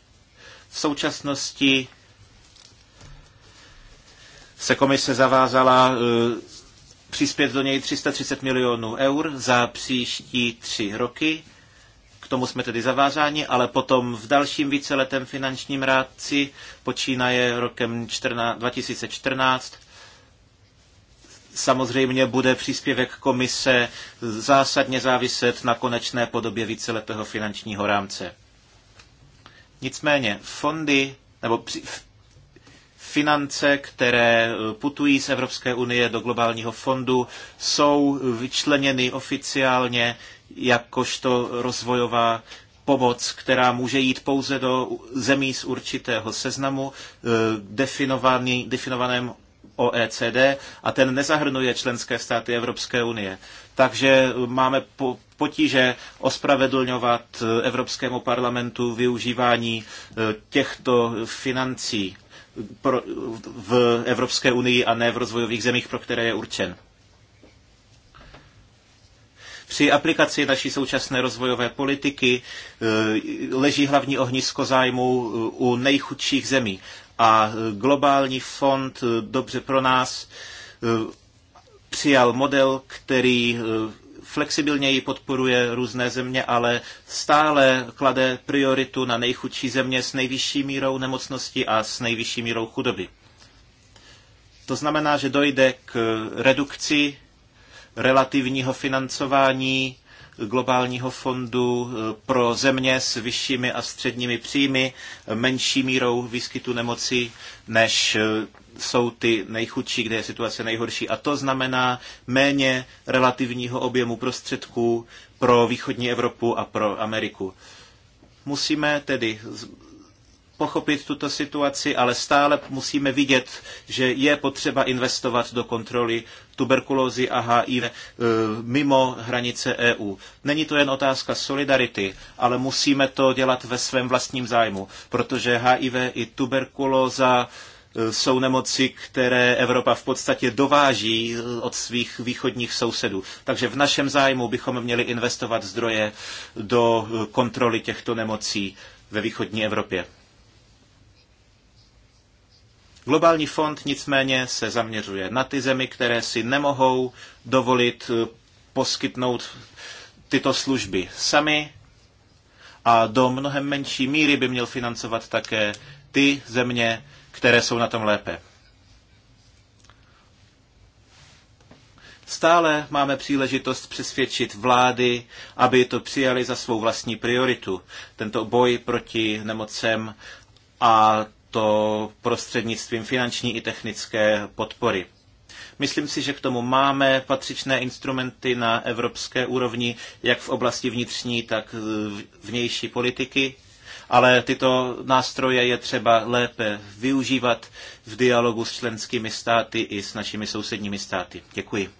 V současnosti se komise zavázala e, přispět do něj 330 milionů eur za příští tři roky. K tomu jsme tedy zavázáni, ale potom v dalším víceletém finančním rádci počínaje rokem 2014 Samozřejmě bude příspěvek komise zásadně záviset na konečné podobě víceletého finančního rámce. Nicméně fondy nebo finance, které eh, putují z Evropské unie do globálního fondu, jsou vyčleněny oficiálně jakožto rozvojová pomoc, která může jít pouze do zemí z určitého seznamu eh, definovaný, definovaném OECD a ten nezahrnuje členské státy Evropské unie. Takže máme potíže ospravedlňovat eh, Evropskému parlamentu využívání eh, těchto financí eh, v Evropské unii a ne v rozvojových zemích, pro které je určen. Při aplikaci naší současné rozvojové politiky leží hlavní ohnisko zájmu u nejchudších zemí a globální fond eh, dobře pro nás eh, přijal model, který eh, flexibilněji podporuje různé země, ale stále klade prioritu na nejchudší země s nejvyšší mírou nemocnosti a s nejvyšší mírou chudoby. To znamená, že dojde k redukci relativního financování globálního fondu eh, pro země s vyššími a středními příjmy, menší mírou výskytu nemocí, než eh, jsou ty nejchudší, kde je situace nejhorší. A to znamená méně relativního objemu prostředků pro východní Evropu a pro Ameriku. Musíme tedy pochopit tuto situaci, ale stále musíme vidět, že je potřeba investovat do kontroly tuberkulózy a HIV eh, mimo hranice EU. Není to jen otázka solidarity, ale musíme to dělat ve svém vlastním zájmu, protože HIV i tuberkulóza eh, jsou nemoci, které Evropa v podstatě dováží eh, od svých východních sousedů. Takže v našem zájmu bychom měli investovat zdroje do kontroly těchto nemocí ve východní Evropě. Globální fond nicméně se zaměřuje na ty zemi, které si nemohou dovolit eh, poskytnout tyto služby sami a do mnohem menší míry by měl financovat také ty země, které jsou na tom lépe. Stále máme příležitost přesvědčit vlády, aby to přijali za svou vlastní prioritu. Tento boj proti nemocem a to prostřednictvím finanční i technické podpory. Myslím si, že k tomu máme patřičné instrumenty na evropské úrovni, jak v oblasti vnitřní, tak vnější politiky, ale tyto nástroje je třeba lépe využívat v dialogu s členskými státy i s našimi sousedními státy. Děkuji.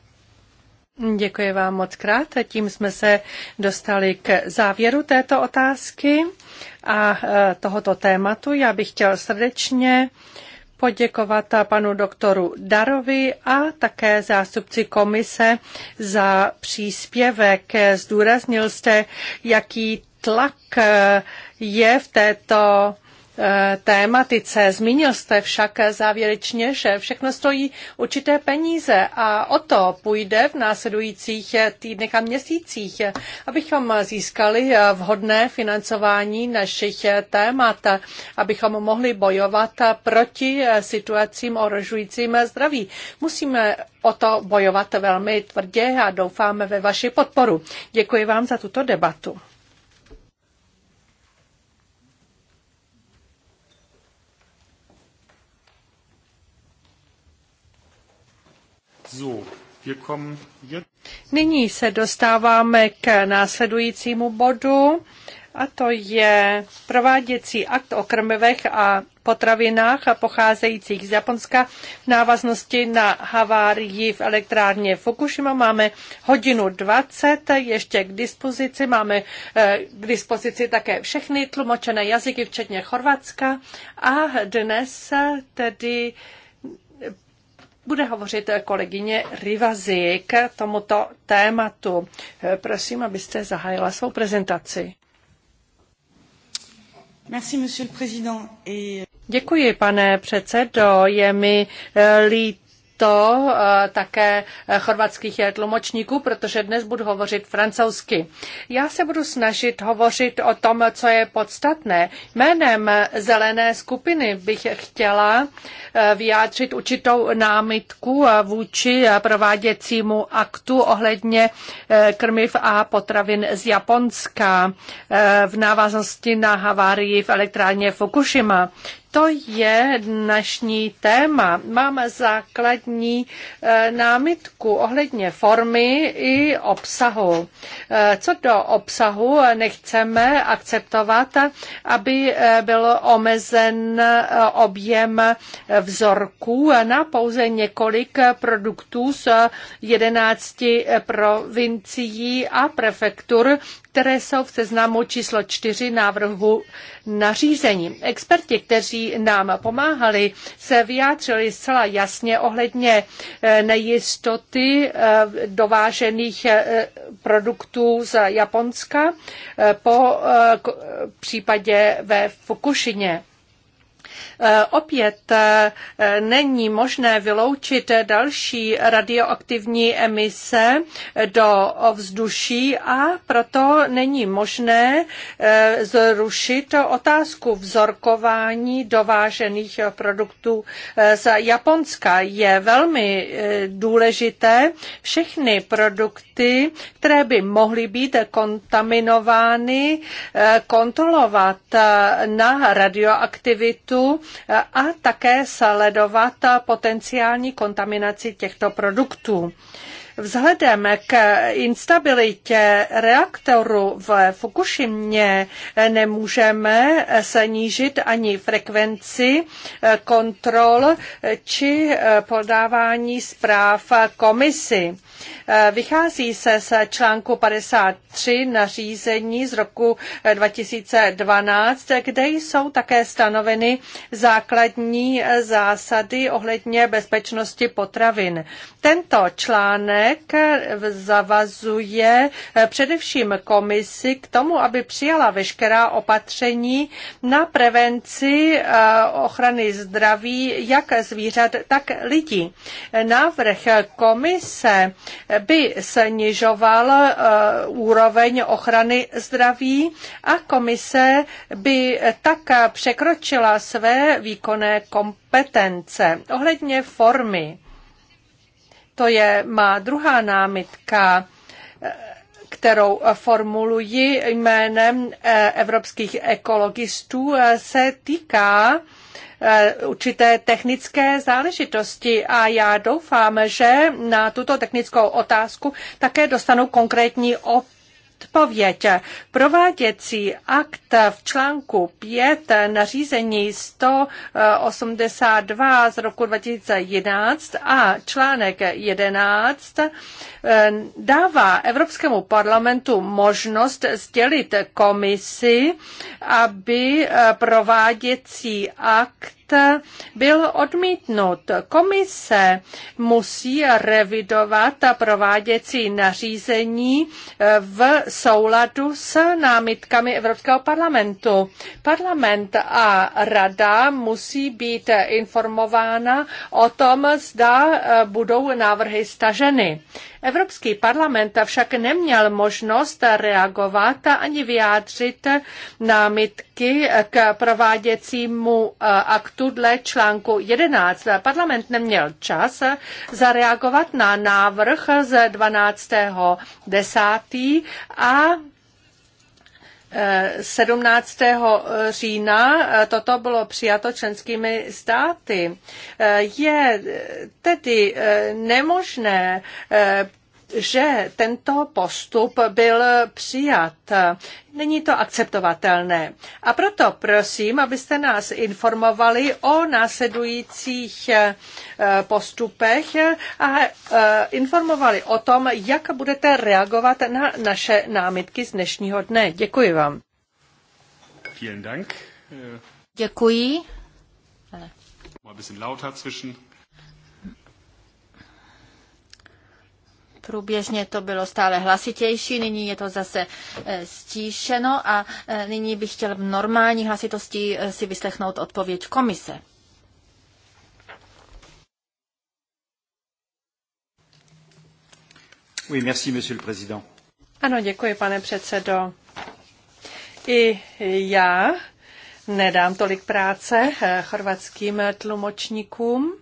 Děkuji vám moc krát. Tím jsme se dostali k závěru této otázky a e, tohoto tématu. Já bych chtěl srdečně poděkovat panu doktoru Darovi a také zástupci komise za příspěvek. Zdůraznil jste, jaký tlak e, je v této Eh, tématice. Zmínil jste však závěrečně, že všechno stojí určité peníze a o to půjde v následujících týdnech a měsících, abychom získali vhodné financování našich témat, abychom mohli bojovat proti situacím ohrožujícím zdraví. Musíme o to bojovat velmi tvrdě a doufáme ve vaši podporu. Děkuji vám za tuto debatu. Nyní se dostáváme k následujícímu bodu a to je prováděcí akt o krmivech a potravinách a pocházejících z Japonska v návaznosti na havárii v elektrárně Fukushima. Máme hodinu 20 ještě k dispozici. Máme eh, k dispozici také všechny tlumočené jazyky, včetně Chorvatska. A dnes tedy bude hovořit kolegyně Rivazi k tomuto tématu. Prosím, abyste zahájila svou prezentaci. Merci, monsieur le président. Et... Děkuji, pane předsedo. Je mi eh, líto, to eh, také eh, chorvatských tlumočníků, protože dnes budu hovořit francouzsky. Já se budu snažit hovořit o tom, co je podstatné. Jménem zelené skupiny bych chtěla eh, vyjádřit určitou námitku vůči prováděcímu aktu ohledně krmiv a potravin z Japonska v návaznosti na havárii v elektrárně Fukushima. To je dnešní téma. Mám základní eh, námitku ohledně formy i obsahu. Eh, co do obsahu eh, nechceme akceptovat, aby byl omezen objem vzorků na pouze několik produktů z 11 provincií a prefektur, které jsou v seznamu číslo 4 návrhu nařízení. Experti, kteří nám pomáhali, se vyjádřili zcela jasně ohledně eh, nejistoty eh, dovážených eh, produktů z Japonska po případě ve Fukušině. Eh, opět eh, není možné vyloučit další radioaktivní emise do ovzduší a proto není možné eh, zrušit otázku vzorkování dovážených produktů z Japonska. Je velmi důležité všechny produkty, které by mohly být kontaminovány, kontrolovat na radioaktivitu produktů eh, a také sledovat eh, potenciální kontaminaci těchto produktů. Vzhledem k instabilitě reaktoru v Fukushimě nemůžeme snížit ani frekvenci kontrol či podávání zpráv komisi. Vychází se z článku 53 nařízení z roku 2012, kde jsou také stanoveny základní zásady ohledně bezpečnosti potravin. Tento článek článek zavazuje eh, především komisi k tomu, aby přijala veškerá opatření na prevenci eh, ochrany zdraví jak zvířat, tak lidí. Návrh komise by snižoval eh, úroveň ochrany zdraví a komise by tak překročila své výkonné kompetence kompetence ohledně formy. To je má druhá námitka kterou formuluji jménem eh, evropských ekologistů, eh, se týká eh, určité technické záležitosti a já doufám, že na tuto technickou otázku také dostanu konkrétní odpověď. Prováděcí akt v článku 5 nařízení 182 z roku 2011 a článek 11 eh, dává Evropskému parlamentu možnost sdělit komisi, aby eh, prováděcí akt byl odmítnut. Komise musí revidovat prováděcí nařízení eh, v souladu s námitkami Evropského parlamentu. Parlament a rada musí být informována o tom, zda eh, budou návrhy staženy. Evropský parlament však neměl možnost reagovat ani vyjádřit námitky k prováděcímu eh, aktu dle článku 11. Parlament neměl čas zareagovat na návrh z 12.10. a 17. října toto bylo přijato členskými státy. Je tedy nemožné že tento postup byl přijat. Není to akceptovatelné. A proto prosím, abyste nás informovali o následujících eh, postupech a eh, informovali o tom, jak budete reagovat na naše námitky z dnešního dne. Děkuji vám. Děkuji. Mal Průběžně to bylo stále hlasitější, nyní je to zase eh, stíšeno a eh, nyní bych chtěl v normální hlasitosti eh, si vyslechnout odpověď komise. Oui, merci, monsieur le président. Ano, děkuji, pane předsedo. I já nedám tolik práce chorvatským tlumočníkům.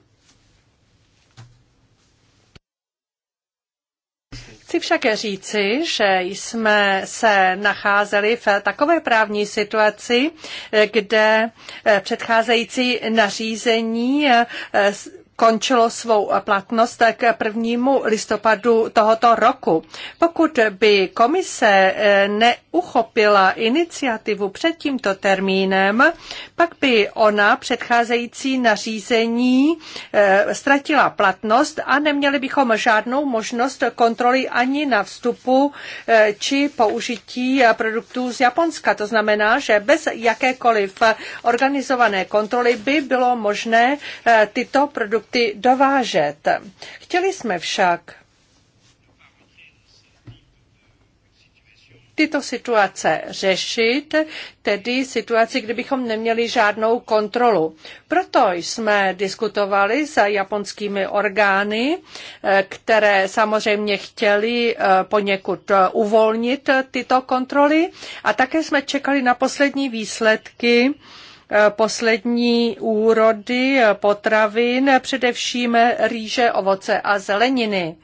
Chci však říci, že jsme se nacházeli v takové právní situaci, kde předcházející nařízení eh, končilo svou platnost k prvnímu listopadu tohoto roku. Pokud by komise eh, neuchopila iniciativu před tímto termínem, pak by ona předcházející nařízení eh, ztratila platnost a neměli bychom žádnou možnost kontroly ani na vstupu eh, či použití produktů z Japonska. To znamená, že bez jakékoliv organizované kontroly by bylo možné tyto produkty ty dovážet. Chtěli jsme však tyto situace řešit, tedy situaci, kdybychom neměli žádnou kontrolu. Proto jsme diskutovali s japonskými orgány, eh, které samozřejmě chtěli eh, poněkud eh, uvolnit tyto kontroly a také jsme čekali na poslední výsledky Eh, poslední úrody eh, potravin, především rýže, ovoce a zeleniny.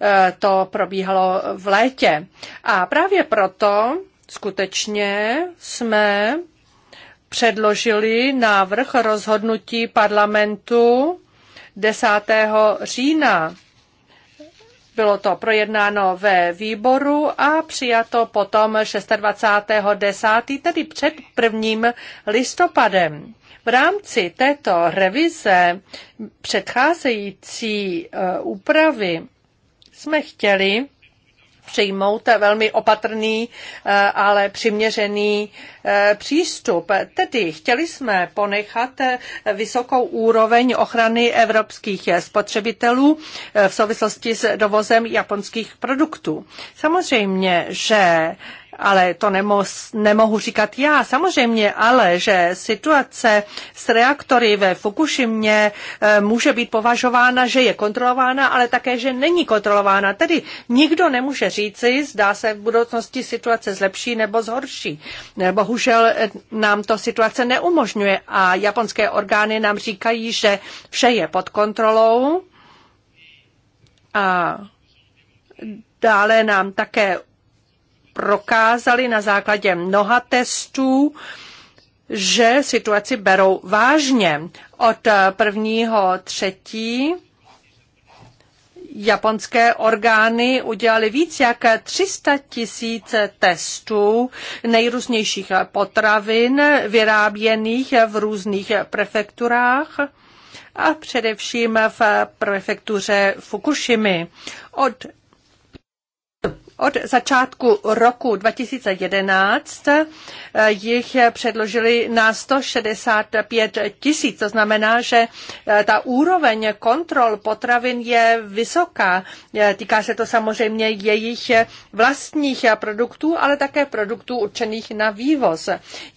Eh, to probíhalo v létě. A právě proto skutečně jsme předložili návrh rozhodnutí parlamentu 10. října bylo to projednáno ve výboru a přijato potom 26.10., tedy před 1. listopadem. V rámci této revize předcházející eh, úpravy jsme chtěli přijmout velmi opatrný, eh, ale přiměřený eh, přístup. Tedy chtěli jsme ponechat eh, vysokou úroveň ochrany evropských spotřebitelů v souvislosti s dovozem japonských produktů. Samozřejmě, že ale to nemos, nemohu říkat já samozřejmě, ale že situace s reaktory ve Fukushimě eh, může být považována, že je kontrolována, ale také, že není kontrolována. Tedy nikdo nemůže říci, zdá se v budoucnosti situace zlepší nebo zhorší. Eh, bohužel eh, nám to situace neumožňuje a japonské orgány nám říkají, že vše je pod kontrolou. A Dále nám také prokázali na základě mnoha testů, že situaci berou vážně. Od prvního třetí japonské orgány udělali víc jak 300 tisíc testů nejrůznějších potravin vyráběných v různých prefekturách a především v prefektuře Fukushimi. Od od začátku roku 2011 eh, jich předložili na 165 tisíc, to znamená, že eh, ta úroveň kontrol potravin je vysoká. Eh, týká se to samozřejmě jejich vlastních produktů, ale také produktů určených na vývoz.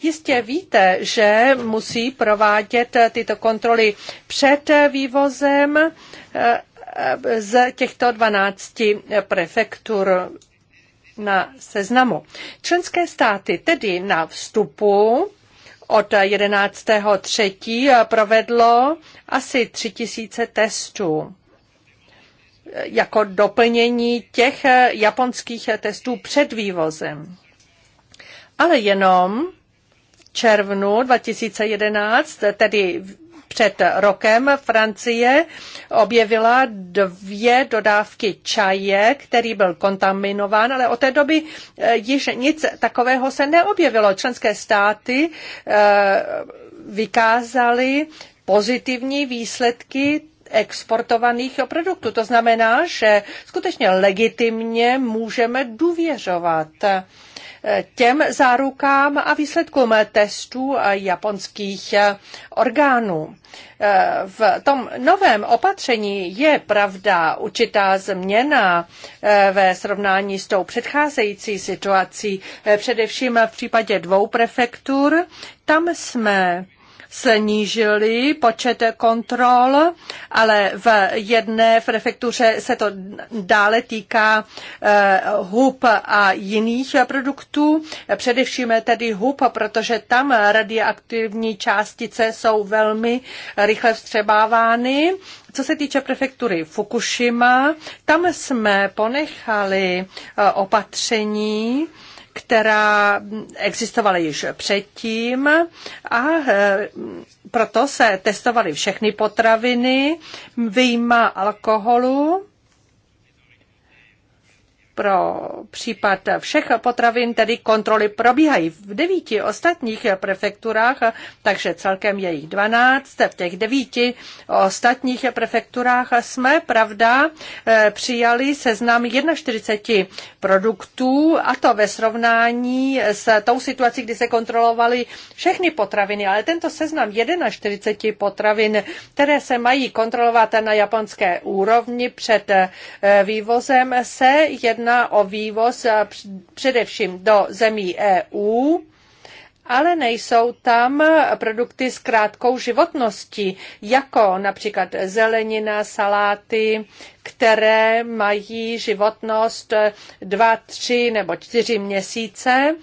Jistě víte, že musí provádět tyto kontroly před vývozem z těchto 12 prefektur na seznamu. Členské státy tedy na vstupu od 11.3. provedlo asi 3000 testů jako doplnění těch japonských testů před vývozem. Ale jenom v červnu 2011, tedy před rokem Francie objevila dvě dodávky čaje, který byl kontaminován, ale od té doby eh, již nic takového se neobjevilo. Členské státy eh, vykázaly pozitivní výsledky exportovaných produktů. To znamená, že skutečně legitimně můžeme důvěřovat těm zárukám a výsledkům testů japonských orgánů. V tom novém opatření je pravda určitá změna ve srovnání s tou předcházející situací, především v případě dvou prefektur. Tam jsme snížili počet kontrol, ale v jedné prefektuře se to dále týká eh, hub a jiných produktů, především tedy hub, protože tam radioaktivní částice jsou velmi rychle vstřebávány. Co se týče prefektury Fukushima, tam jsme ponechali eh, opatření, která existovala již předtím a eh, proto se testovaly všechny potraviny, vyjma alkoholu pro případ všech potravin, tedy kontroly probíhají v devíti ostatních prefekturách, takže celkem je jich dvanáct. V těch devíti ostatních prefekturách jsme, pravda, eh, přijali seznam 41 produktů a to ve srovnání s tou situací, kdy se kontrolovaly všechny potraviny, ale tento seznam 41 potravin, které se mají kontrolovat na japonské úrovni před eh, vývozem, se jedná jedná o vývoz především do zemí EU, ale nejsou tam produkty s krátkou životností, jako například zelenina, saláty, které mají životnost dva, tři nebo čtyři měsíce,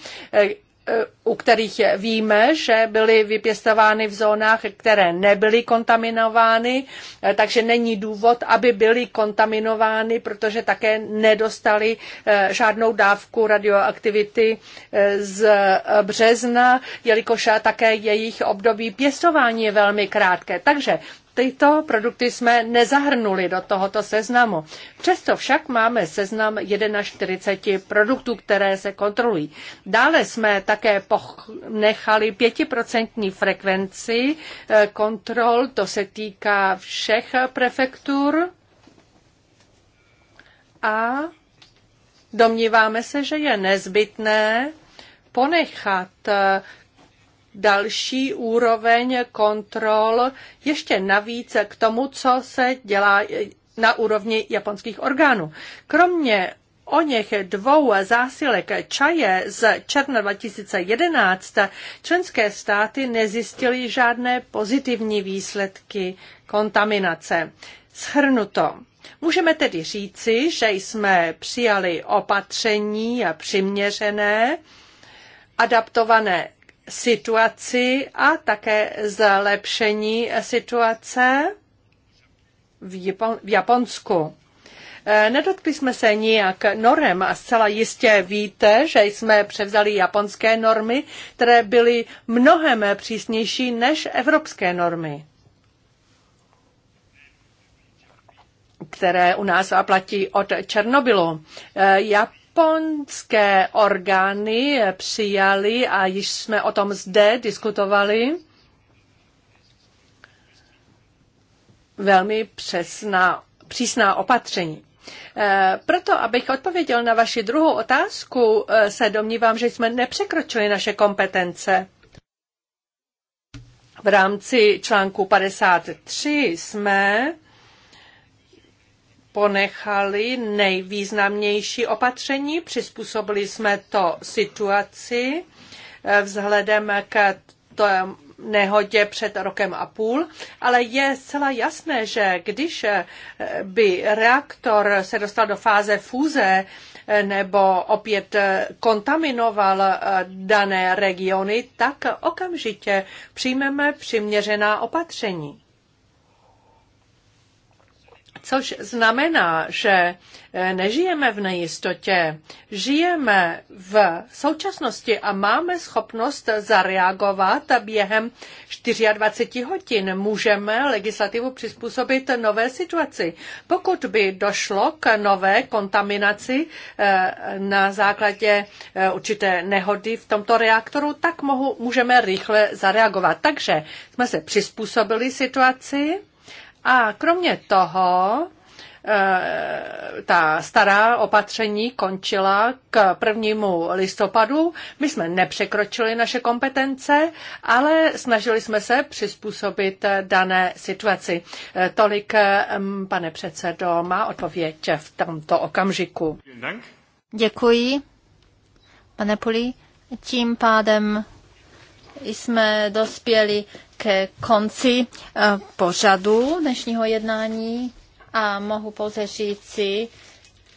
u kterých víme, že byly vypěstovány v zónách, které nebyly kontaminovány, eh, takže není důvod, aby byly kontaminovány, protože také nedostali eh, žádnou dávku radioaktivity eh, z března, jelikož také jejich období pěstování je velmi krátké. Takže tyto produkty jsme nezahrnuli do tohoto seznamu. Přesto však máme seznam 41 produktů, které se kontrolují. Dále jsme také nechali 5% frekvenci eh, kontrol, to se týká všech prefektur. A domníváme se, že je nezbytné ponechat eh, další úroveň kontrol, ještě navíc k tomu, co se dělá na úrovni japonských orgánů. Kromě O něch dvou zásilek čaje z června 2011 členské státy nezjistily žádné pozitivní výsledky kontaminace. Schrnuto. Můžeme tedy říci, že jsme přijali opatření přiměřené, adaptované situaci a také zlepšení situace v, Japon- v Japonsku. E, nedotkli jsme se nijak norem a zcela jistě víte, že jsme převzali japonské normy, které byly mnohem přísnější než evropské normy. které u nás platí od Černobylu. E, Jap- japonské orgány přijaly, a již jsme o tom zde diskutovali, velmi přesná, přísná opatření. Eh, proto, abych odpověděl na vaši druhou otázku, eh, se domnívám, že jsme nepřekročili naše kompetence. V rámci článku 53 jsme ponechali nejvýznamnější opatření, přizpůsobili jsme to situaci eh, vzhledem k nehodě před rokem a půl, ale je zcela jasné, že když eh, by reaktor se dostal do fáze fúze eh, nebo opět kontaminoval dané regiony, tak okamžitě přijmeme přiměřená opatření což znamená, že eh, nežijeme v nejistotě, žijeme v současnosti a máme schopnost zareagovat během 24 hodin. Můžeme legislativu přizpůsobit nové situaci. Pokud by došlo k nové kontaminaci eh, na základě eh, určité nehody v tomto reaktoru, tak mohu, můžeme rychle zareagovat. Takže jsme se přizpůsobili situaci, a kromě toho, eh, ta stará opatření končila k prvnímu listopadu. My jsme nepřekročili naše kompetence, ale snažili jsme se přizpůsobit dané situaci. Eh, tolik, mm, pane předsedo, má odpověď v tomto okamžiku. Děkuji, pane Puli. Tím pádem jsme dospěli ke konci eh, pořadu dnešního jednání a mohu pouze říci,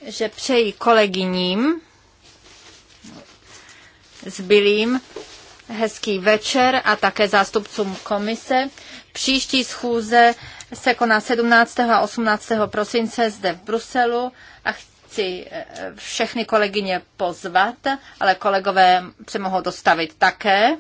že přeji kolegyním zbylým hezký večer a také zástupcům komise. Příští schůze se koná 17. a 18. prosince zde v Bruselu a chci eh, všechny kolegyně pozvat, ale kolegové se mohou dostavit také.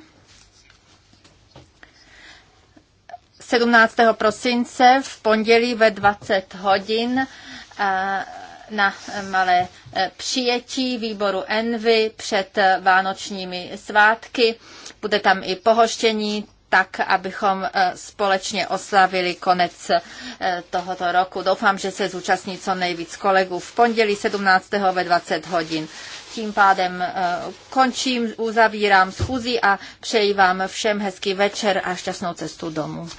17. prosince v pondělí ve 20 hodin eh, na malé eh, přijetí výboru Envy před eh, vánočními svátky. Bude tam i pohoštění, tak, abychom společně oslavili konec tohoto roku. Doufám, že se zúčastní co nejvíc kolegů v pondělí 17. ve 20 hodin. Tím pádem končím, uzavírám schůzi a přeji vám všem hezký večer a šťastnou cestu domů.